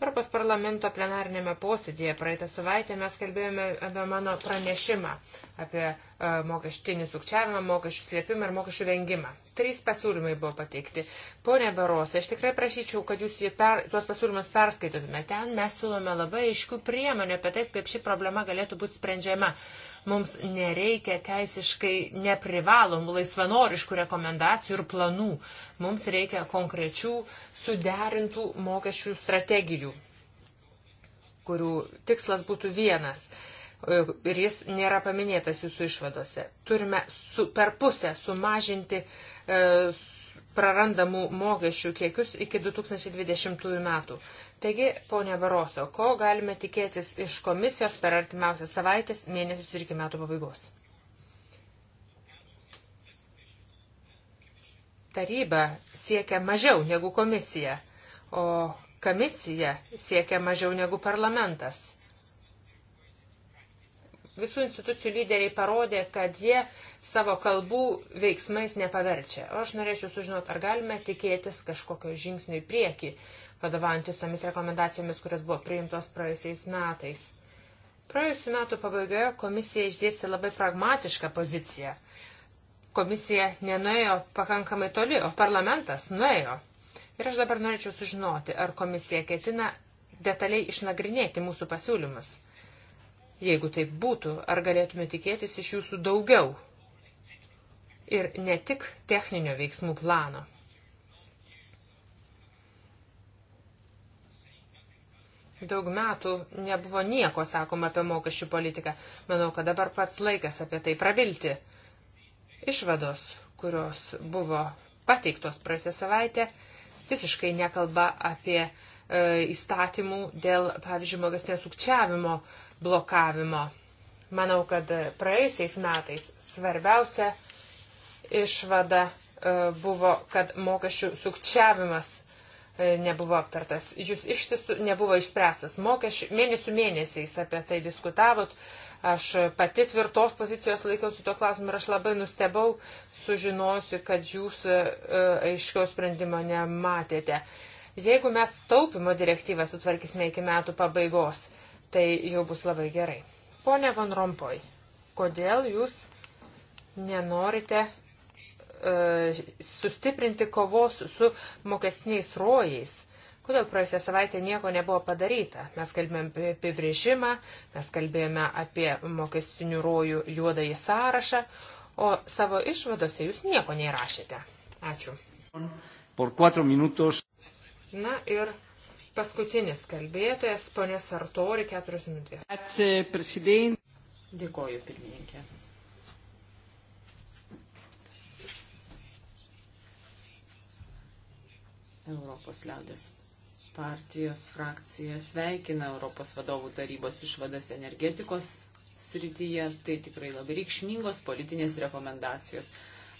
Europos parlamento plenarinėme posėdėje praeitą savaitę mes kalbėjome apie mano pranešimą apie e, mokestinį sukčiavimą, mokesčių slėpimą ir mokesčių vengimą. Trys pasiūlymai buvo pateikti. Pone Barosai, aš tikrai prašyčiau, kad jūs per, tuos pasiūlymus perskaitytume. Ten mes siūlome labai aiškių priemonių apie tai, kaip ši problema galėtų būti sprendžiama. Mums nereikia teisiškai neprivalomų laisvanoriškų rekomendacijų ir planų. Mums reikia konkrečių suderintų mokesčių strategijų, kurių tikslas būtų vienas E, ir jis nėra paminėtas jūsų išvadose. Turime su, per pusę sumažinti e, prarandamų mokesčių kiekius iki 2020 metų. Taigi, ponė Baroso, ko galime tikėtis iš komisijos per artimiausias savaitės, mėnesius ir iki metų pabaigos? Taryba siekia mažiau negu komisija, o komisija siekia mažiau negu parlamentas visų institucijų lyderiai parodė, kad jie savo kalbų veiksmais nepaverčia. O aš norėčiau sužinoti, ar galime tikėtis kažkokio žingsnio į priekį, vadovaujantis tomis rekomendacijomis, kurios buvo priimtos praėjusiais metais. Praėjusiu metu pabaigoje komisija išdėstė labai pragmatišką poziciją. Komisija nenuėjo pakankamai toli, o parlamentas nuėjo. Ir aš dabar norėčiau sužinoti, ar komisija ketina detaliai išnagrinėti mūsų pasiūlymus. Jeigu taip būtų, ar galėtume tikėtis iš jūsų daugiau? Ir ne tik techninio veiksmų plano. Daug metų nebuvo nieko sakoma apie mokesčių politiką. Manau, kad dabar pats laikas apie tai prabilti. Išvados, kurios buvo pateiktos praėjusią savaitę, visiškai nekalba apie e, įstatymų dėl, pavyzdžiui, mokestinio sukčiavimo e, blokavimo. Manau, kad praėjusiais metais svarbiausia išvada e, buvo, kad mokesčių sukčiavimas e, nebuvo aptartas. Jūs ištisų nebuvo išspręstas. Mokesčių mėnesių mėnesiais apie tai diskutavot. Aš pati tvirtos pozicijos laikiausi to klausimu ir aš labai nustebau, sužinojusi, kad jūs e, aiškiaus sprendimo nematėte. Jeigu mes taupimo direktyvą sutvarkysime iki metų pabaigos, tai jau bus labai gerai. Pone Van Rompoj, kodėl jūs nenorite e, sustiprinti kovos su mokestiniais rojais? Kodėl praėjusią savaitę nieko nebuvo padaryta? Mes kalbėjome apie apibrėžimą, mes kalbėjome apie mokestinių rojų juodąjį sąrašą, o savo išvadose jūs nieko neįrašėte. Ačiū. Na ir Paskutinis kalbėtojas, ponė Sartori, keturios minutės. Atsiprašydėjim. Dėkoju, pirmininkė. Europos liaudės partijos frakcija sveikina Europos vadovų tarybos išvadas energetikos srityje. Tai tikrai labai reikšmingos politinės rekomendacijos.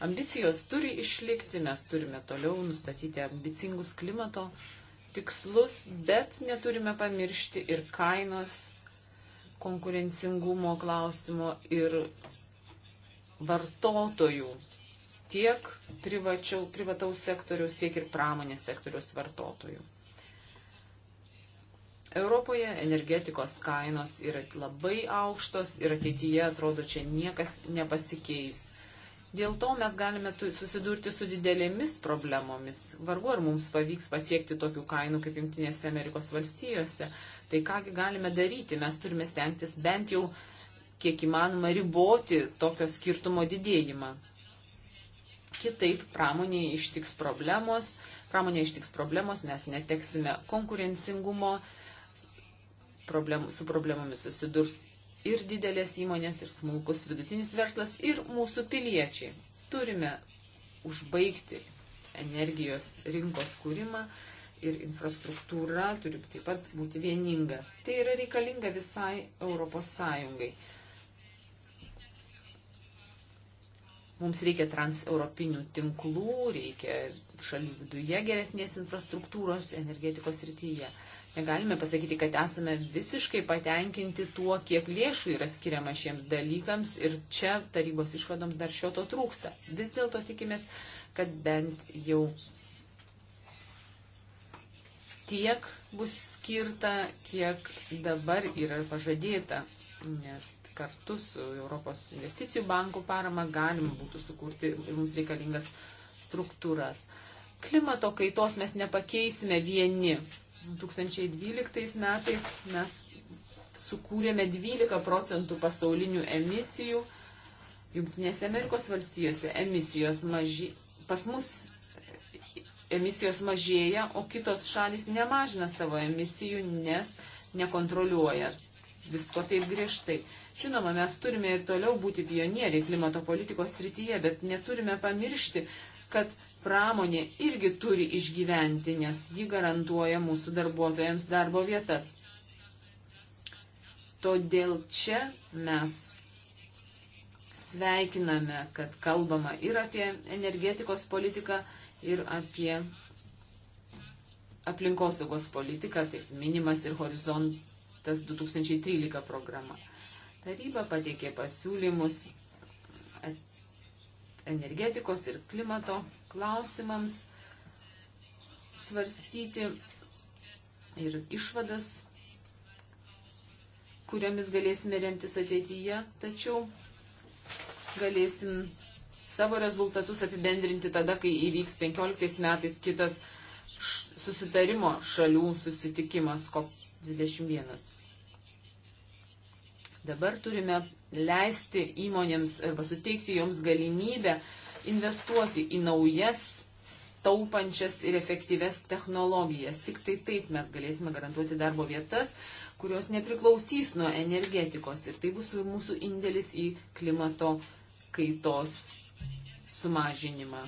Ambicijos turi išlikti, mes turime toliau nustatyti ambicingus klimato tikslus, bet neturime pamiršti ir kainos konkurencingumo klausimo ir vartotojų tiek privačiau, privataus sektoriaus, tiek ir pramonės sektoriaus vartotojų. Europoje energetikos kainos yra labai aukštos ir ateityje, atrodo, čia niekas nepasikeis. Dėl to mes galime susidurti su didelėmis problemomis. Vargu ar mums pavyks pasiekti tokių kainų kaip Junktinėse Amerikos valstijose. Tai kągi galime daryti, mes turime stengtis bent jau kiek įmanoma riboti tokio skirtumo didėjimą. Kitaip pramonėje ištiks problemos, pramonėje ištiks problemos, mes neteksime konkurencingumo, problem, su problemomis susidurs ir didelės įmonės, ir smulkus vidutinis verslas, ir mūsų piliečiai. Turime užbaigti energijos rinkos kūrimą ir infrastruktūra turi taip pat būti vieninga. Tai yra reikalinga visai Europos Sąjungai. Mums reikia transeuropinių tinklų, reikia šalių viduje geresnės infrastruktūros energetikos rytyje. Negalime pasakyti, kad esame visiškai patenkinti tuo, kiek lėšų yra skiriama šiems dalykams ir čia tarybos išvadoms dar šio to trūksta. Vis dėlto tikimės, kad bent jau tiek bus skirta, kiek dabar yra pažadėta, nes kartu su Europos investicijų bankų parama galima būtų sukurti mums reikalingas struktūras. Klimato kaitos mes nepakeisime vieni, 2012 metais mes sukūrėme 12 procentų pasaulinių emisijų. Junktinėse Amerikos valstijose emisijos maži, pas mus emisijos mažėja, o kitos šalis nemažina savo emisijų, nes nekontroliuoja visko taip griežtai. Žinoma, mes turime ir toliau būti pionieriai klimato politikos srityje, bet neturime pamiršti, kad pramonė irgi turi išgyventi, nes ji garantuoja mūsų darbuotojams darbo vietas. Todėl čia mes sveikiname, kad kalbama ir apie energetikos politiką, ir apie aplinkosaugos politiką, taip minimas ir horizontas 2013 programa. Taryba pateikė pasiūlymus energetikos ir klimato klausimams svarstyti ir išvadas, kuriomis galėsime remtis ateityje, tačiau galėsim savo rezultatus apibendrinti tada, kai įvyks 15 metais kitas susitarimo šalių susitikimas COP21. Dabar turime leisti įmonėms e, arba suteikti joms galimybę investuoti į naujas, taupančias ir efektyves technologijas. Tik tai taip mes galėsime garantuoti darbo vietas, kurios nepriklausys nuo energetikos ir tai bus mūsų indėlis į klimato kaitos sumažinimą.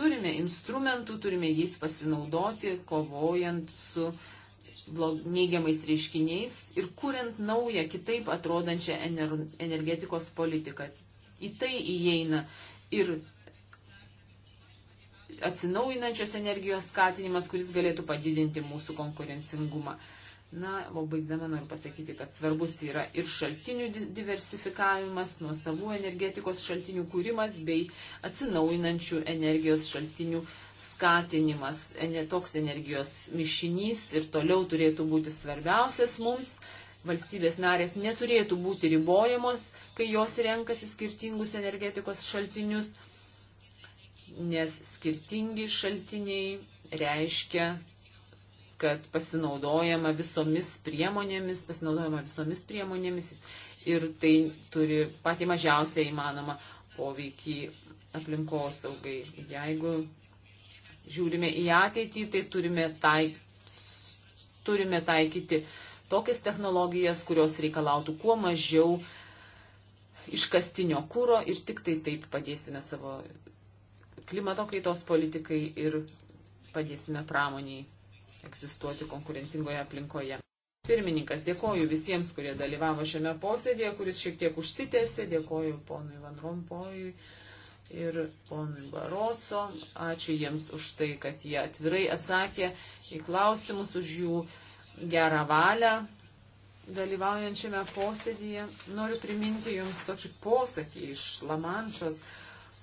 Turime instrumentų, turime jais pasinaudoti, kovojant su uh, neigiamais reiškiniais ir kuriant naują, kitaip atrodančią energetikos politiką. Į tai įeina ir atsinaujinančios energijos skatinimas, kuris galėtų padidinti mūsų konkurencingumą. Na, o baigdama noriu pasakyti, kad svarbus yra ir šaltinių diversifikavimas, nuo savų energetikos šaltinių kūrimas bei atsinaujinančių energijos šaltinių uh, skatinimas, toks energijos mišinys ir toliau turėtų būti svarbiausias mums. Valstybės narės neturėtų būti ribojamos, kai jos renkasi skirtingus energetikos šaltinius, nes skirtingi šaltiniai reiškia, kad pasinaudojama visomis priemonėmis, pasinaudojama visomis priemonėmis ir tai turi patį mažiausią įmanomą poveikį aplinkosaugai. Jeigu žiūrime į ateitį, tai turime, taik, turime taikyti tokias technologijas, kurios reikalautų kuo mažiau iškastinio kūro ir tik tai taip padėsime savo klimato kaitos politikai ir padėsime pramoniai egzistuoti konkurencingoje aplinkoje. Pirmininkas, dėkoju visiems, kurie dalyvavo šiame posėdėje, kuris šiek tiek užsitėsi, dėkoju ponui Van Rompojui ir ponui Baroso. Ačiū jiems už tai, kad jie atvirai atsakė į klausimus, už jų gerą valią dalyvaujančiame posėdyje. Noriu priminti jums tokį posakį iš Lamančios.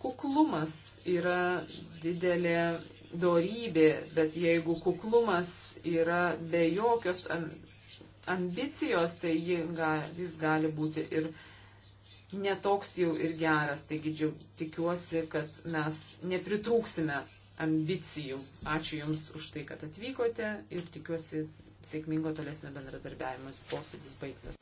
Kuklumas yra didelė dorybė, bet jeigu kuklumas yra be jokios ambicijos, tai jis gali būti ir netoks jau ir geras, taigi džiau, tikiuosi, kad mes nepritrūksime ambicijų. Ačiū Jums už tai, kad atvykote ir tikiuosi sėkmingo tolesnio bendradarbiavimo. Posėdis baigtas.